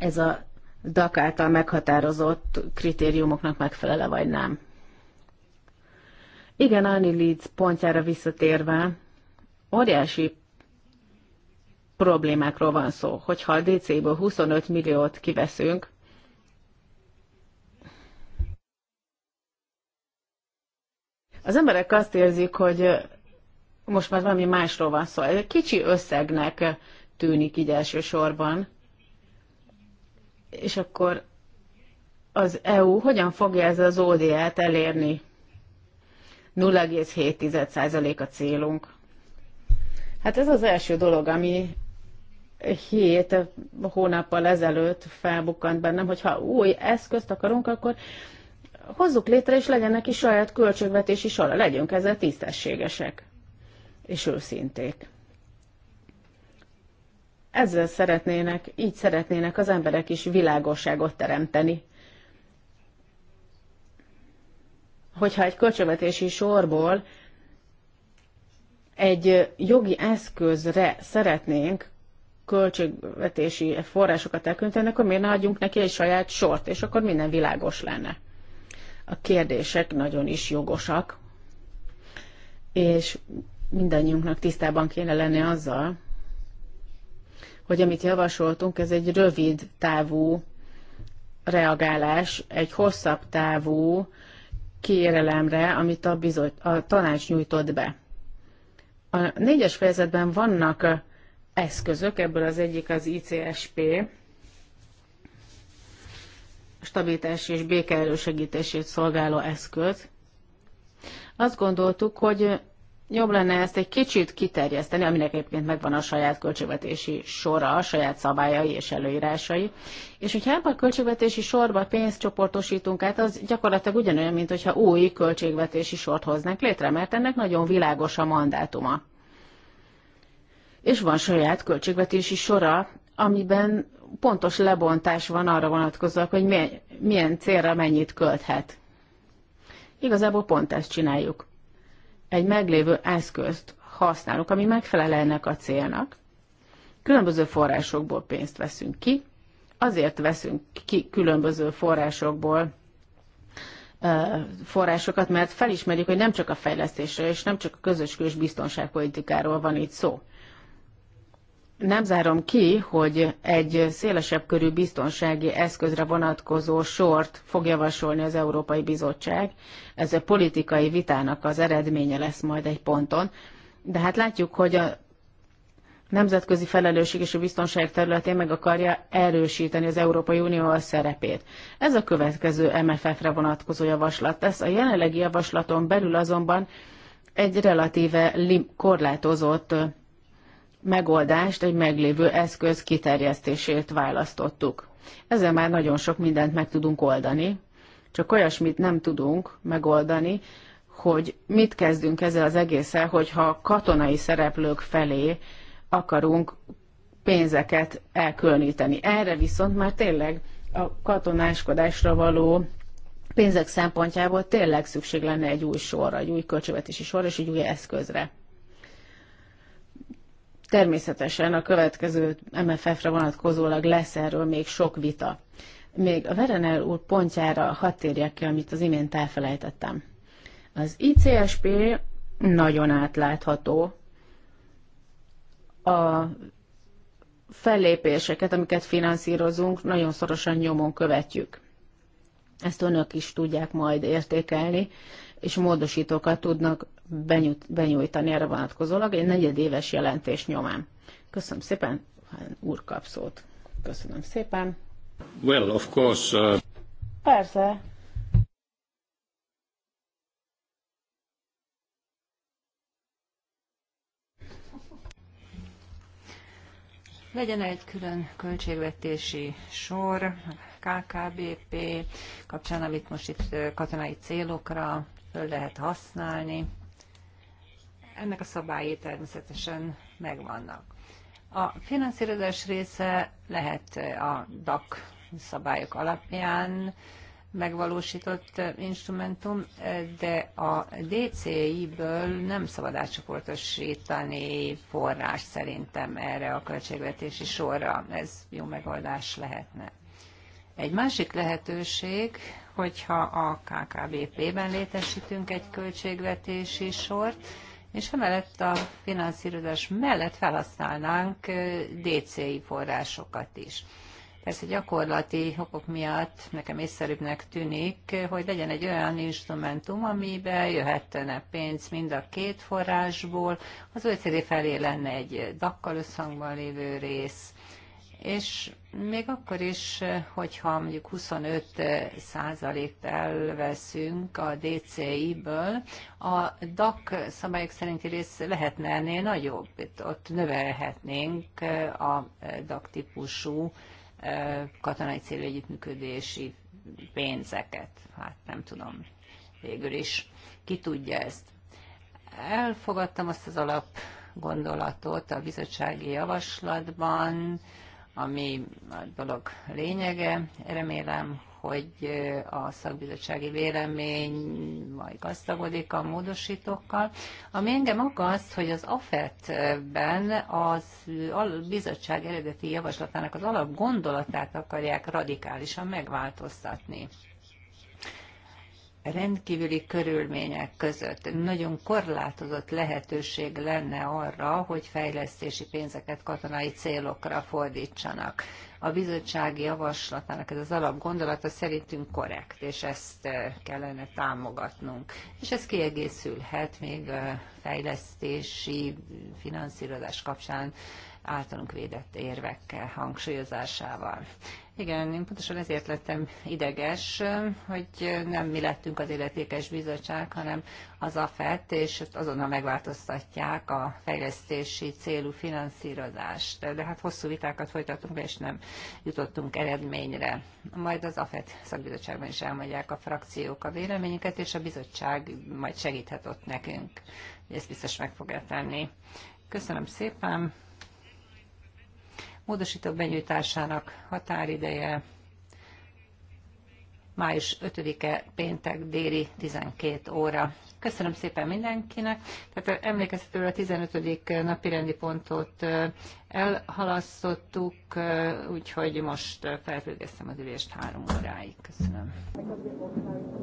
ez a DAK által meghatározott kritériumoknak megfelele vagy nem. Igen, Anni Leeds pontjára visszatérve, óriási problémákról van szó. Hogyha a DC-ből 25 milliót kiveszünk, az emberek azt érzik, hogy most már valami másról van szó. Ez egy kicsi összegnek tűnik így elsősorban, és akkor az EU hogyan fogja ezzel az ODA-t elérni? 0,7% a célunk. Hát ez az első dolog, ami hét hónappal ezelőtt felbukkant bennem, hogy ha új eszközt akarunk, akkor hozzuk létre, és legyen neki saját költségvetési sora, legyünk ezzel tisztességesek és őszinték ezzel szeretnének, így szeretnének az emberek is világosságot teremteni. Hogyha egy kölcsövetési sorból egy jogi eszközre szeretnénk költségvetési forrásokat elkülöníteni, akkor miért ne adjunk neki egy saját sort, és akkor minden világos lenne. A kérdések nagyon is jogosak, és mindannyiunknak tisztában kéne lenni azzal, hogy amit javasoltunk, ez egy rövid távú reagálás, egy hosszabb távú kérelemre, amit a, bizony, a tanács nyújtott be. A négyes fejezetben vannak eszközök, ebből az egyik az ICSP, stabilitási és békeerősegítését szolgáló eszköz. Azt gondoltuk, hogy jobb lenne ezt egy kicsit kiterjeszteni, aminek egyébként megvan a saját költségvetési sora, a saját szabályai és előírásai. És hogyha ebben a költségvetési sorba pénzt csoportosítunk át, az gyakorlatilag ugyanolyan, mint hogyha új költségvetési sort hoznánk létre, mert ennek nagyon világos a mandátuma. És van saját költségvetési sora, amiben pontos lebontás van arra vonatkozóak, hogy milyen, milyen célra mennyit költhet. Igazából pont ezt csináljuk egy meglévő eszközt használunk, ami megfelel ennek a célnak. Különböző forrásokból pénzt veszünk ki, azért veszünk ki különböző forrásokból forrásokat, mert felismerjük, hogy nem csak a fejlesztésről és nem csak a közös külső biztonságpolitikáról van itt szó nem zárom ki, hogy egy szélesebb körű biztonsági eszközre vonatkozó sort fog javasolni az Európai Bizottság. Ez a politikai vitának az eredménye lesz majd egy ponton. De hát látjuk, hogy a nemzetközi felelősség és a biztonság területén meg akarja erősíteni az Európai Unió a szerepét. Ez a következő MFF-re vonatkozó javaslat lesz. A jelenlegi javaslaton belül azonban egy relatíve korlátozott megoldást, egy meglévő eszköz kiterjesztését választottuk. Ezzel már nagyon sok mindent meg tudunk oldani, csak olyasmit nem tudunk megoldani, hogy mit kezdünk ezzel az egésszel, hogyha katonai szereplők felé akarunk pénzeket elkülöníteni. Erre viszont már tényleg a katonáskodásra való pénzek szempontjából tényleg szükség lenne egy új sorra, egy új költségvetési sorra és egy új eszközre. Természetesen a következő MFF-re vonatkozólag lesz erről még sok vita. Még a Verenel úr pontjára hadd térjek ki, amit az imént elfelejtettem. Az ICSP nagyon átlátható. A fellépéseket, amiket finanszírozunk, nagyon szorosan nyomon követjük. Ezt önök is tudják majd értékelni, és módosítókat tudnak benyújt, benyújtani erre vonatkozólag egy negyedéves jelentés nyomán. Köszönöm szépen, úr kap szót. Köszönöm szépen. Well, of course. Uh... Persze. Legyen egy külön költségvetési sor, KKBP kapcsán, amit most itt katonai célokra föl lehet használni ennek a szabályi természetesen megvannak. A finanszírozás része lehet a DAC szabályok alapján megvalósított instrumentum, de a DCI-ből nem szabad átcsoportosítani forrás szerintem erre a költségvetési sorra. Ez jó megoldás lehetne. Egy másik lehetőség, hogyha a KKBP-ben létesítünk egy költségvetési sort, és emellett a finanszírozás mellett felhasználnánk DCI forrásokat is. Persze gyakorlati okok miatt nekem észszerűbbnek tűnik, hogy legyen egy olyan instrumentum, amibe jöhetne pénz mind a két forrásból, az OECD felé lenne egy dakkal összhangban lévő rész, és még akkor is, hogyha mondjuk 25 százalékt elveszünk a DCI-ből, a DAC szabályok szerinti rész lehetne ennél nagyobb. Itt, ott növelhetnénk a DAC típusú e, katonai célú együttműködési pénzeket. Hát nem tudom végül is. Ki tudja ezt? Elfogadtam azt az alap gondolatot a bizottsági javaslatban, ami a dolog lényege. Remélem, hogy a szakbizottsági vélemény majd gazdagodik a módosítókkal. Ami engem aggaszt, hogy az AFET-ben az bizottság eredeti javaslatának az alapgondolatát akarják radikálisan megváltoztatni rendkívüli körülmények között nagyon korlátozott lehetőség lenne arra, hogy fejlesztési pénzeket katonai célokra fordítsanak. A bizottsági javaslatának ez az alapgondolata szerintünk korrekt, és ezt eh, kellene támogatnunk. És ez kiegészülhet még a eh, fejlesztési finanszírozás kapcsán általunk védett érvekkel hangsúlyozásával. Igen, én pontosan ezért lettem ideges, hogy nem mi lettünk az illetékes bizottság, hanem az a FET, és azonnal megváltoztatják a fejlesztési célú finanszírozást. De hát hosszú vitákat folytatunk, és nem jutottunk eredményre. Majd az AFET szakbizottságban is elmondják a frakciók a véleményüket, és a bizottság majd segíthet ott nekünk. Ezt biztos meg fogja tenni. Köszönöm szépen! Módosítók benyújtásának határideje május 5-e péntek déli 12 óra. Köszönöm szépen mindenkinek. Tehát emlékeztetőre a 15. napi rendi pontot elhalasztottuk, úgyhogy most felfüggesztem az ülést három óráig. Köszönöm.